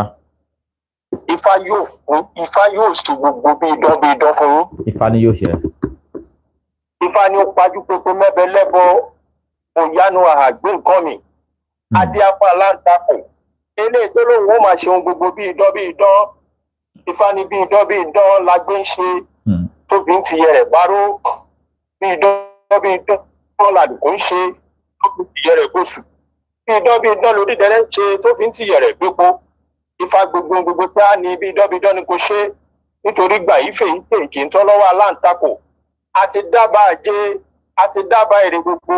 Ifá yóò fún Ifá yóò ṣe gbogbo bí idán bí idán fún yín. Ifá ni yóò ṣe. Ifá ni ó pajú pépé mẹ́bẹ lẹ́bọ òyanu àgbé nǹkan mi hmm. adé apá eléyìí tó lóun ó máa ṣe ohun gbogbo bí idán bí idán ifá ni bí idán bí idán la gbé ń ṣe hmm. tóbi ti yẹrẹ gbáró bí idán bí idán làlùkù ń ṣe tóbi ti yẹrẹ gbòsù bí idán bí idán lórí dẹrẹ ń ṣe tó fi ń ti yẹrẹ gbépo ifá gbogbo gbogbo pé á ní bí idán bí idán ni kò ṣe nítorí gbà yìí fèyí fèyí kì í tọ́ lọ́wọ́ aláǹtakò a ti dábàá ajé a dábàá èrè gbogbo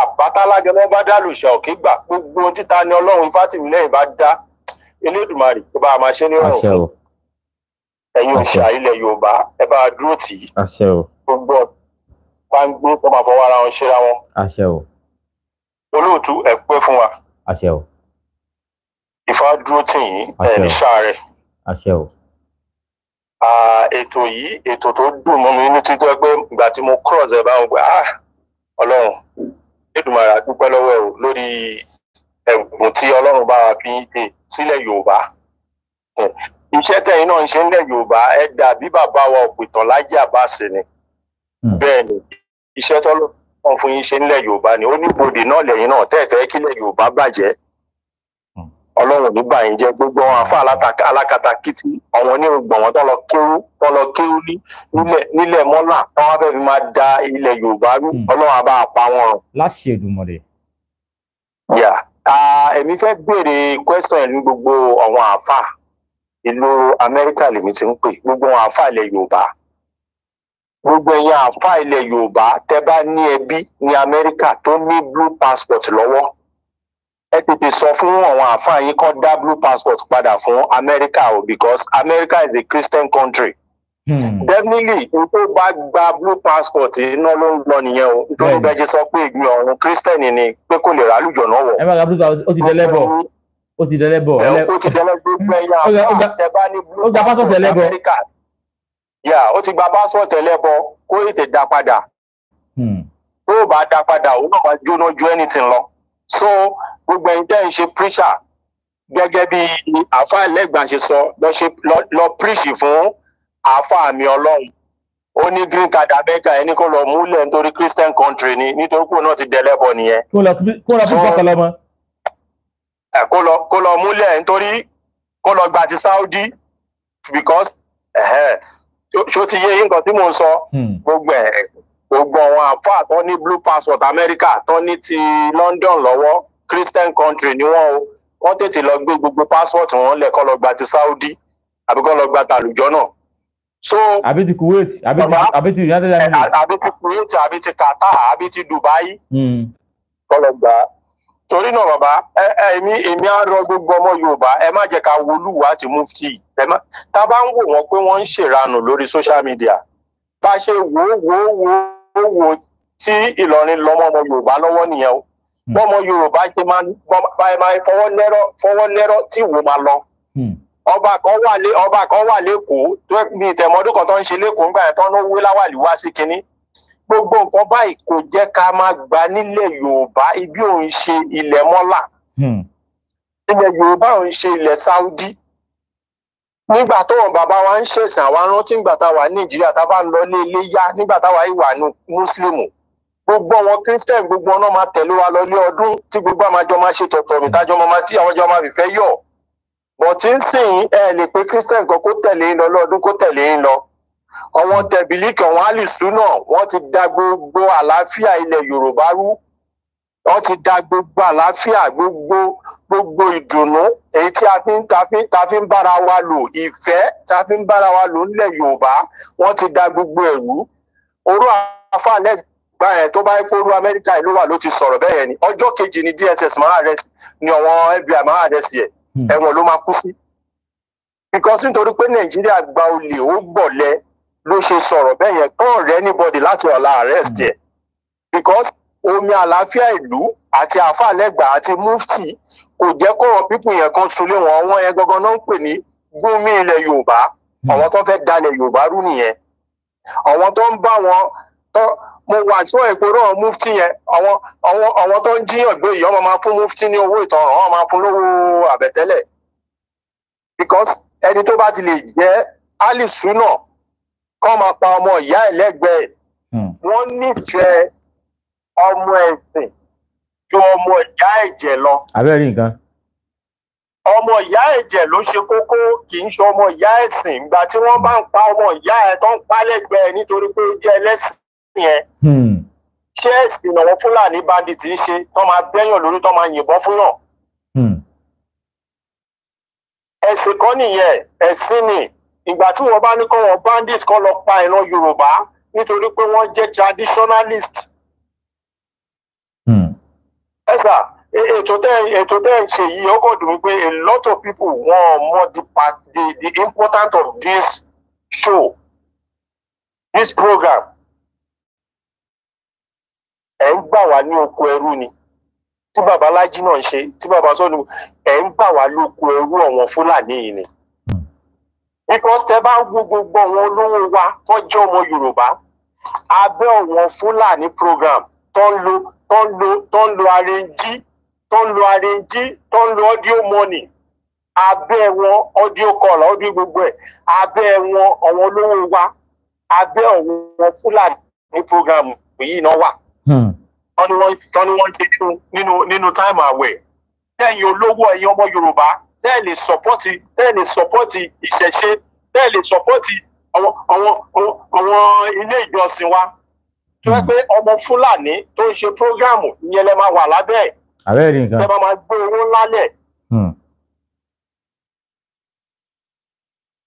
àbátálájọ ló bá dá lùṣà òkè gbà gbogbo títa ni ọlọ́run ifá tìmílẹ́yìn bá dá elédùnmarè tó bá a máa ẹ̀yin òṣà ilẹ̀ yorùbá ẹ bá a dúró tì í gbogbo pàǹgbé tó máa fọwọ́ ara wọn ṣera wọn olóòtú ẹ pẹ́ fún wa ìfà dúró tì yín ẹ ní sáré ètò yìí ètò tó dùn mọ́ mi ní títọ́ pé ìgbà tí mo cross ẹ̀ bá ń gbà á ọlọ́run Èdùmàrè dúpẹ́ lọ́wọ́ ẹ̀ o lórí ẹ̀bùn tí ọlọ́run bá wa fi ń dè sílẹ̀ yorùbá iṣẹ́ tẹ̀yin náà ń ṣe nílẹ̀ Yorùbá ẹ dàbí bàbá wa Òpìtàn Lájí Àbáàsì ni hmm. bẹ́ẹ̀ ni iṣẹ́ tọ́lọ́ wọn fún yín ṣe nílẹ̀ Yorùbá ni oníbodè náà lẹ́yìn náà tẹ́ fẹ́ kílẹ̀ Yorùbá bàjẹ́ hmm. Ọlọ́run nígbà yín jẹ́ gbogbo àwọn afá alákatakítí àwọn onírùngbọ̀n wọn tọ́lọ kéwú tọ́lọ kéwú nílẹ̀ mọ́là táwọn afẹ́ máa da ilẹ̀ Yorùbá rú hmm. Ọlọ́run àbá pa wọn.
láṣẹ Èdùmàrè.
yà ah, èmi fẹ́ béèrè question ní gbogbo àwọn àáfàá ìlú amẹ́ríkà lèmi ti ń pè gbogbo àwọn àáfàá ilẹ̀ yorùbá gbogbo ẹ̀yin àáfàá ilẹ̀ yorùbá tẹ́ bá ní ẹbí ní amẹ́ríkà tó ní blue passport lọ́wọ́ ẹ tètè sọ fún àwọn àáfàá yín kan dá blue passport padà fún amẹ́ríkà o because america is a christian country. Hmm. definitely n tó bá gba blue passport iná ló ń lọ nìyẹn o nítorí bẹ́ẹ̀ ṣe sọ pé ìgbìmọ̀ ọ̀hún kírísítẹ́nì ni pé
kó lè rà lùjọ náà wọ̀. ẹ má ra blue passport ó ti dẹ́lẹ́bọ̀ ó ti dẹlẹ bọ ó ti dẹlẹ Oga pẹyà
àtẹbá ní blue passport Amẹ́ríkà
yà ó ti gba passport ẹlẹbọ
kó ètè dá padà hmm. tó o bá dá padà òun náà máa jóná ju anything lọ so gbogbo ẹ̀yin tẹ́ ń ṣe preacher gẹ́gẹ́ bí so. ẹlẹ́gbàá ṣe sọ lọ preach fún àáfà mi Ọlọ́run ó ní green card Amẹ́ríkà ẹni kó lọ múlẹ̀ nítorí Christian country ni nítorí ko náà ti delebo dẹlẹ́bọ nìyẹn.
kó lọ fún bọ́kọ̀ lọ́mọ.
Eh, kó lọ kó lọ múlẹ̀ nítorí kó lọ gba ti Saudi because ṣó ti yé nǹkan tí mò ń sọ hmm. gbogbo àwọn àfáà tó ní blue passport America tó ní ti London lọ́wọ́ Christian country ni wọ́n o wọ́n tètè lọ gbé gbogbo passport wọn lẹ̀ kó lọ gba ti Saudi àbí kó lọ gba tàlùjọ́ náà so
àbí ti Kuwait Abi ti àbí ti United eh, Arab àbí ti
Kuwait Abi ti Qatar Abi ti Dubai hmm. kó gba torí náà bàbá èmi èmi á rọ gbogbo ọmọ yorùbá ẹ má jẹ́ ká wolúwa àti mufti ẹ tá a bá ń wò wọ́n pé wọ́n ń ṣèranù lórí social media bá a ṣe wò ó wò ó wò ó wò ó tí ìlọrin lọmọ ọmọ yorùbá lọ́wọ́ nìyẹn o hmm. bọ́mọ yorùbá ṣe máa ń fọwọ́ lẹ́rọ̀ fọwọ́ lẹ́rọ̀ tí wò máa lọ hmm. ọba kan wà lé ọba kan wà lẹ́kọ̀ọ́ tó ní ìtẹ̀mọ́dún kan tó ń ṣe lẹ́kọ̀ọ́ ńgbà yẹn tó ń wé láwàlí wá sí kinní gbogbo nǹkan báyìí kò jẹ́ ká máa gbà nílẹ̀ yorùbá ibi òun ṣe ilẹ̀ mọ́là hmm. ilẹ̀ yorùbá òun ṣe ilẹ̀ saudi nígbà tóun bàbá wa ń ṣẹ̀sìn àwa rántí nígbà táwa nàìjíríà tá a bá ń lọ lé iléyá nígbà táwa ìwà ní mùsùlùmù gbogbo àwọn christian gbogbo ọ̀nà máa tẹ̀lé wa lọ lé ọdún tí gbogbo àmàjọ máa ṣe tọ̀tọ̀ mi tájọ́ máa tí àwọn jọ máa fìfẹ́ yọ̀ bọ̀tí ń sìn ẹ lè pe christian kan kó tẹ̀lé ń lọ lọ́dún kó tẹ̀lé ń lọ àwọn tẹ̀bílíkì àwọn alìsúnà wọ́n ti da gbogbo àlàáfíà ilẹ̀ yorùbá rú wọ́n ti da gbogbo àlàáfíà gbogbo gbogbo ìdùnnú èyí tí a fi ń ta fi ta fi ń bára wa lò ìfẹ́ ta fi ń bára wa lò nílẹ̀ yorùbá wọ́n ti da gbogbo ẹ̀rú orú àfàlẹ́ gbà yẹn tó bá yẹ kó orú amẹ́ríkà yìí ló wà ló ti sọ̀rọ̀ bẹ́ẹ̀ ni ọjọ́ kejì ni dss máa àrẹ́sì ni àwọn fbi máa àrẹ́sì ẹ̀ ẹ̀wọ̀n ló máa kú sí because nítorí pé nàìjíríà gba olè ó gbọ̀lẹ́ ló ṣe sọ̀rọ̀ bẹ́ẹ̀ yẹn kọ́ ọ̀rẹ́ anybody láti ọ̀la arrest yẹ mm. because omi àlàáfíà ìlú àti àáfàá lẹ́gbàá àti mufti kò jẹ́ kọ́rọ̀ pípù yẹn kan sulé wọn àwọn yẹn gangan náà ń pè ní gómìn ilẹ̀ yorùbá mm. àwọn tó fẹ́ dalẹ̀ yorùbá rú nìyẹn àwọn tó ń bá wọn tó mo wà tí wọn èpo náà mufti yẹn àwọn àwọn àwọn tó ń jíyàn gbé yìí ọmọ máa fún mufti ní owó ìtanràn ọmọ máa fún lówó àbẹ̀tẹ́lẹ̀ because ẹni tó bá ti lè jẹ́ alìsúnà kọ́ máa pa ọmọ ìyá ẹ̀ lẹ́gbẹ̀ẹ́ hmm. wọ́n nífẹ̀ẹ́ ọmọ ẹ̀sìn ju ọmọ ìyá ẹ̀jẹ̀ lọ. abẹ́rẹ́ nǹkan. ọmọ ìyá ẹ̀jẹ̀ ló ṣe kókó kì í ṣe ọmọ ìyá ẹ̀sìn ìgbà tí wọ́n bá ń pa ọmọ ìyá ẹ̀ tó ń pa lẹ́gbẹ̀ẹ́ nítorí pé ó jẹ́ ẹlẹ́sìn yẹn hmm. ṣé ẹ̀sìn àwọn fúlàní bandit ń ṣe tó máa bẹ́yàn lórí tó máa yìnbọn fún yàn. Hmm. ẹ̀sìn kan nìyẹn ẹ̀sìn ni ìgbà tí wọ́n bá ní kọ́ wọn bandit kọ́ lọ pa ìran Yorùbá nítorí pé wọ́n jẹ́ traditionalist. Hmm. ẹ sà e, ètò tẹ ètò tẹ ṣe yìí ọkọ dùn mí pé a lot of people wọn mọ the part the the important of this show this program ẹ ń gbà wá ní oko ẹrú ni tí babalájí náà ń ṣe tí babasọ́nù ẹ ń gbà wá lóko ẹrú ọ̀wọ́n fúlàní yìí ni because tẹ bá wo gbogbo àwọn olówó wa tó jẹ́ ọmọ yorùbá abẹ́ ọ̀wọ́n fúlàní program tó ń lo tó ń lo tó ń lo arẹnjí tó ń lo arẹnjí tó ń lo audio money abẹ́ wọn audio call audio gbogbo ẹ̀ abẹ́ wọn àwọn olówó wa abẹ́ ọ̀wọ́n fúlàní program yìí náà wà hmm. tọ́ni wọ́n ṣe nínú nínú nínú táìmù àwẹ̀ lẹ́yìn olówó ẹ̀yin ọmọ yorùbá tẹ́ ẹ̀ lè sọ́pọ́tì tẹ́ ẹ̀ lè sọ́pọ́tì ìṣẹ̀ṣe tẹ́ ẹ̀ lè sọ́pọ́tì àwọn àwọn àwọn ilé ìjọsìn wa tó yẹ pé ọmọ fúlàní tó ń ṣe prógráàmù ìyẹn lè máa wà lábẹ́ ẹ̀ àbẹ́rẹ́ nǹkan lè máa gbé owó ńlá lẹ̀. Hmm.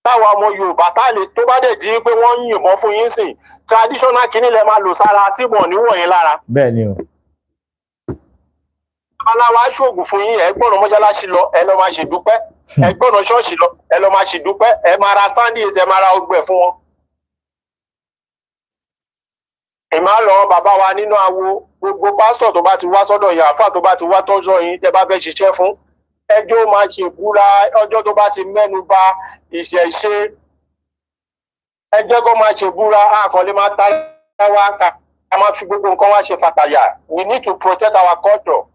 táwọn ọmọ yorùbá tá a lè tó bá dẹ̀ di pé wọ́n ń yìnbọn fún yín sìn traditional kinní lè máa lò sára tí mọ̀ níwọ̀nyí lára. bẹ́ẹ̀ ni o babaláwa ṣoògùn fún yín ẹ gbọ́dọ̀ lọ ẹ lọ máa ṣe dúpẹ́ ẹ hmm. ṣọ́ọ̀ṣì lọ ẹ lọ máa ṣe dúpẹ́ ẹ máa ra standings ẹ máa ra ọgbẹ́ fún wọn. ìmọ̀ lọ bàbá wa nínú awo gbogbo pásítọ̀ tó bá ti wá sọ́dọ̀ yín àáfà tó bá ti wá tọ́jọ́ yín tẹ́ bá fẹ́ ṣiṣẹ́ fún ẹjọ́ máa ṣe ìbúra ọjọ́ tó bá ti mẹ́nu bà ìṣẹ̀ṣe ẹjẹ́ kó máa ṣe ìbúra àkànlé máa ta wá ká máa fi gbogbo nǹkan wá ṣe fàtàyà we need to protect our culture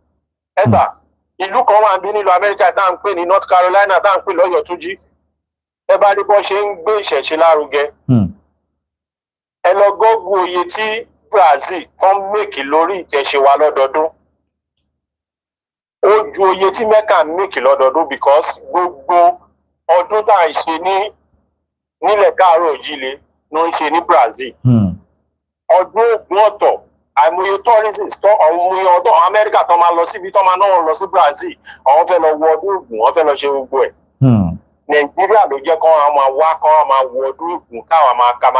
ẹ̀sà hmm. ìlú kan wà bí nílùú amẹ́ríkà tá à ń pè ní north carolina tá à ń pè lọ́yọ̀ tó jí ẹ bá rí bọ́ ṣe ń gbé ìṣẹ̀ṣe lárugẹ hmm. ẹ lọ gọ́gùn òye tí brazil kan mèkì lórí ìtẹ̀ṣe wa lọ́dọọdún ó ju òye tí mẹ́kà mèkì lọ́dọọdún because gbogbo ọdún tá à ń ṣe ní nílẹ̀ káàárọ̀ òjìlé ló ń ṣe ní brazil hmm. ọdún ògùn ọ̀tọ̀ àìmọye tourism tó àìmọye ọ̀dọ́ àwọn Amẹ́ríkà tó máa lọ síbi tó máa náà lọ sí Brazil àwọn fẹ́ lọ wọ ọdún Ògún wọ́n fẹ́ lọ ṣe gbogbo ẹ̀. Hmm. Nàìjíríà ló jẹ́ kó àwọn máa wá kó àwọn máa wọ ọdún Ògún káwọn máa ká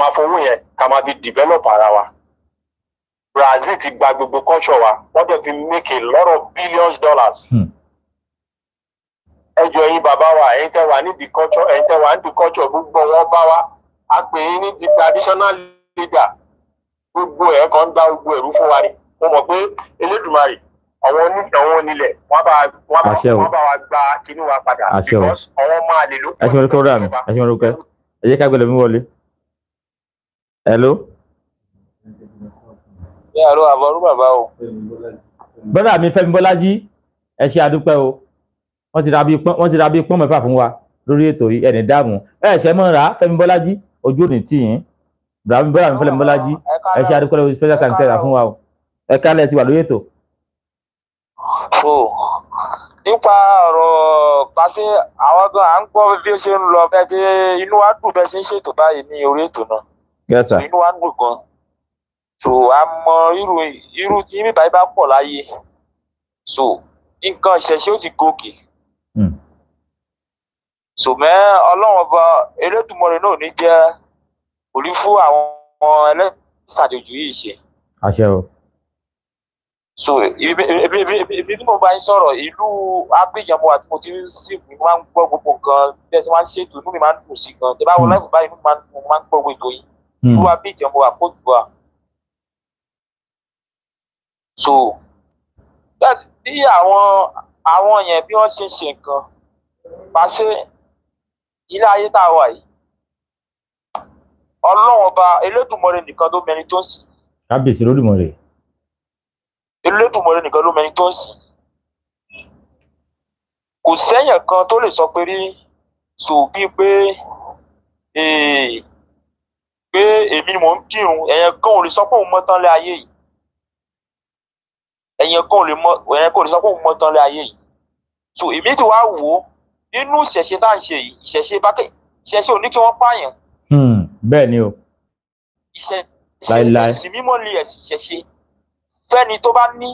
máa fowó yẹn ká máa fi develop ara wa. Brazil ti gba gbogbo culture wa wọ́n dẹ̀ fi make a lot of billions dollars. Hmm. Ẹ jọ ẹ̀yin bàbá wa ẹ̀yin tẹ́ wà níbi culture ẹ̀yin tẹ́ wà níbi culture gbogbo wọn bá wa a pè é ní the traditional leader gbogbo ẹ̀ kan ń gbá gbogbo ẹ̀rú fún wa ni mo mọ̀
pé elédùnmarè àwọn oní àwọn onílẹ̀ wọ́n bá wọ́n bá wọ́n bá wa gba kinní wa padà because àwọn máa lè lókun. ẹ ṣe wọn lókè rà mí ẹ ẹ jẹ́ ká gbẹlẹ̀ mi wọlé. hello.
ṣé àlọ́ àbọ̀rú bàbá o.
bọ́dà mi Fẹ́mi Bọ́lájí ẹ ṣe àdúpẹ́ o wọ́n ti ra bí pọ́n wọ́n ti ra bí pọ́n mẹ́fà fún wa lórí ètò yìí ẹ̀ní dààmú ẹ̀ ṣẹ́ mọ́ ra Fẹ́mi Bọ́lájí ojú òní Ibrahim bọ́lá mi fẹ́lẹ̀ mọ́lájí ẹ ṣe adúpẹ́ lórí special time tẹ́lá fún wa o ẹ kálẹ̀ ti wà lórí ètò. so nípa ọ̀rọ̀ pàṣẹ àwọn gan à ń gbọ́ bí ó ṣe ń lọ bẹ́ẹ̀ ṣe inú wa dùn bẹ́ẹ̀ ṣe ń ṣètò báyìí ní orí ètò náà. yes sir inú
wa dùn gan. so a mọ irú irú tí bíbá yìí bá pọ̀ láyé so nǹkan ìṣẹ̀ṣe ó ti gòkè. Hmm. sùmẹ́ ọlọ́run ọba elédùnmọ́rin náà ní jẹ́ kò fún àwọn ẹlẹ́sàdójú yìí ṣe. àṣẹ o. so ibi
tí mo bá yín sọ̀rọ̀ ìlú abidjan wa mo ti sì máa ń gbọ́ gbogbo nǹkan bí ẹ ti máa ń inú mi máa ń dùn sí gan tẹ bá wọ hmm. láìpẹ́ báyìí mo máa ń gbọ́ gbogbo yìí hmm. ìlú abidjan wa kò so bí àwọn àwọn yẹn bí wọ́n ṣe ṣe nǹkan pàṣẹ ilé ayé tá a wà yìí ọlọ́run ọba elédùnmọ̀rẹ́ nìkan ló mẹni tó ń sìn.
kábíyèsí lódùmọ̀rẹ́.
elédùnmọ̀rẹ́ nìkan ló mẹni tó ń sìn. kò sẹ́yìn kan tó lè sọ pé rí sọ bíi pé eh, pé èmi mò ń kírun ẹ̀yẹn kan ò lè sọ pé òun mọ́ tán lé ayé yìí ẹ̀yẹn kan ò lè mọ ẹ̀yẹn kan ò lè sọ pé òun mọ́ tán lé ayé yìí so èmi ti wá wò ó nínú ìṣẹ̀ṣe tá à ń ṣe yìí ìṣẹ̀ṣe bákẹ́ ìṣẹ̀ṣe ò ní kí wọ́n pààyàn.
Hmm bẹ́ẹ̀ ni o.
iṣẹ́ iṣẹ́ ẹ̀sìn mímọ́ ni ẹ̀sìn ìṣẹ̀ṣe fẹ́ni tó bá ní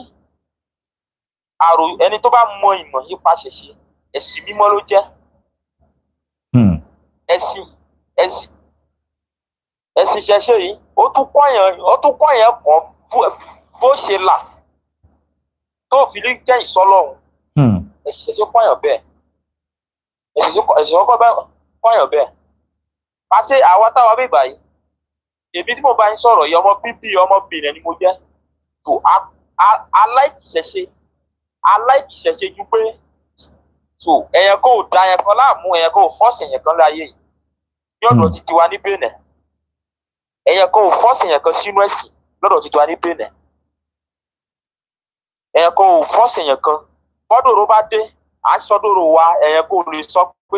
àrò ẹni tó bá mọ ìmọ̀ nípa ṣẹ̀ṣe ẹ̀sìn mímọ́ ló jẹ́ hmm. ẹ̀sìn ẹ̀sìn ẹ̀sìn ṣẹ̀ṣe yìí ó tún kọ́yàn ó tún kọ́yàn kọ́ bó ṣe là tó fi ní jẹ́ ìsọlọ́run hmm. ẹ̀sìn ṣẹ̀ṣe kọ́yàn bẹ́ẹ̀ ẹ̀sìn ṣẹ̀ṣe kọ́yàn bẹ́ẹ̀. a ṣe àwa táwa bí báyìí èmi tí mo bá ń sọ̀rọ̀ yìí ọmọ bíbí ọmọ bìnrin ni mo jẹ́ tó aláìkìṣẹ̀ṣe aláìkìṣẹ̀ṣe ju pé tó da ẹ̀yẹn kan láàmú ẹ̀yẹn kò
fọ́ọ̀sì ẹ̀yẹn kan yìí ní ọ̀dọ̀ hmm. ti tiwa ní Benin ẹ̀yẹn kò fọ́ọ̀sì ẹ̀yẹn kan sínú ẹ̀sìn lọ́dọ̀ ní
wa kò lè sọ pé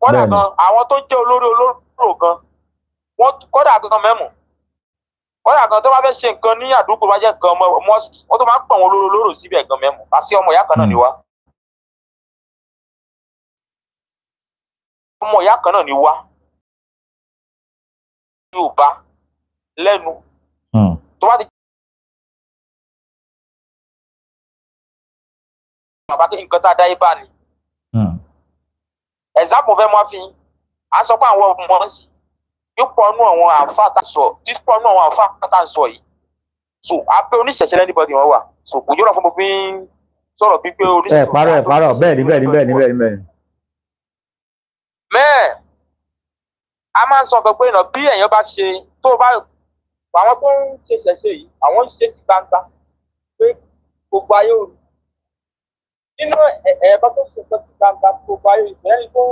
kódà gan àwọn tó jẹ́ olórí olóró gan wọ́n kódà gan mẹ́mù kódà gan tó bá fẹ́ ṣe nǹkan ní àdúgbò bá jẹ́ nǹkan mọ́sìkì wọ́n tó máa
ń pọ̀ wọn olóró olóró síbẹ̀ gan mẹ́mù àti ọmọ ìyá kan náà ni wá. ọmọ ìyá kan náà ni wá
Yorùbá lẹ́nu
hmm. tó bá ti
nǹkan tá a dá yé bá example fẹ́ mọ́ fi a sọ pé àwọn ọmọ sí pípọ̀ nù àwọn àǹfà tá a sọ pípọ̀ nù àwọn àǹfà tá a sọ yìí so abẹ́ oníṣẹ̀ṣẹ̀ lẹ́nìbọ̀dì wọn wà so kò yọ̀rọ̀ fún mi fi ń sọ̀rọ̀ pípé oníṣẹ̀ṣẹ̀. ẹ
parọ́ ẹ parọ́ bẹ́ẹ̀ ni bẹ́ẹ̀ ni bẹ́ẹ̀ ni bẹ́ẹ̀ ni bẹ́ẹ̀ ni.
mẹ́ẹ̀ a máa ń sọ pé ìnà bí èèyàn bá ṣe tó bá àwọn tó ń ṣe ṣẹ̀ṣẹ̀ yìí àwọn ń ṣe ti gbangba pé gbogbo ayé òru nínú ẹ̀ẹ́bá tó ṣe pẹ̀lú gbangba tó bá yọ ìfẹ́ ẹni tó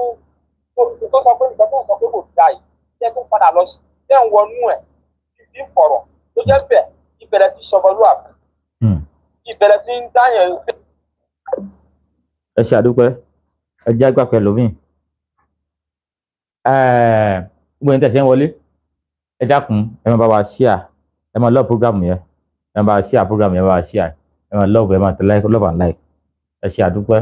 tó sọ pé ìgbà tó sọ pé kò da yìí jẹ́ tó padà lọ sí jẹ́ ń wọnú ẹ̀ ìdí ìfọ̀rọ̀ tó jẹ́ bẹ̀ ìbẹ̀rẹ̀ ti sọmọlúwàbí hmm. ìbẹ̀rẹ̀ ti ń dáyẹ̀.
ẹ ṣe àdúpẹ́ ẹ jẹ́ àgbà pẹ̀lú mi gbogbo ẹni tẹ̀sẹ̀ ń wọlé ẹ dákun ẹ máa bá wa ṣíà ẹ máa love program yẹn ẹ máa bá wa ṣíà program yẹn ẹ máa bá wa ṣíà ẹ máa love ẹ máa tẹ like love and like ẹ ṣe àdúpẹ́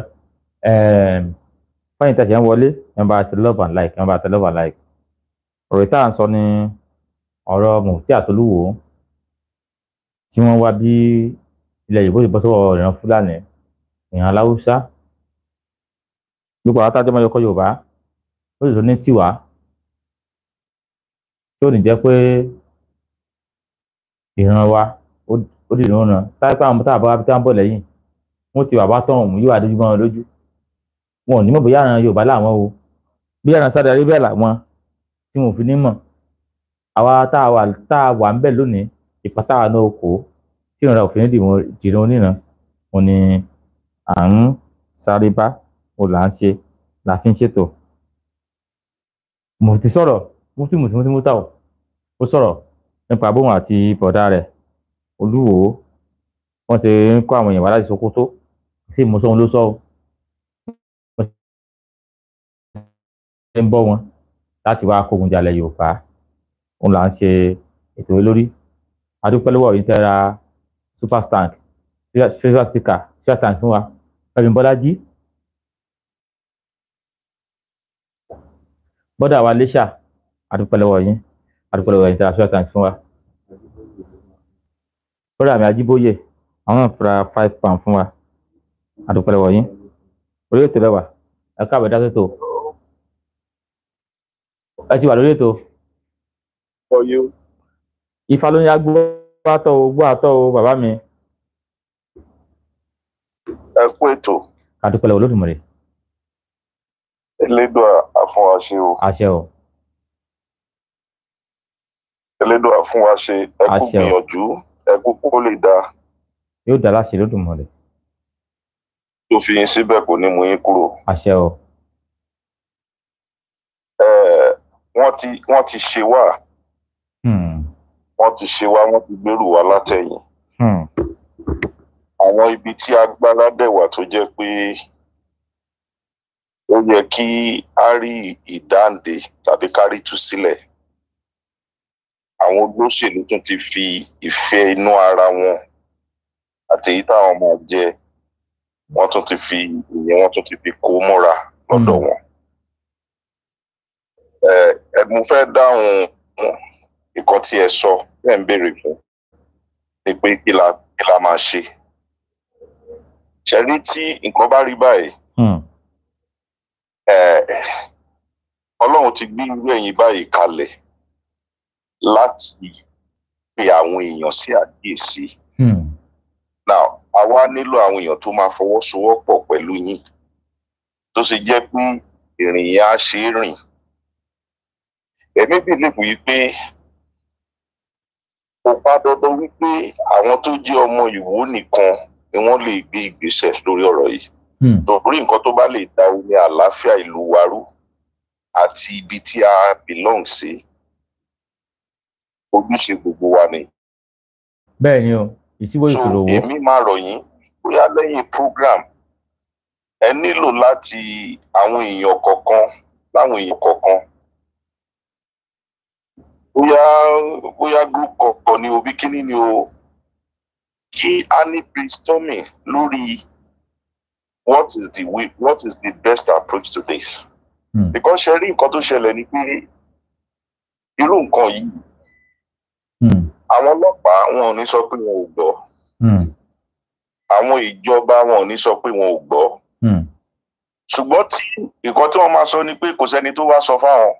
fẹ́yìn tẹ̀sí ẹ̀ ń wọlé nọ́mbà tẹ love and like nọ́mbà tẹ love and like ọ̀rọ̀ tá à ń sọ ni ọ̀rọ̀ mufti àtolúwo tí wọ́n wá bí ilẹ̀ Yorùbá ti bọ́ sọ́wọ́ ìran Fúlàní ìran aláwùsá gbogbo àwọn tájọ́ mọ́jọ́ kọ́ Yorùbá ó sì tún ní tiwa tí ò ní jẹ́ pé ìran wa ó dìrò ń ran táyé pé àwọn mọ́tà àbáwá bí táwọn bọ̀ lẹ́yìn wọ́n ti bàbá tán òun yóò adójú mọ́ wọn lójú wọn ò ní mọ̀ bóyá àrùn Yorùbá làwọn o bóyá àrùn Saudi Arabia làwọn tí wọn ò fi ní mọ̀ àwa tá a wà tá a wà ń bẹ̀ lónìí ìpá tá a ná oko tí ìrora òfin dìrò oníran òun ni à ń sáré bá òun là ń ṣe la fi ń ṣètò mufti sọ̀rọ̀ mufti mufti mufti mufti ó sọ̀rọ̀ nípa bóun àti bọ̀dá rẹ̀ olúwo wọ́n ṣe ń kó àwọn èèyàn wá láti Sokoto sí mọ́sọ́hún ló sọ ọ́ ṣe ń bọ́ wọn láti wá kógun jalẹ̀ Yorùbá òun là ń ṣe ètò lórí adúpẹ́lẹ́wọ̀ yìí tẹ́ra superstank favour sticker superstank fún wa Fẹ́mi Bọ́lájí bọ́dà wa Lẹ́ṣà adúpẹ́lẹ́wọ̀ yìí adúpẹ́lẹ́wọ̀ yìí tẹ́ra superstank fún wa bọ́dà mi Ajíbóyè àwọn náà fura five pound fún wa àdúpẹ́ lọ́wọ́ yín orí ètò lẹ́wà ẹ káàbọ̀ dá sètò ẹ ti wà lórí ètò. Ifá ló ní agbó àtọ o gbó àtọ o bàbá mi. ẹ kú ètò. àdúpẹ́ lọ́wọ́ Olódùmarè.
Elédùà àfún wa ṣe o.
àṣẹ o.
Elédùà àfún wa ṣe ẹ kú gbìyànjú ẹ kó lè dáa.
yóò dá láṣẹ Olódùmarè
tó fi yín síbẹ̀ kò ní mú yín kúrò. àṣẹ o. wọ́n ti wọ́n ti ṣe wá hmm. wọ́n ti ṣe wá wọ́n ti gbèrú wá látẹ̀yìn. Hmm. àwọn ibi tí agbára dẹ̀ wà tó jẹ́ pé ó yẹ kí a rí ìdáǹdè tàbí kárí tú sílẹ̀
àwọn olóṣèlú tún ti fi ìfẹ́ inú ara wọn àtèyí táwọn máa jẹ wọ́n tún ti fi ìyẹn wọ́n tún ti fi kó múra lọ́dọ̀ hmm. wọn. ẹ mo fẹ́ dáhùn
nǹkan tí ẹ sọ ẹ ń béèrè fún ni pé kí la kí la máa ṣe. ṣẹ́rí tí nǹkan bá rí báyìí hmm. ọlọ́run ti gbé irú ẹ̀yìn báyìí kalẹ̀ láti pe àwọn èèyàn sí àkíyèsí. Si àwa nílò àwọn èèyàn tó máa fọwọ́sowọ́pọ̀ pẹ̀lú yín tó ṣe jẹ́ pé
ìrìn yẹn á ṣe é rìn èmi bìlíìfù yìí pé kò pa dandan wípé àwọn tó
jẹ́ ọmọ ìwò nìkan ni wọ́n lè gbé ìgbésẹ̀ lórí ọ̀rọ̀ yìí hmm. torí nǹkan tó bá
lè da omi àlàáfíà ìlú wa rú àti ibi tí a belong sí ojúṣe gbogbo wa ni.
bẹ́ẹ̀ o ìṣíwò ìṣòro wo. so èmi
máa rọ̀ yín bóyá lẹ́yìn program ẹ nílò láti àwọn èèyàn kọ̀ọ̀kan láwọn èèyàn kọ̀ọ̀kan bóyá bóyá group kọ̀ọ̀kan ni o bí kíní ni o kí a ní brainstorming lórí what is the way what is the best approach to this. Mm. because ṣe rí nǹkan tó ṣẹlẹ̀ ni pé irú nǹkan yìí àwọn ọlọ́pàá wọn ò ní sọ pé wọn ò gbọ́ hmm. àwọn ìjọba wọn ò ní sọ pé wọn ò gbọ́ hmm. ṣùgbọ́n tí nǹkan tí wọ́n máa sọ ni pé kò sẹ́ni tó wá sọ fáwọn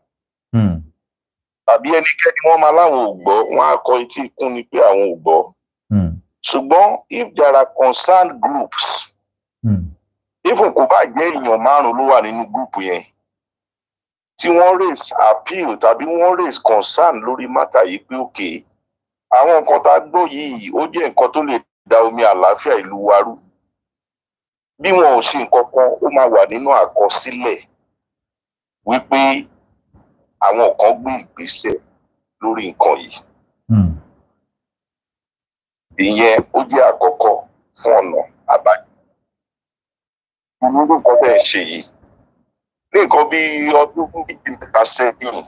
tàbí hmm. ẹnikẹ́ni wọ́n máa láwọn ò gbọ́ wọ́n á kọ etí ikún ni pé àwọn ò gbọ́ ṣùgbọ́n if there are concerned groups if kò bá jẹ́ èèyàn márùn-ún ló wà nínú gúùpù yẹn tí wọ́n raise appeal tàbí wọ́n raise concern lórí mátà yìí pé òkè. Okay, àwọn nǹkan tá a gbọ́ yìí ó jẹ́ nǹkan tó lè da omi àlàáfíà ìlú wa rú bí wọn ò ṣe nǹkan kan ó máa wà nínú àkọsílẹ̀ wípé àwọn kan gbé ìgbésẹ̀ lórí nǹkan yìí hmm. ìyẹn ó jẹ́ àkọ́kọ́ fún ọ̀nà àbájọ irú nǹkan bẹ́ẹ̀ ṣe yìí ní nǹkan bíi ọdún méjì mẹ́ta sẹ́yìn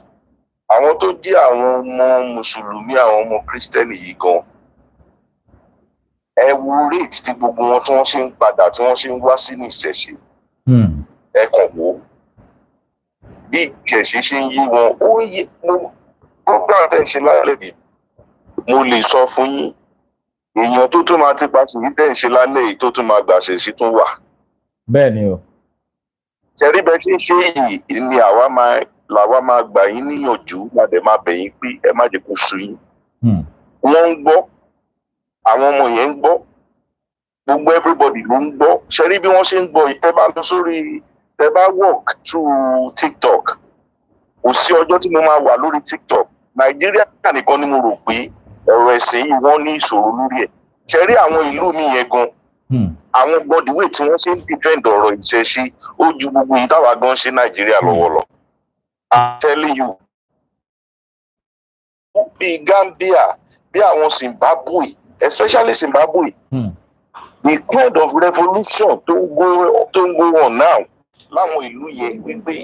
àwọn tó jẹ́ àwọn ọmọ mùsùlùmí àwọn ọmọ kírísítẹ́nì yìí gan ẹ wo rate tí gbogbo wọn tí wọ́n ṣe ń padà tí wọ́n ṣe ń wá sínú ìṣẹ̀ṣe hmm. ẹ kàn wò ó bí ìṣẹ̀ṣe ṣe ń yí wọn ó yẹ mo program tẹ̀ ṣe lálẹ́ yìí mo lè sọ fún yín èèyàn tó tún máa ti pa sìnkú tẹ̀ ṣe lálẹ́ yìí tó tún máa gbàṣẹ sí tún wà. bẹ́ẹ̀ o. ṣẹ̀rí bẹ́ẹ̀ tí ń ṣe yìí ni àwa máa làwa máa gbà yín níyànjú láti máa bẹ̀ yín pé ẹ má jẹ́ kó sú yín. Hmm. wọ́n ń gbọ́ àwọn ọmọ yẹn ń gbọ́
gbogbo everybody ló ń gbọ́ ṣe rí bí wọ́n ṣe ń gbọ́ yìí bá lọ sórí tẹ́ bá work
through tiktok kò sí ọjọ́ tí mo máa wà lórí tiktok nàìjíríà nìkan ni mo rò pé ọ̀rọ̀ ẹ̀sìn yìí wọ́n ní ìṣòro lórí ẹ̀ ṣe rí àwọn ìlú mi yẹn gan hmm. àwọn gbọdúwé tí wọ́n ṣe ń defend ọ̀rọ̀ ìṣẹ̀ṣe ó ju gbogbo ìdáwà gan ṣe nàìjíríà lọ́wọ́ I'm telling you bí Gambia bí àwọn Zimbabwe especially Zimbabwe hmm. the kind of revolution tó go tó go on now láwọn ìlú yẹn wípé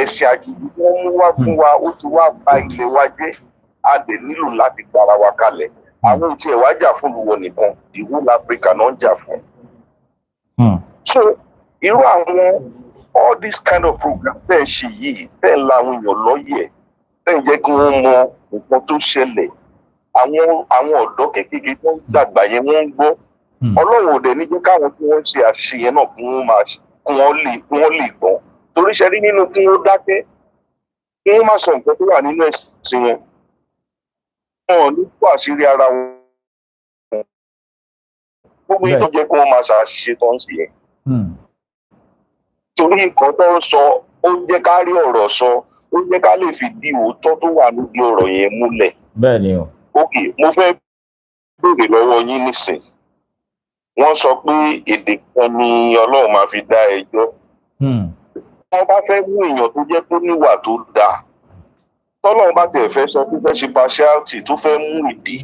ẹ̀sìn àjèjì tó ń mú wá fún wa ó ti wá ba ilẹ̀ wa jẹ́ a dẹ̀ nílò láti gbára wa kalẹ̀ àwọn òtí ẹ̀ wá jà fún olùwọ̀ nìkan ìwúlò Áfíríkà náà ń jà fún. Hmm. so irú àwọn all this kind of program tẹ́ ń ṣe yìí tẹ́ ń la àwọn èèyàn lọ́yẹ̀ tẹ́ ń jẹ́ kí wọ́n mọ nǹkan tó ṣẹlẹ̀ àwọn àwọn ọ̀dọ́ kékeré tó ń dàgbà yẹn wọ́n ń gbọ́ hmm. ọlọ́run ò dẹ̀ ní jẹ́ káwọn tí wọ́n ń ṣe àṣeyẹ náà kí wọ́n lè kí torí ṣe nínú kí wọ́n dákẹ́ kí wọ́n má sọ nǹkan tó wà nínú ẹ̀sìn wọn wọn ò ní kó àṣírí ara wọn gbogbo yìí kí wọ́n máa ṣàṣìṣe tó ń ṣe yẹn. Hmm torí nǹkan tó ń sọ ó ń jẹ́ ká rí ọ̀rọ̀ sọ ó ń jẹ́ ká lè fìdí òótọ́ tó wà níbi ọ̀rọ̀ yẹn múlẹ̀. bẹ́ẹ̀ ni o. ok mo fẹ́ béèrè lọ́wọ́ yín nísìn wọ́n sọ pé èdè kan ni ọlọ́run máa fi dá ẹjọ́. wọ́n hmm. bá fẹ́ mú èèyàn tó jẹ́ pé níwà tó dáa tọ́lọ́run bá tiẹ̀ fẹ́ sọ pé fẹ́ ṣe partiality tó fẹ́ mú ìdí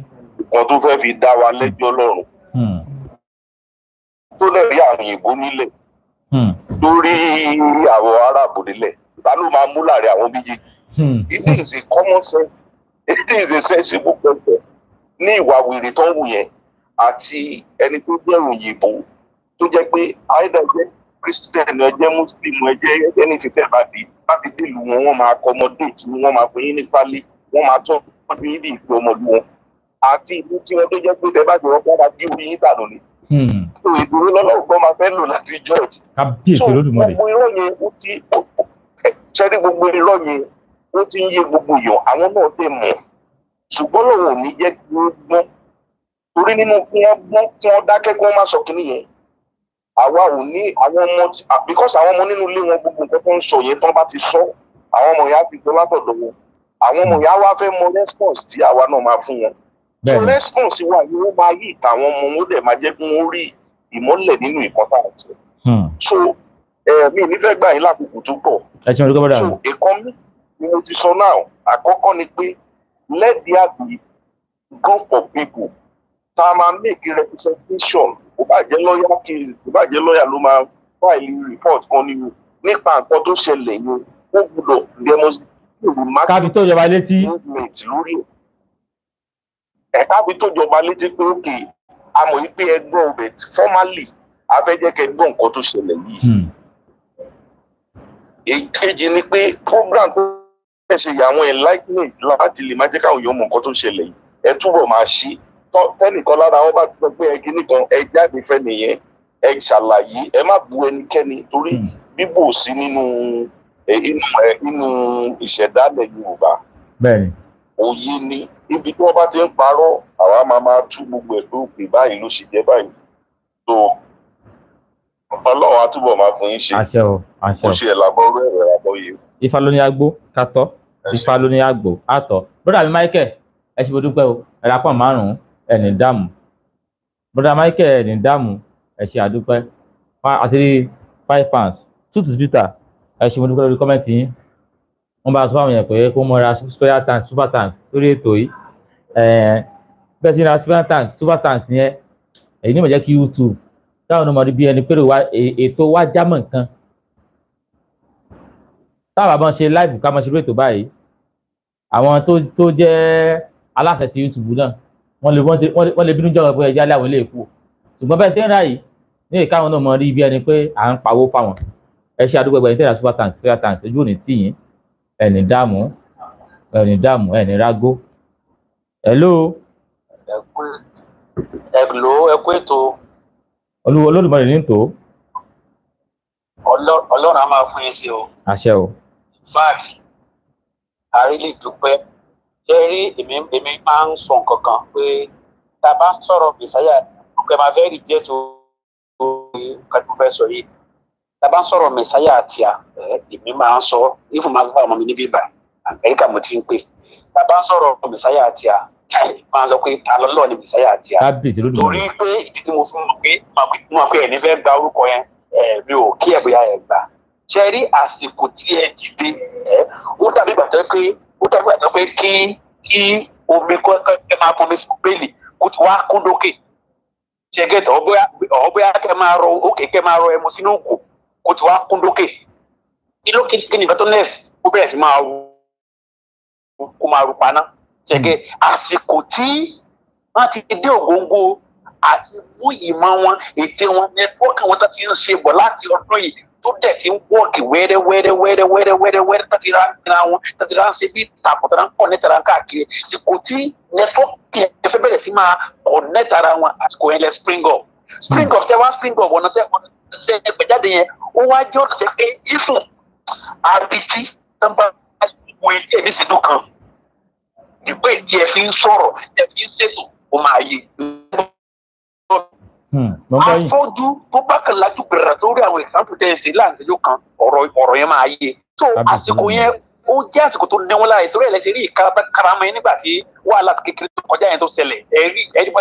kan tó fẹ́ fi dá wa lẹ́jọ́ lọ́rùn. Hmm. tó lẹ́rìí àrùn ìbò nílẹ̀. Hmm lórí àwọn aráàbò nílẹ̀ ta ló máa mú láàrin àwọn méjì. Hmm. it is a common sense it is a sensible question ní ìwà wèrè tó ń wù yẹn àti ẹni tó jẹ́ òyìnbó tó jẹ́ pé either jẹ́ christian ẹ jẹ́ muslim ẹ jẹ́ ẹni tí tẹ̀ bá dé láti dìlù wọn wọ́n máa accommodate ni wọ́n máa pè yín ní pálí wọ́n máa tọ́ ọdún yìí bí ìpè ọmọlú wọn àti ìlú tí wọ́n tó jẹ́ pé tẹ bá jẹ́ wọ́n padà bí orí yín dànù ni Hmm. so ìdúró lọ́nà ògbọ́n máa fẹ́ lò láti george so gbogbo irọ́ yẹn ó ti ṣẹ́rí gbogbo irọ́ yẹn ó ti ń yé gbogbo èèyàn àwọn náà dẹ̀ mọ̀ ṣùgbọ́n lòun ò ní jẹ́ kí wọ́n gbọ́n torí nínú kí wọ́n gbọ́n kí wọ́n dákẹ́ kí wọ́n má sọ kíní yẹn àwa ò ní àwọn ọmọ because àwọn ọmọ nínú ilé wọn gbogbo nǹkan tó ń sọ yẹn tán bá ti sọ àwọn ọmọ yẹn á fi gbọ́ látọ̀dọ̀ wọn àwọn ọmọ yẹn á wá fẹ́ mọ response tí àwa náà máa fún wọn
so response
wa ni wọ́n máa yí ìtàwọn ọmọ wọn dẹ̀ máa jẹ́ kí wọ́n rí ìmọ́lẹ̀ nínú ìkọ́tà àti hmm. so mi nífẹ̀ẹ́ gbà yín lákòókò tó pọ̀ so ìkan mi ni mo ti sọ náà àkọ́kọ́ ni pé let there be group of people tá a máa make representation kò bá jẹ́ lọ́ọ̀yà kí kò bá jẹ́ lọ́ọ̀yà ló máa fáìlì report kan nínú nípa nǹkan tó ṣẹlẹ̀ yẹn ó gbúdọ̀ demonstrate remarkable
movement
lórí ẹ̀ ẹ̀ka bíi tó jọba létí pé òkè amọ̀ yìí pé ẹgbọ́n ọbẹ̀ fọ́málì afẹ́jẹ́kẹ́ gbọ́ nǹkan tó ṣẹlẹ̀ yìí. Hmm. èkejì ni pé program tó ń ṣe àwọn enlightenment láti lè má jẹ́ káwọn èèyàn mọ̀ nǹkan tó ṣẹlẹ̀ yìí ẹ túbọ̀ máa ṣí tẹ́nìkan lára wọn bá gbọ́ pé ẹgbẹ́ nìkan ẹ jáde fẹ́ nìyẹn ẹ ṣàlàyé ẹ má bu ẹnikẹ́ni torí hmm. bíbò sí nínú inú ìṣẹ̀dálẹ̀ Yorùbá òye ni ibi tí wọ́n bá ti ń parọ́ àwa máa máa tú gbogbo ẹ̀ pé ó pè báyìí ló ṣe jẹ́ báyìí tó ọlọ́run á túbọ̀ máa fún yín ṣe
àṣẹ o àṣẹ
o kò ṣe ẹ̀làbọ̀ rẹ̀ rẹ̀
làbọ̀ yìí. ifá ló ní agbó kátọ́ ifá ló ní agbó àtọ̀ bọ́dà mi Michael ẹ ṣe mo dúpẹ́ o ẹ̀rà pọ̀ márùn-ún ẹ̀ní dààmú bọ́dà Michael ẹ̀ní dààmú ẹ ṣe àdúpẹ́ àti five pounds two to twitter ẹ ṣe mo dúpẹ́ lórí kọ́mẹ́ǹtì yín wọ́n bá sọ fáwọn èèyàn pé kó mọ́ra spare tank super tank sórí ètò yìí bẹ́ẹ̀ sì ra super tank super tank yẹn èyí ni mo jẹ́ kí YouTube táwọn ọmọdé bíi ẹni pé e, ètò wa jámọ̀ nǹkan táwọn àbọ̀ ṣe live ká mọ̀ ṣe ètò báyìí àwọn tó jẹ́ aláṣẹ ti YouTube náà wọ́n lè wọ́n lè bínú jọ̀rọ̀ pé ẹja láwọn ilé èkó ṣùgbọ́n bẹ́ẹ̀ sì ń ra yìí ní ìka àwọn ọmọ rí bíi ẹni pé à ń pawó fáwọn ẹ ṣe àdúgbò ẹgbẹ̀rin tẹ̀lé super tank super tank ojú ò tì yín ẹni dààmú ẹni dààmú ẹni rágó. hello.
ẹ̀lò ẹ̀kú ètò.
olúwo olódùmarè ní tòó.
ọlọ́run á máa fún yín sí o. àṣẹ o. fáàlì àrílì dúpẹ́ ṣé rí èmi èmi máa ń sọ nǹkan kan pé tá a bá ń sọ̀rọ̀ bìsáyà ọ̀kẹ́ máa fẹ́ rí jẹ́ tó kẹ́tùfẹ́ sọ yìí taba ń sọ̀rọ̀ mẹsáyà àti à èmi máa ń sọ if máa fún ọmọ mi níbí ibà amẹ́ríkà mo ti ń pè taba ń sọ̀rọ̀ mẹsáyà àti à máa sọ pé ta lọ́lọ́ ni mẹsáyà àti à torí pé ìdí tí mo fún mọ pé mo máa pè ẹ̀ nífẹ̀ẹ́ gba orúkọ yẹn mi ò kí ẹ̀ bóyá ẹ̀ gbà ṣe rí àsìkò tí ẹ dìde ó dàbí ìgbàdọ́ pé ó dàbí ìgbàdọ́ pé kí kí omi kọ́ máa pọnmi fún bẹ́ẹ̀lì kó ti wá kún dókè ṣe gẹ́tọ̀ ọ̀bọ̀yà kẹ́ máa rọ òkè kẹ́ máa rọ ẹmu sínú òkò kó ti wá kún dókè kí ló kí ni nǹkan tó next kó bẹ̀rẹ̀ sí máa ru kó máa ru paná ṣẹ̀gẹ̀ àsìkò tí wọ́n ti dé ògóńgó àti mú ìmọ̀ wọn ète wọn nẹ́tíwọ́kì wọn tó ti ń ṣe bọ̀ láti ọdún yìí tó dẹ̀ ti ń wọ́ọ̀kì wẹ́rẹ́ wẹ́rẹ́ wẹ́rẹ́ wẹ́rẹ́ wẹ́rẹ́ wẹ́rẹ́ tàti ra ra wọn tàti ra ṣe bí tàkùtà ń kọ̀ nẹ́tara káàkiri àsìkò tí
nẹ́tíwọ́kì yẹn fẹ́ sí máa kọ̀ nẹ́tara wọn àsìkò yẹn lẹ spring up spring up
tẹ́ wá spring up ọ̀nà tẹ́ ọ̀nà tẹ ẹgbẹ̀jáde yẹn ó wá jẹ́ ọ̀nà tẹ pé ifun abidí tó ń bá wo etí ẹ̀mí sí dùkan ìgbé ìdí ẹ̀ fi ń sọ̀rọ̀ ẹ̀ fi ń ṣètò ó máa yé.
Hmm, afọ́jú
tó bá kan lajú gbèrà lórí àwọn ìsàmpù tẹ̀ sí láǹdíjú kan ọ̀rọ̀ yẹn máa yé.
tó àsìkò
yẹn ó jẹ́ àsìkò tó níwọ́n láàyè torí ẹ̀ rí ìkarama yẹn nígbà tí wàhálà kékeré tó kọjá yẹn tó ṣẹlẹ̀ ẹ̀rí ẹ̀rí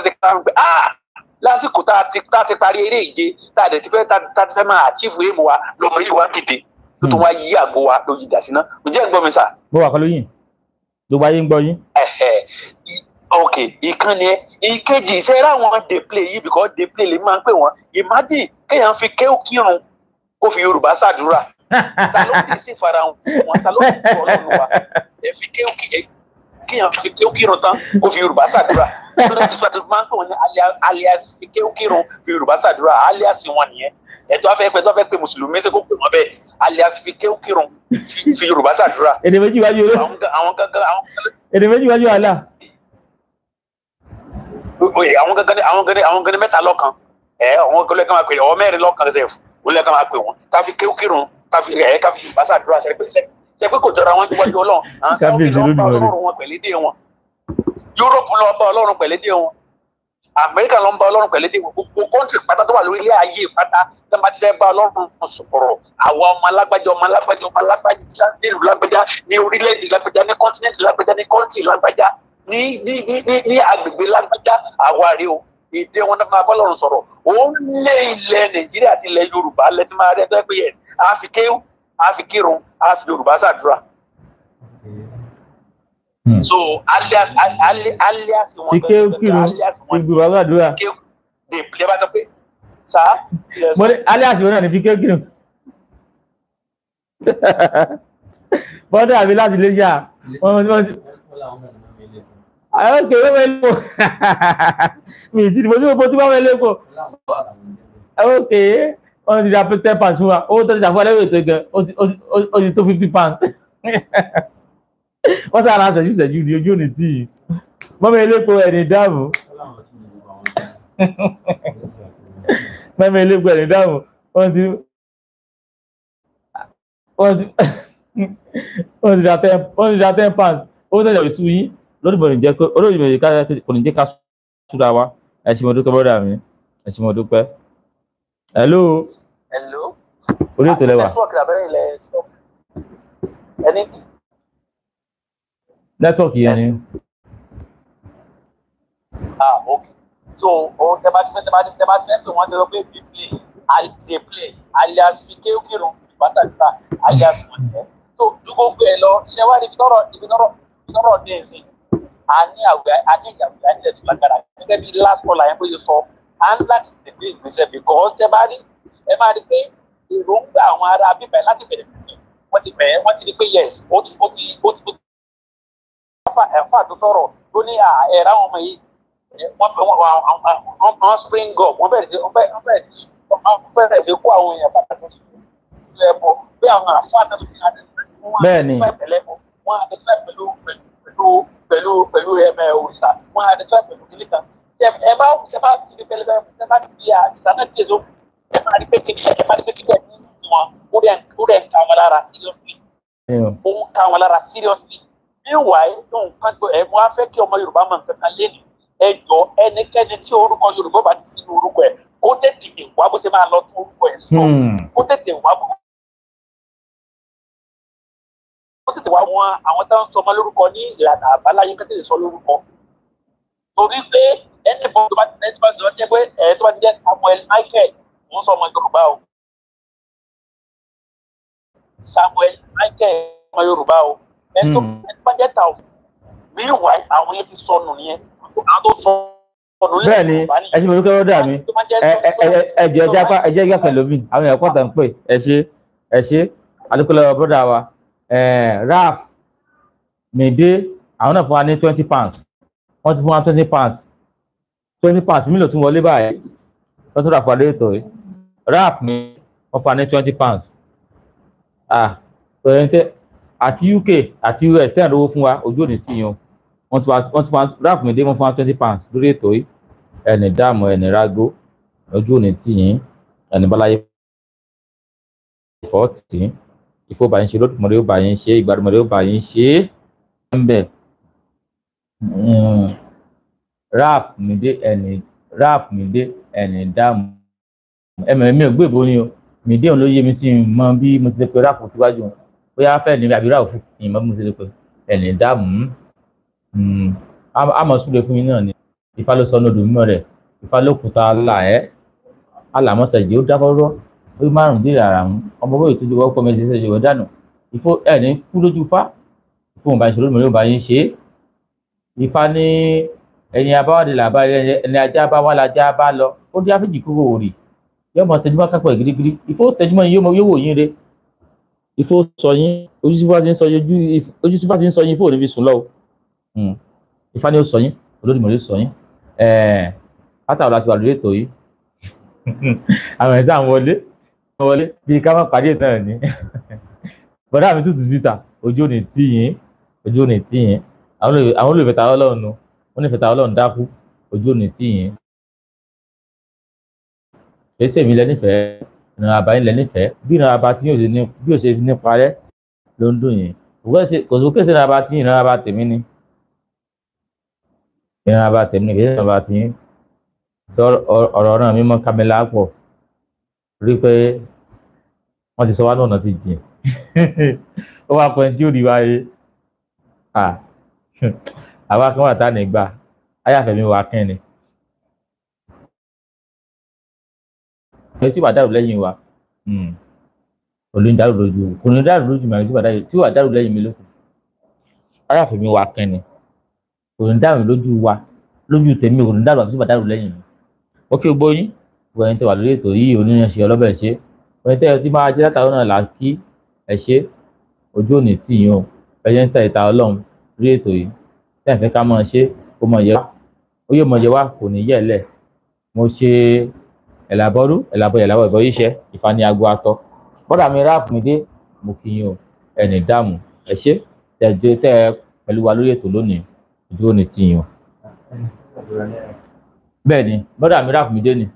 ah lásìkò tá a ti parí eré ìje tá a dẹ̀ ti fẹ́ tá ti fẹ́ máa àchífù èèmù wa lọ́mọ yìí wá dìde tó tún hmm. wá yí àgbo wa lójú ìdásí náà ǹjẹ́ ń gbọ́ mi sà.
bó wà pẹ̀lú gbogbo ayé ń gbọ́ yín.
ok ìkànnì ẹ ìkejì iṣẹ́ ráwọn deplay yìí because deplay lè máa ń pè wọ́n imagine kéèyàn fi kéwù kírun kó fi yorùbá ṣàdúrà ta ló ń sí fara wọn ta ló ń sí ọlọ́run wa ẹ fi kéwù kírun kéèyàn fi kéwú kírun tán kó fi yorùbá ṣàdúrà sọdọ tí sọdọ máa ń pè wọn ní alias fi kéwú kírun fi yorùbá ṣàdúrà alias wọn nìyẹn ẹtọ afẹ pẹ tọfẹ pé mùsùlùmí ṣe kó pè wọn bẹ́ẹ̀ alias fi kéwú kírun fi yorùbá ṣàdúrà. èdè méjì wájú olú àwọn gangan àwọn.
èdè méjì wájú àlà.
àwọn gangan àwọn gangan àwọn gangan mẹ́ta lọ́kan ẹ àwọn gangan máa pè ọmọ mẹ́rin lọ́kan ṣe olùkọ́ máa pè wọn káfi kéwú kírun káfi ẹ káfi yorùbá ṣàdúrà ṣe pé sẹ́yìn jẹ́ pé kò jọra wọn níwájú Ọlọ́run
àwọn sáwọn ìlú ọba Ọlọ́run
wọn pẹ̀lú èdè wọn Yúróòpù ló ń bá Ọlọ́run pẹ̀lú èdè wọn Amẹ́ríkà ló ń bá Ọlọ́run pẹ̀lú èdè wọn gbogbo kọ́ńtì pátá tó wà lórí ilé ayé pátá tó bá ti fẹ́ bá Ọlọ́run sọ̀rọ̀ àwa ọmọ alágbájá ọmọ alágbájá ọmọ alágbájá nílùú lágbájá ní orílẹ̀-èdè lágbájá ní kọ́ńtínẹ̀tì lágbájá ní kọ́ńtì lágbájá ní agbègbè lágbájá àwa rèé o èdè wọn náà máa bọ́lọ́run sọ̀rọ̀ ó ń lé ilẹ̀ Nàìjíríà àti ilẹ̀ Yorùbá lẹ́tí máa rẹ́ tó ẹ yẹn àfikẹ́ á fi yorùbá ṣàdúrà hmm. so alias alias wọn bẹ̀rẹ̀ bẹ̀rẹ̀ alias
wọn yorùbá ṣàdúrà de play bá tọ́ pé sá. mo alias wọn náà ní fi kéwìkìrì bọ́dà mi láti lè ṣá wọ́n ti àwọn kèrè wọ́n ah, mi ìtì ìdìbò tí mo bọ́ tí wọ́n lè kó àwọn kèrè wọ́n ti ra ten pounds fún wa owó tó ti ṣàfihàn lẹ́wọ̀ ètò gan ó ti tó fifty pounds wọ́n sára ṣẹ̀jú ṣẹ̀jú ní ojú òní tí mọ́mí elépo ẹ̀ní dáàbò mọ́mí elépo ẹ̀ní dáàbò wọ́n ti wọ́n ti ra ten pounds owó tó ti ṣàfihàn sí yín lóríbọ̀ ní jẹ́ kó lóríbọ̀ ní jẹ́ ká súra wa ẹ̀sìn mọ́dúpẹ́ bọ́dà mi ẹ̀sìn mọ́dúpẹ́ hello. hello. orí ètò lẹ́wà. network
làbẹ́rẹ́ ilẹ̀ stop. ẹni. network yẹn ah ok so ohun tẹ bá ti fẹ́ tẹ bá ti fẹ́ tẹ bá ti fẹ́ pé wọ́n ti sọ pé bí play dey play alias fi kéwkérun ìbátàkìtà alias wọn jẹ so dúkọ́ pé ẹ lọ ṣẹ wá ibi tọrọ ibi tọrọ ibi tọrọ dé sí i a ní àwùjá a ní ìjà àwùjá nílẹ̀ sùn lágbára gẹ́gẹ́ bí last call àyẹ̀kọ́ yìí sọ á ń láti tètè gbé ìgbésẹ̀ because ẹ bá rí ẹ máa rí pé èròǹgbà àwọn ará bíbẹ̀ láti bẹ̀rẹ̀ bíbẹ̀ wọ́n ti bẹ̀rẹ̀ wọ́n ti rí pé yes ó ti ó ti ó ti. ẹ̀fọ́ àtúntọ̀rọ̀ ló ní
ẹ̀rá àwọn ọmọ yìí wọ́n wọ́n spring up wọ́n bẹ̀rẹ̀ wọ́n bẹ̀rẹ̀
wọ́n bẹ̀rẹ̀ fi kó àwọn èèyàn padà tó sílẹ̀ bọ̀ bí àwọn àfọ́ àtẹ̀lẹ́ wọn àdẹ́sẹ̀ pẹ̀lú pẹ̀lú pẹ̀lú pẹ̀lú ẹ̀mẹ̀ òrìṣà wọn àdẹ́sẹ̀ pẹ̀lú kílíkan ẹ bá wù sẹ bá ti di pẹlẹbẹ sẹ bá ti di à ìsànà tiẹ so ẹ máa di pé kìnìyà ẹ máa di pé seriously ó ń kan seriously meanwhile ohun kan tó ẹ mú wá fẹ́ kí ọmọ Yorùbá máa nǹkan kan lẹ́nu ẹ jọ ẹnikẹ́ni tí orúkọ Yorùbá bá ti sínú orúkọ ẹ kó tètè wá bó ṣe máa lọ tún orúkọ ẹ sọ hmm. kó tètè wá bó kó tètè wọn àwọn táwọn sọmọ lórúkọ ní ìlànà àbáláyé kó sọ lórúkọ torí pé ẹni bọ́ tó bá ti ẹni tó bá ti jẹ́ pé ẹ̀ tó bá ti jẹ́ Samuel Michael ń sọ ọmọ Yorùbá o Samuel Michael ọmọ Yorùbá o ẹni tó hmm. bá jẹ́ tàwọn bí wà àwọn yẹn ti sọnù nìyẹn àwọn tó sọnù bẹ́ẹ̀ ni ẹ
ṣe mọ̀lúkẹ́ rọ́dà mi ẹ jẹ́ ẹjẹ́ apá ẹjẹ́ ẹgbẹ́ pẹ̀lú mi àwọn èèyàn pọ̀tà ń pè ẹ ṣe ẹ ṣe alukọ̀lọ̀ bọ́dà wa raf mèdè àwọn náà fún wa ní twenty pounds wọ́n ti fún wa twenty pounds twenty pounds mílò tún wọlé báyìí wọ́n tún rà fún adéètò yìí rap ni wọ́n fa ní twenty pounds ah pẹ̀lẹ́ntẹ́ àti UK àti US tẹ́ ẹ̀ lówó fún wa ojú òní tì yan wọ́n tún wa rap mi dé wọ́n fún wa twenty pounds lórí ètò yìí ẹni dáàmú ẹni rágó ojú òní tì yín ẹni báláyé fọ́ọ̀tì ìfowópamọ́ yín ṣe lódìmọ́lẹ́ ó bá yín ṣe ìgbàdùmọ́lẹ́ ó bá yín ṣe é ń bẹ̀ raf midé ẹni raf midé ẹni dààmú ẹmọ mi ò gbé ìbò ni o midé òun ló yé mi sí i mọ bí mo ti ṣe pé raf síwájú wọn bóyá fẹ́ ní àbí raf ìmọ̀ bí mo ti ṣe pé ẹni dààmú àmọ̀ súre fún yín náà ni Ifá ló sọ ní odò mímọ́ rẹ̀ Ifá ló kúta àlà ẹ́ àlàmọ́sẹ̀jì ó dábọ́rọ́ ó márùn dé ara mú ọmọ bóyá ìtọ́jú wọ́pọ̀ mẹ́sẹ̀ẹ́sẹ̀ yóò dànù ìfọ ẹni kú lójú fá ìfọ̀nba ìṣòro mìíràn bá yín ṣe é Ifá ní ẹni abáwádìí làbá ẹni ajá bá wá lajá bá lọ ó dé àfíjì kúrò rè yóò mọ tẹjúmọ́ kápẹ́ gírígírí Ifá tẹjúmọ́ yín yóò wò yín re Ifá sọ yín ojú tí bá ti ń sọ yín ojú tí bá ti ń sọ yín Ifá ò ní fi sùn lọ o hmm. Ifá ni o sọ yín Olódùmarè sọ yín látàwọn láti wà lórí ètò yìí àwọn ẹ̀sán wọlé wọlé bíi ká má pàdé ìtàn ẹ̀ ní bọ̀dá mi tútù bìtà ojú ò ní tì yín ojú ò ní tì yín àwọn olùfẹ́ ta ọlọ́run nu wọ́n nífẹ̀ẹ́ ta ọlọ́run dákú ojú òní tì yín èsì èmi lẹ nífẹ̀ẹ́ ìran àbá yín lẹ nífẹ̀ẹ́ bí ìran àbá tí yóò ṣe ní parẹ́ ló ń dùn yín kò sí kéṣe ìran àbá tí ìran àbá tèmi ni ìran àbá tèmi ni kéṣe ìran àbá tí yín ọ̀rọ̀ náà mímọ́ kámẹ́lá pọ̀ rí pé wọ́n ti sọ wá lọ́nà ti jìn ó wá pẹ́ tí ó àwa kan wà tá a nígbà ayáfẹ́mi wa kẹ́ ni. tí wàá dàrú lẹ́yìn wa olú ń dàrú lójú kò ní dàrú lójú mi àti tí wàá dàrú lẹ́yìn mi lókun ayáfẹ́mi wa kẹ́ ni kò ní dàrú lójú wa lójú tèmi kò ní dàrú àti tí wàá dàrú lẹ́yìn mi. ó kí o gbóyún gbogbo ẹni tó wà lórí ètò yìí oníyanṣe ọlọ́bẹ̀ ṣe wọ́n tẹ́ ẹ ti máa jẹ́ látàrí náà là kí ẹ ṣe ojú òní tì yín o ẹ yẹn ń tẹ̀ ìta ọlọ́run rí ètò yìí tẹ́ ẹ̀ fẹ́ ká máa ṣe ó mọ̀ yẹ wá ó yóò mọ̀ yẹ wá kò ní yẹ̀ lẹ̀ mo ṣe ẹ̀làbọ́rú ẹ̀làbọ̀ ẹ̀làbọ̀ ìbọ̀ yìí ṣẹ́ ìfani agbo atọ́ bọ́dà mi ráàpù mi dé mo kì í yín o dààmú ẹ ṣe tẹ́ ẹ tẹ́ ẹ pẹ̀lú wa lórí ètò lónìí ìdúró ní tiyín o bẹ́ẹ̀ ni bọ́dà mi ráàpù mi dé ni